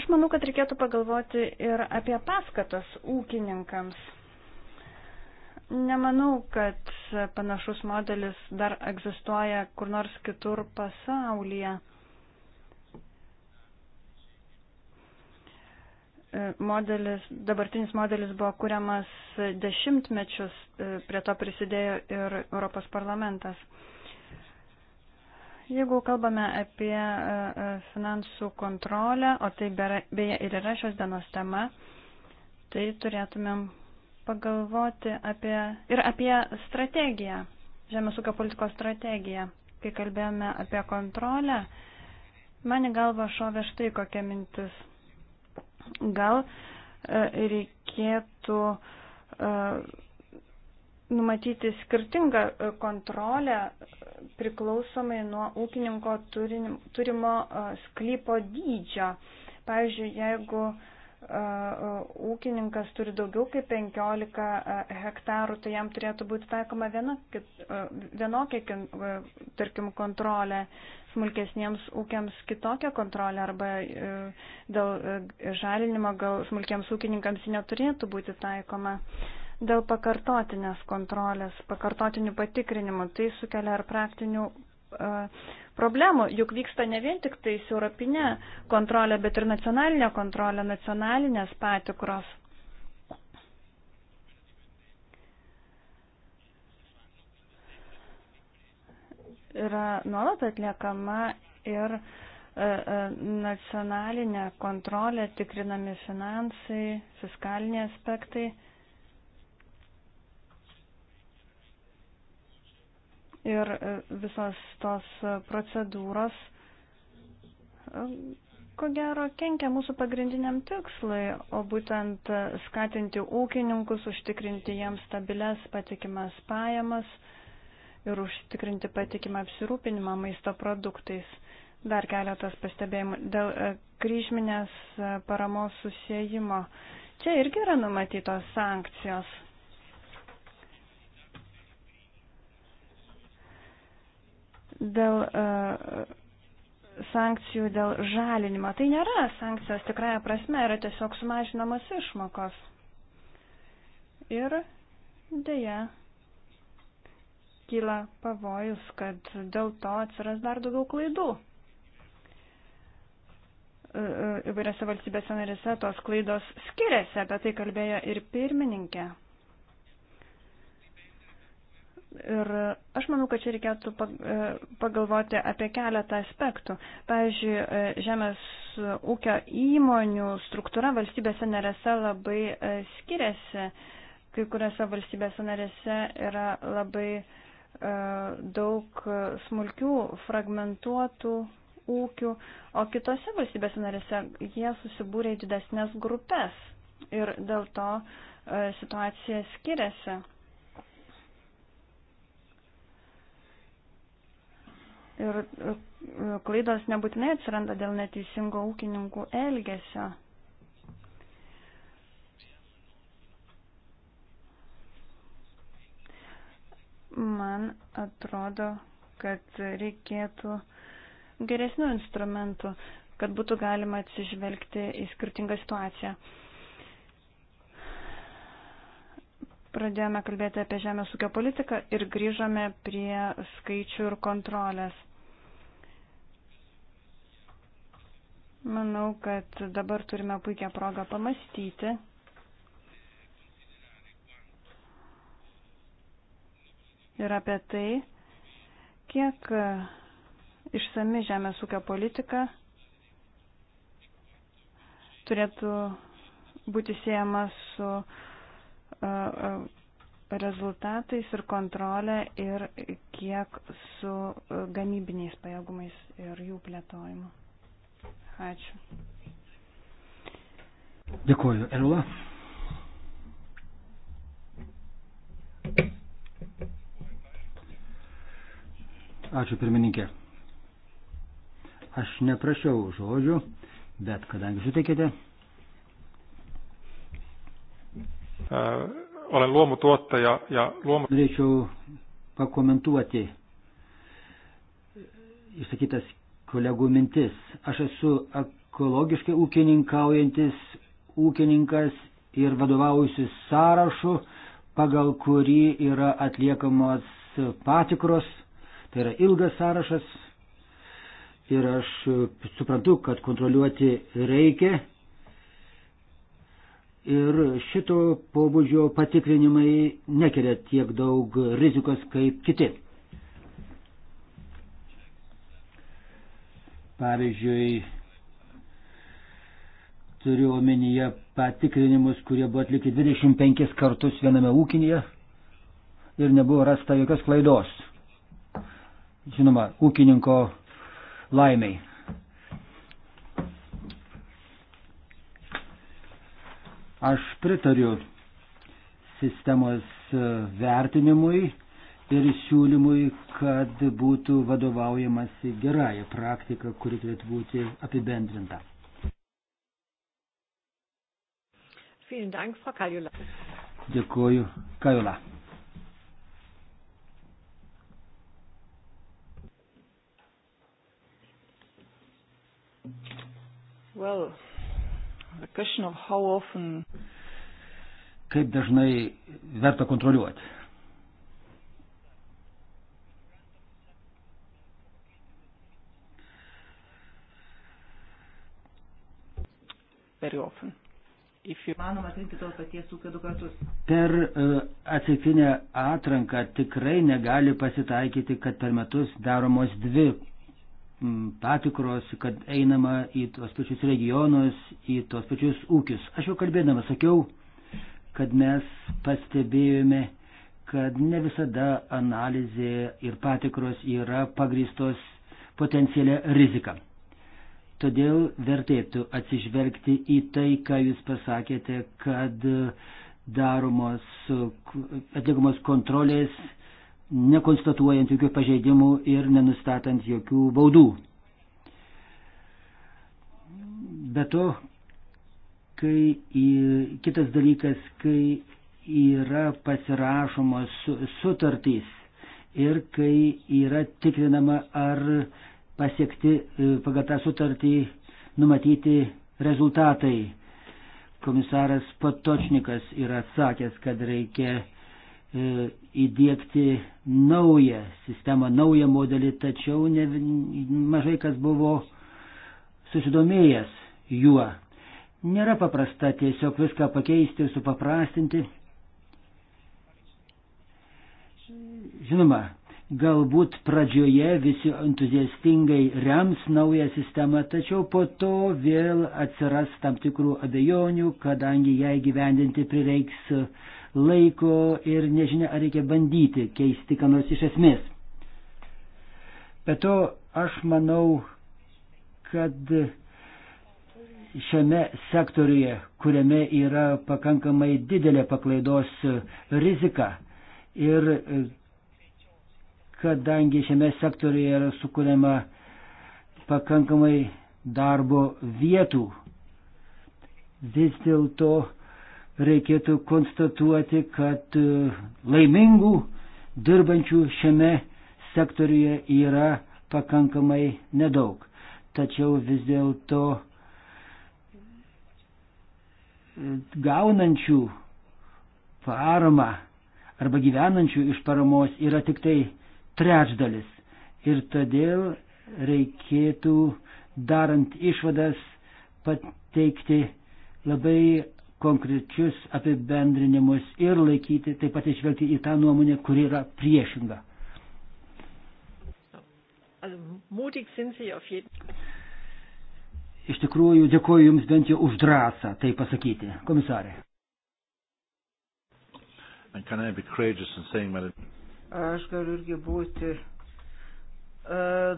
Aš manau, kad reikėtų pagalvoti ir apie paskatas ūkininkams. Nemanau, kad panašus modelis dar egzistuoja kur nors kitur pasaulyje. E, modelis, dabartinis modelis buvo kuriamas dešimtmečius, e, prie to prisidėjo ir Europos parlamentas. Jeigu kalbame apie e, finansų kontrolę, o tai beje ir yra šios dienos tema, tai turėtumėm pagalvoti apie, ir apie strategiją, žemės ūkio politikos strategiją. Kai kalbėjome apie kontrolę, man į galvą šovė štai kokia mintis – Gal e, reikėtų e, numatyti skirtingą e, kontrolę priklausomai nuo ūkininko turimo sklypo dydžio. Pavyzdžiui, jeigu ūkininkas turi daugiau kaip 15 hektarų, tai jam turėtų būti taikoma viena, kit, vienokia, tarkim, kontrolė smulkesniems ūkiams kitokią kontrolę arba e, dėl e, žalinimo gal smulkiems ūkininkams ji neturėtų būti taikoma. Dėl pakartotinės kontrolės, pakartotinių patikrinimų, tai sukelia ir praktinių e, problemų, juk vyksta ne vien tik tais europinė kontrolė, bet ir nacionalinė kontrolė, nacionalinės patikros. yra nuolat atliekama ir e, e, nacionalinė kontrolė, tikrinami finansai, fiskaliniai aspektai. Ir e, visos tos procedūros, ko gero, kenkia mūsų pagrindiniam tikslui, o būtent skatinti ūkininkus, užtikrinti jiems stabiles patikimas pajamas ir užtikrinti patikimą apsirūpinimą maisto produktais. Dar keletas pastebėjimų dėl e, kryžminės e, paramos susijimo. Čia irgi yra numatytos sankcijos. Dėl uh, sankcijų dėl žalinimo. Tai nėra sankcijos tikrąją prasme, yra tiesiog sumažinamos išmokos. Ir dėja, kyla pavojus, kad dėl to atsiras dar daugiau klaidų. E, e, įvairiose valstybėse narise tos klaidos skiriasi, apie tai kalbėjo ir pirmininkė. Ir aš manau, kad čia reikėtų e, pagalvoti apie keletą aspektų. Pavyzdžiui, žemės ūkio įmonių struktūra valstybėse narėse labai skiriasi. Kai kuriuose valstybėse narėse yra labai uh, E, daug smulkių, fragmentuotų ūkių, o kitose valstybės narėse jie susibūrė į didesnės grupės ir dėl to e, situacija skiriasi. Ir e, klaidos nebūtinai atsiranda dėl neteisingo ūkininkų elgesio. man atrodo, kad reikėtų geresnių instrumentų, kad būtų galima atsižvelgti į skirtingą situaciją. Pradėjome kalbėti apie žemės ūkio politiką ir grįžome prie skaičių ir kontrolės. Manau, kad dabar turime puikią progą pamastyti ir apie tai, kiek e, išsami žemės ūkio politika turėtų būti siejama su e, e, rezultatais ir kontrolė ir kiek su gamybiniais pajėgumais ir jų plėtojimu. Ačiū. Dėkuoju, Elula. Ačiū pirmininkė. Aš neprašiau žodžių, bet kadangi suteikėte. Uh, olen luomutuottaja ja luomu... Norėčiau pakomentuoti išsakytas kolegų mintis. Aš esu ekologiškai ūkininkaujantis ūkininkas ir vadovaujusi sąrašu, pagal kurį yra atliekamos patikros Tai yra ilgas sąrašas ir aš e, suprantu, kad kontroliuoti reikia. Ir šito pobūdžio patikrinimai nekelia tiek daug rizikos kaip kiti. Pavyzdžiui, turiu omenyje patikrinimus, kurie buvo atlikti 25 kartus viename ūkinėje ir nebuvo rasta jokios klaidos žinoma, ūkininko laimiai. Aš pritariu sistemos e, vertinimui ir siūlymui, kad būtų vadovaujamasi gerąją praktiką, kuri turėtų būti apibendrinta. Dėkuoju, Kajula. Well, the question of how often... Kaip dažnai verta kontroliuoti? Very often. Manoma atrinkti to paties ūkio du kartus. Per uh, e, atsitinę atranką tikrai negali pasitaikyti, kad per metus daromos dvi Mm, patikros, kad einama į tos pačius regionus, į tos pačius ūkius. Aš jau kalbėdama sakiau, kad mes pastebėjome, kad ne visada analizė ir patikros yra pagristos potencialią riziką. Todėl vertėtų atsižvelgti į tai, ką jūs pasakėte, kad daromos, atlikomos kontrolės nekonstatuojant jokių pažeidimų ir nenustatant jokių baudų. Be to, kai į, kitas dalykas, kai yra pasirašomos sutartys ir kai yra tikrinama, ar pasiekti e, pagal tą sutartį numatyti rezultatai. Komisaras Patočnikas yra sakęs, kad reikia e, įdėkti naują sistemą, naują modelį, tačiau ne, mažai kas buvo susidomėjęs juo. Nėra paprasta tiesiog viską pakeisti ir supaprastinti. Žinoma, galbūt pradžioje visi entuziastingai rems naują sistemą, tačiau po to vėl atsiras tam tikrų abejonių, kadangi ją įgyvendinti prireiks uh, laiko ir nežinia, ar reikia bandyti keisti ką nors iš esmės. Bet to aš manau, kad šiame sektoriuje, kuriame yra pakankamai didelė paklaidos rizika ir kadangi šiame sektoriuje yra sukūriama pakankamai darbo vietų, vis dėlto reikėtų konstatuoti, kad e, laimingų dirbančių šiame sektoriuje yra pakankamai nedaug. Tačiau vis dėlto e, gaunančių paramą arba gyvenančių iš paramos yra tik tai trečdalis. Ir todėl reikėtų, darant išvadas, pateikti labai konkrečius apibendrinimus ir laikyti, taip pat išvelgti į tą nuomonę, kuri yra priešinga. Iš tikrųjų, dėkuoju Jums bent jau už drąsą tai pasakyti, komisarė. Aš galiu irgi būti e,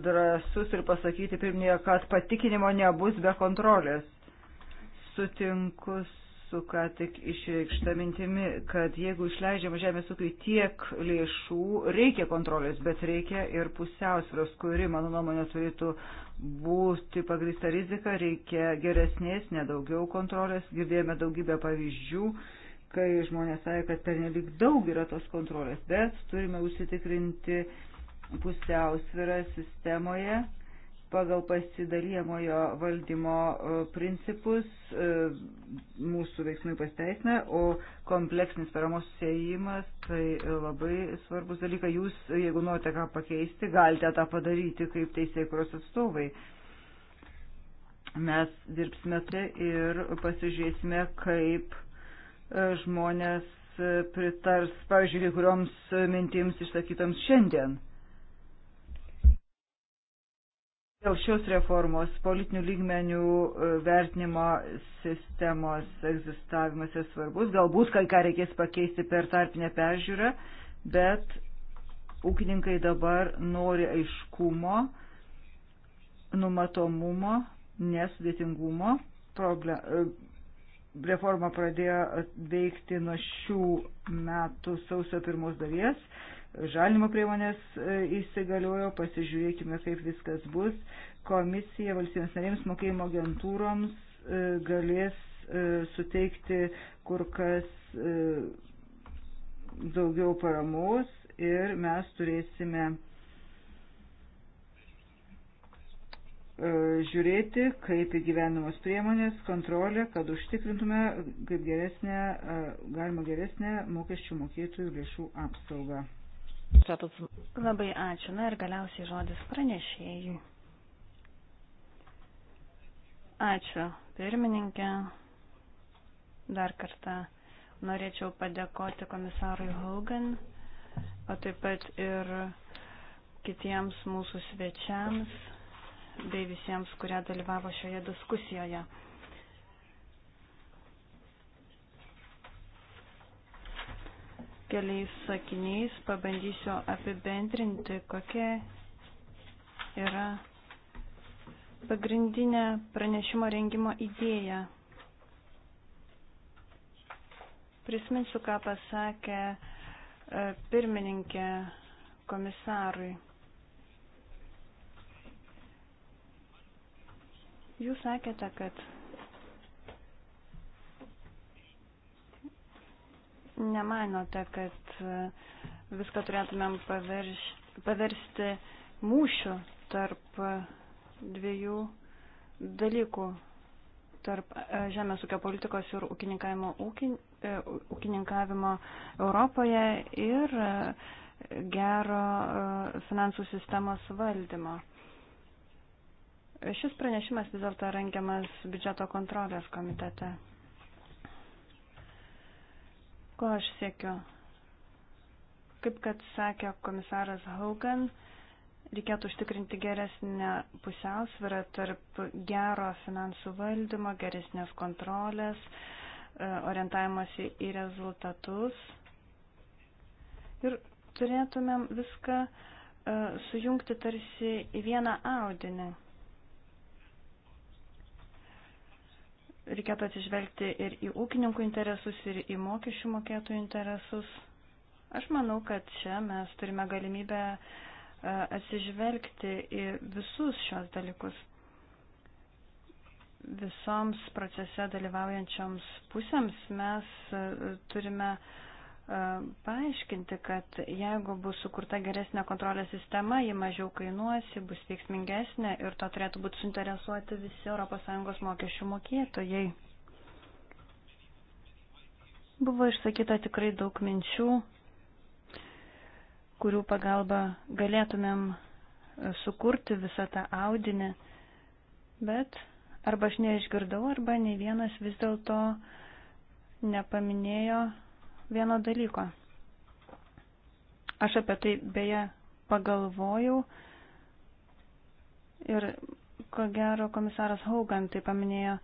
drąsus ir pasakyti pirmie, kad patikinimo nebus be kontrolės. Sutinku su ką tik išreikšta mintimi, kad jeigu išleidžiama žemės ūkiui tiek lėšų, reikia kontrolės, bet reikia ir pusiausvėros, kuri, mano nuomonė, turėtų būti pagrįsta rizika, reikia geresnės, nedaugiau kontrolės. Girdėjome daugybę pavyzdžių, kai žmonės sąja, kad pernelik daug yra tos kontrolės, bet turime užsitikrinti pusiausvyrą sistemoje pagal pasidalėmojo valdymo e, principus e, mūsų veiksmai pasteisina, o kompleksinis paramos sėjimas tai labai svarbus dalykas. Jūs, jeigu norite ką pakeisti, galite tą padaryti kaip teisėkuros atstovai. Mes dirbsime tai ir pasižiūrėsime, kaip e, žmonės pritars, pavyzdžiui, kai kurioms mintims išsakytoms šiandien Dėl šios reformos politinių lygmenių e, vertinimo sistemos egzistavimas yra svarbus. Galbūt kai ką reikės pakeisti per tarpinę peržiūrą, bet ūkininkai dabar nori aiškumo, numatomumo, nesudėtingumo. Problem, e, reforma pradėjo veikti nuo šių metų sausio pirmos dalies žalimo priemonės e, įsigaliojo, pasižiūrėkime, kaip viskas bus. Komisija valstybės narėms mokėjimo agentūroms e, galės e, suteikti kur kas daugiau paramos ir mes turėsime žiūrėti, kaip įgyvenamos priemonės, kontrolę, kad užtikrintume kaip geresnę, galima geresnę mokesčių mokėtojų lėšų apsaugą. Labai ačiū. Na ir galiausiai žodis pranešėjui. Ačiū, pirmininkė. Dar kartą norėčiau padėkoti komisarui Hogan, o taip pat ir kitiems mūsų svečiams bei visiems, kurie dalyvavo šioje diskusijoje. keliais sakiniais pabandysiu apibendrinti, kokia yra pagrindinė pranešimo rengimo idėja. Prisiminsiu, ką pasakė e, pirmininkė komisarui. Jūs sakėte, kad nemanote, kad e, viską turėtumėm paverš, paversti mūšiu tarp e, dviejų dalykų tarp e, žemės ūkio politikos ir ūkininkavimo, ūkin, ūkininkavimo Europoje ir gero finansų sistemos valdymo. Šis pranešimas vis dėlto rengiamas biudžeto kontrolės komitete. Ko aš siekiu? Kaip kad sakė komisaras Haugan, reikėtų užtikrinti geresnę pusiausvyrą tarp gero finansų valdymo, geresnės kontrolės, e, orientavimasi į rezultatus. Ir turėtumėm viską e, sujungti tarsi į vieną audinį. reikėtų atsižvelgti ir į ūkininkų interesus, ir į mokesčių mokėtojų interesus. Aš manau, kad čia mes turime galimybę e, atsižvelgti į visus šios dalykus. Visoms procese dalyvaujančioms pusėms mes e, turime uh, paaiškinti, kad jeigu bus sukurta geresnė kontrolės sistema, ji mažiau kainuosi, bus veiksmingesnė ir to turėtų būti suinteresuoti visi ES mokesčių mokėtojai. Buvo išsakyta tikrai daug minčių, kurių pagalba galėtumėm e, sukurti visą tą audinį, bet arba aš neišgirdau, arba nei vienas vis dėlto nepaminėjo vieno dalyko. Aš apie tai beje pagalvojau ir ko gero komisaras Haugan tai paminėjo.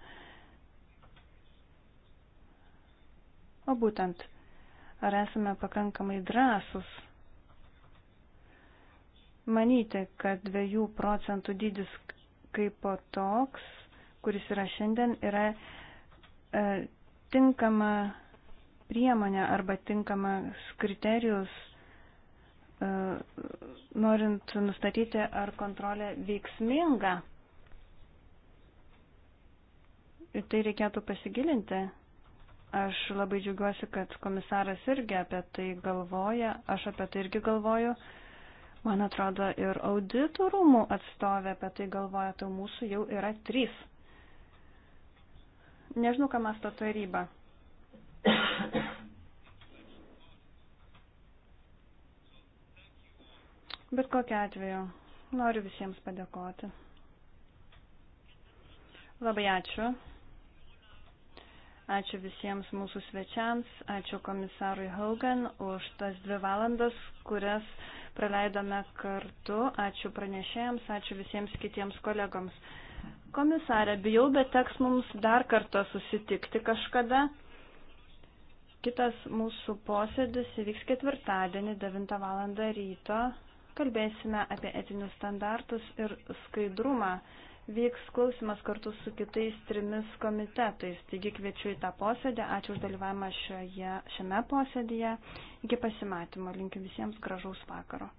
O būtent, ar esame pakankamai drąsus manyti, kad dviejų procentų dydis kaip toks, kuris yra šiandien, yra e, tinkama priemonę arba tinkamas kriterijus, e, norint nustatyti, ar kontrolė veiksminga. Ir tai reikėtų pasigilinti. Aš labai džiaugiuosi, kad komisaras irgi apie tai galvoja, aš apie tai irgi galvoju. Man atrodo, ir auditų rūmų atstovė apie tai galvoja, tai mūsų jau yra trys. Nežinau, ką masto taryba. Bet kokiu atveju noriu visiems padėkoti. Labai ačiū. Ačiū visiems mūsų svečiams, ačiū komisarui Haugan už tas dvi valandas, kurias praleidome kartu, ačiū pranešėjams, ačiū visiems kitiems kolegoms. Komisarė, bijau, bet teks mums dar kartą susitikti kažkada. Kitas mūsų posėdis įvyks ketvirtadienį 9 val. ryto. Kalbėsime apie etinius standartus ir skaidrumą. Vyks klausimas kartu su kitais trimis komitetais. Taigi kviečiu į tą posėdį. Ačiū už dalyvavimą šioje, šiame posėdėje. Iki pasimatymo. Linkiu visiems gražaus vakaro.